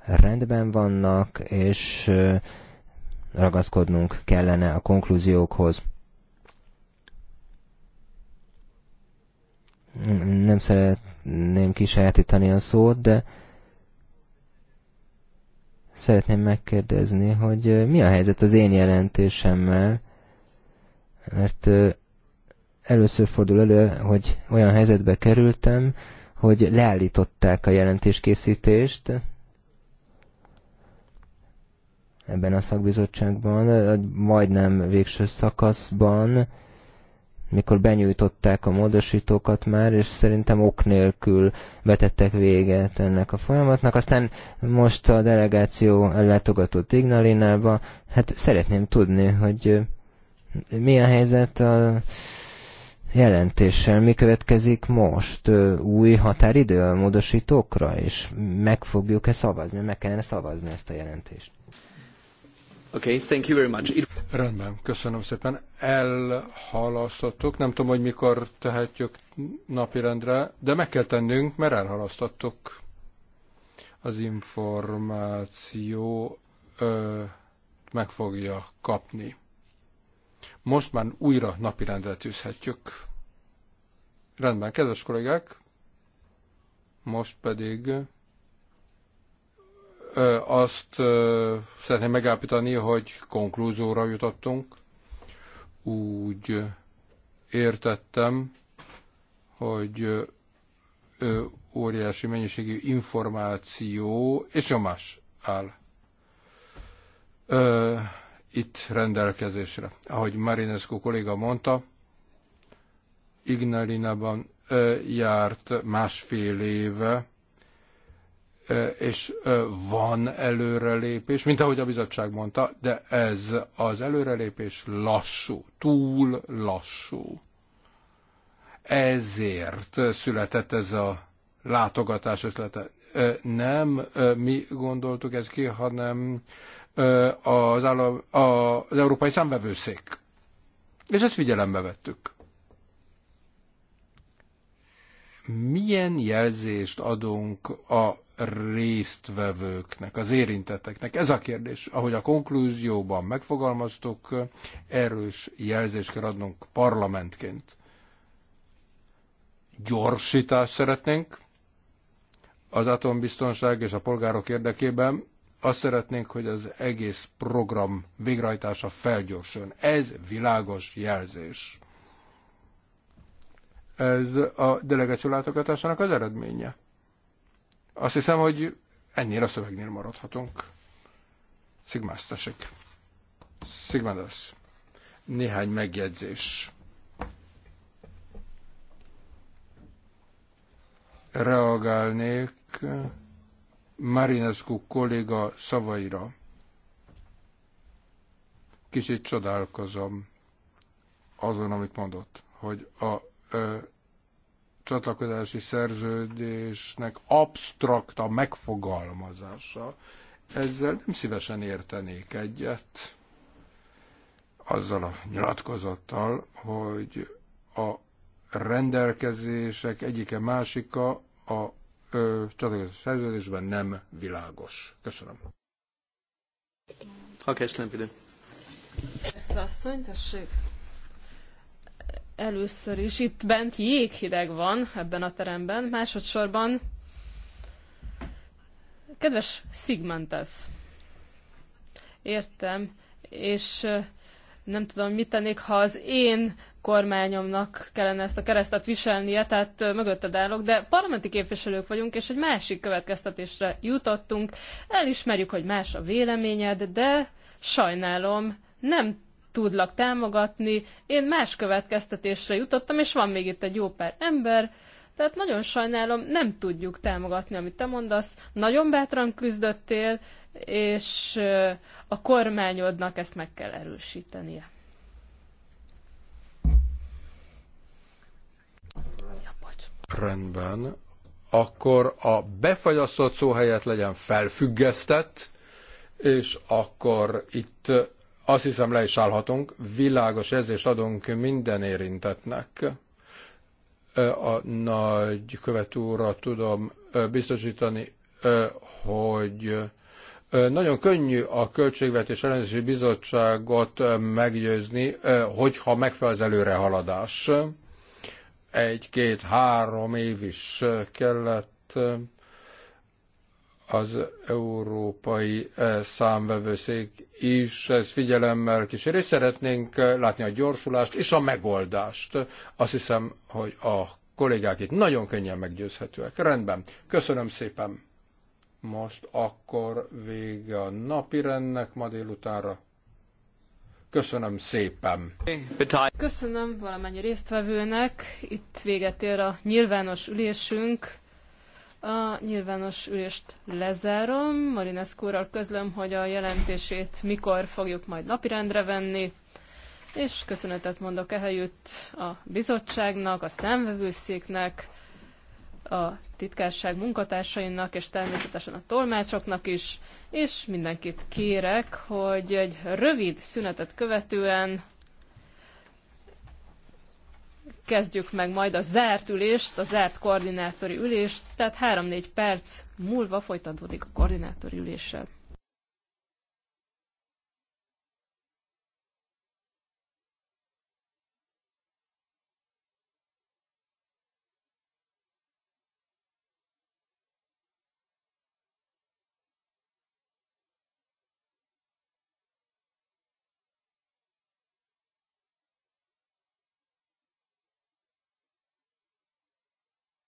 rendben vannak, és ragaszkodnunk kellene a konklúziókhoz. Nem szeretném kisajátítani a szót, de szeretném megkérdezni, hogy mi a helyzet az én jelentésemmel, mert először fordul elő, hogy olyan helyzetbe kerültem, hogy leállították a jelentéskészítést, ebben a szakbizottságban, majdnem végső szakaszban, mikor benyújtották a módosítókat már, és szerintem ok nélkül vetettek véget ennek a folyamatnak. Aztán most a delegáció ellátogatott Ignalinába. Hát szeretném tudni, hogy mi a helyzet a jelentéssel, mi következik most? Új határidő a módosítókra, és meg fogjuk-e szavazni, meg kellene szavazni ezt a jelentést? Okay, thank you very much. It... Rendben, köszönöm szépen. Elhalasztottuk, nem tudom, hogy mikor tehetjük napirendre, de meg kell tennünk, mert elhalasztottuk az információ ö, meg fogja kapni. Most már újra napirendre tűzhetjük. Rendben, kedves kollégák, most pedig azt szeretném megállapítani, hogy konklúzóra jutottunk. Úgy értettem, hogy óriási mennyiségű információ és nyomás áll ö, itt rendelkezésre. Ahogy Marinescu kolléga mondta, Ignalinában járt másfél éve Eh, és eh, van előrelépés, mint ahogy a bizottság mondta, de ez az előrelépés lassú, túl lassú. Ezért született ez a látogatás ötlete. Eh, nem mi gondoltuk ezt ki, hanem az, állam, az Európai Számbevőszék. És ezt figyelembe vettük. Milyen jelzést adunk a résztvevőknek, az érintetteknek? Ez a kérdés, ahogy a konklúzióban megfogalmaztuk, erős jelzést kell adnunk parlamentként. Gyorsítást szeretnénk az atombiztonság és a polgárok érdekében. Azt szeretnénk, hogy az egész program végrehajtása felgyorsuljon. Ez világos jelzés ez a delegáció látogatásának az eredménye. Azt hiszem, hogy ennél a szövegnél maradhatunk. Szigmás, tessék. Néhány megjegyzés. Reagálnék Marinescu kolléga szavaira. Kicsit csodálkozom azon, amit mondott, hogy a ö, csatlakozási szerződésnek absztrakt a megfogalmazása, ezzel nem szívesen értenék egyet azzal a nyilatkozattal, hogy a rendelkezések egyike másika a ö, csatlakozási szerződésben nem világos. Köszönöm. Ha kezdtem, Asszony, tessék. Először is itt bent jéghideg van ebben a teremben, másodszorban kedves Sigmantes, értem, és nem tudom, mit tennék, ha az én kormányomnak kellene ezt a keresztet viselnie, tehát mögötted állok, de parlamenti képviselők vagyunk, és egy másik következtetésre jutottunk. Elismerjük, hogy más a véleményed, de sajnálom, nem tudlak támogatni. Én más következtetésre jutottam, és van még itt egy jó pár ember, tehát nagyon sajnálom, nem tudjuk támogatni, amit te mondasz. Nagyon bátran küzdöttél, és a kormányodnak ezt meg kell erősítenie. Rendben. Akkor a befagyasztott szó helyett legyen felfüggesztett, és akkor itt azt hiszem le is állhatunk, világos érzést adunk minden érintetnek. A nagy követúra tudom biztosítani, hogy nagyon könnyű a Költségvetés Ellenőrzési Bizottságot meggyőzni, hogyha megfelel az előrehaladás. Egy, két, három év is kellett az európai eh, számvevőszék is ez figyelemmel kísér, és szeretnénk eh, látni a gyorsulást és a megoldást. Azt hiszem, hogy a kollégák itt nagyon könnyen meggyőzhetőek. Rendben, köszönöm szépen. Most akkor vége a napi rendnek ma délutánra. Köszönöm szépen. Köszönöm valamennyi résztvevőnek. Itt véget ér a nyilvános ülésünk. A nyilvános ülést lezárom. Marineszkóral közlöm, hogy a jelentését mikor fogjuk majd napirendre venni. És köszönetet mondok ehelyütt a bizottságnak, a szemvevőszéknek, a titkárság munkatársainak, és természetesen a tolmácsoknak is, és mindenkit kérek, hogy egy rövid szünetet követően kezdjük meg majd a zárt ülést, a zárt koordinátori ülést, tehát 3-4 perc múlva folytatódik a koordinátori üléssel.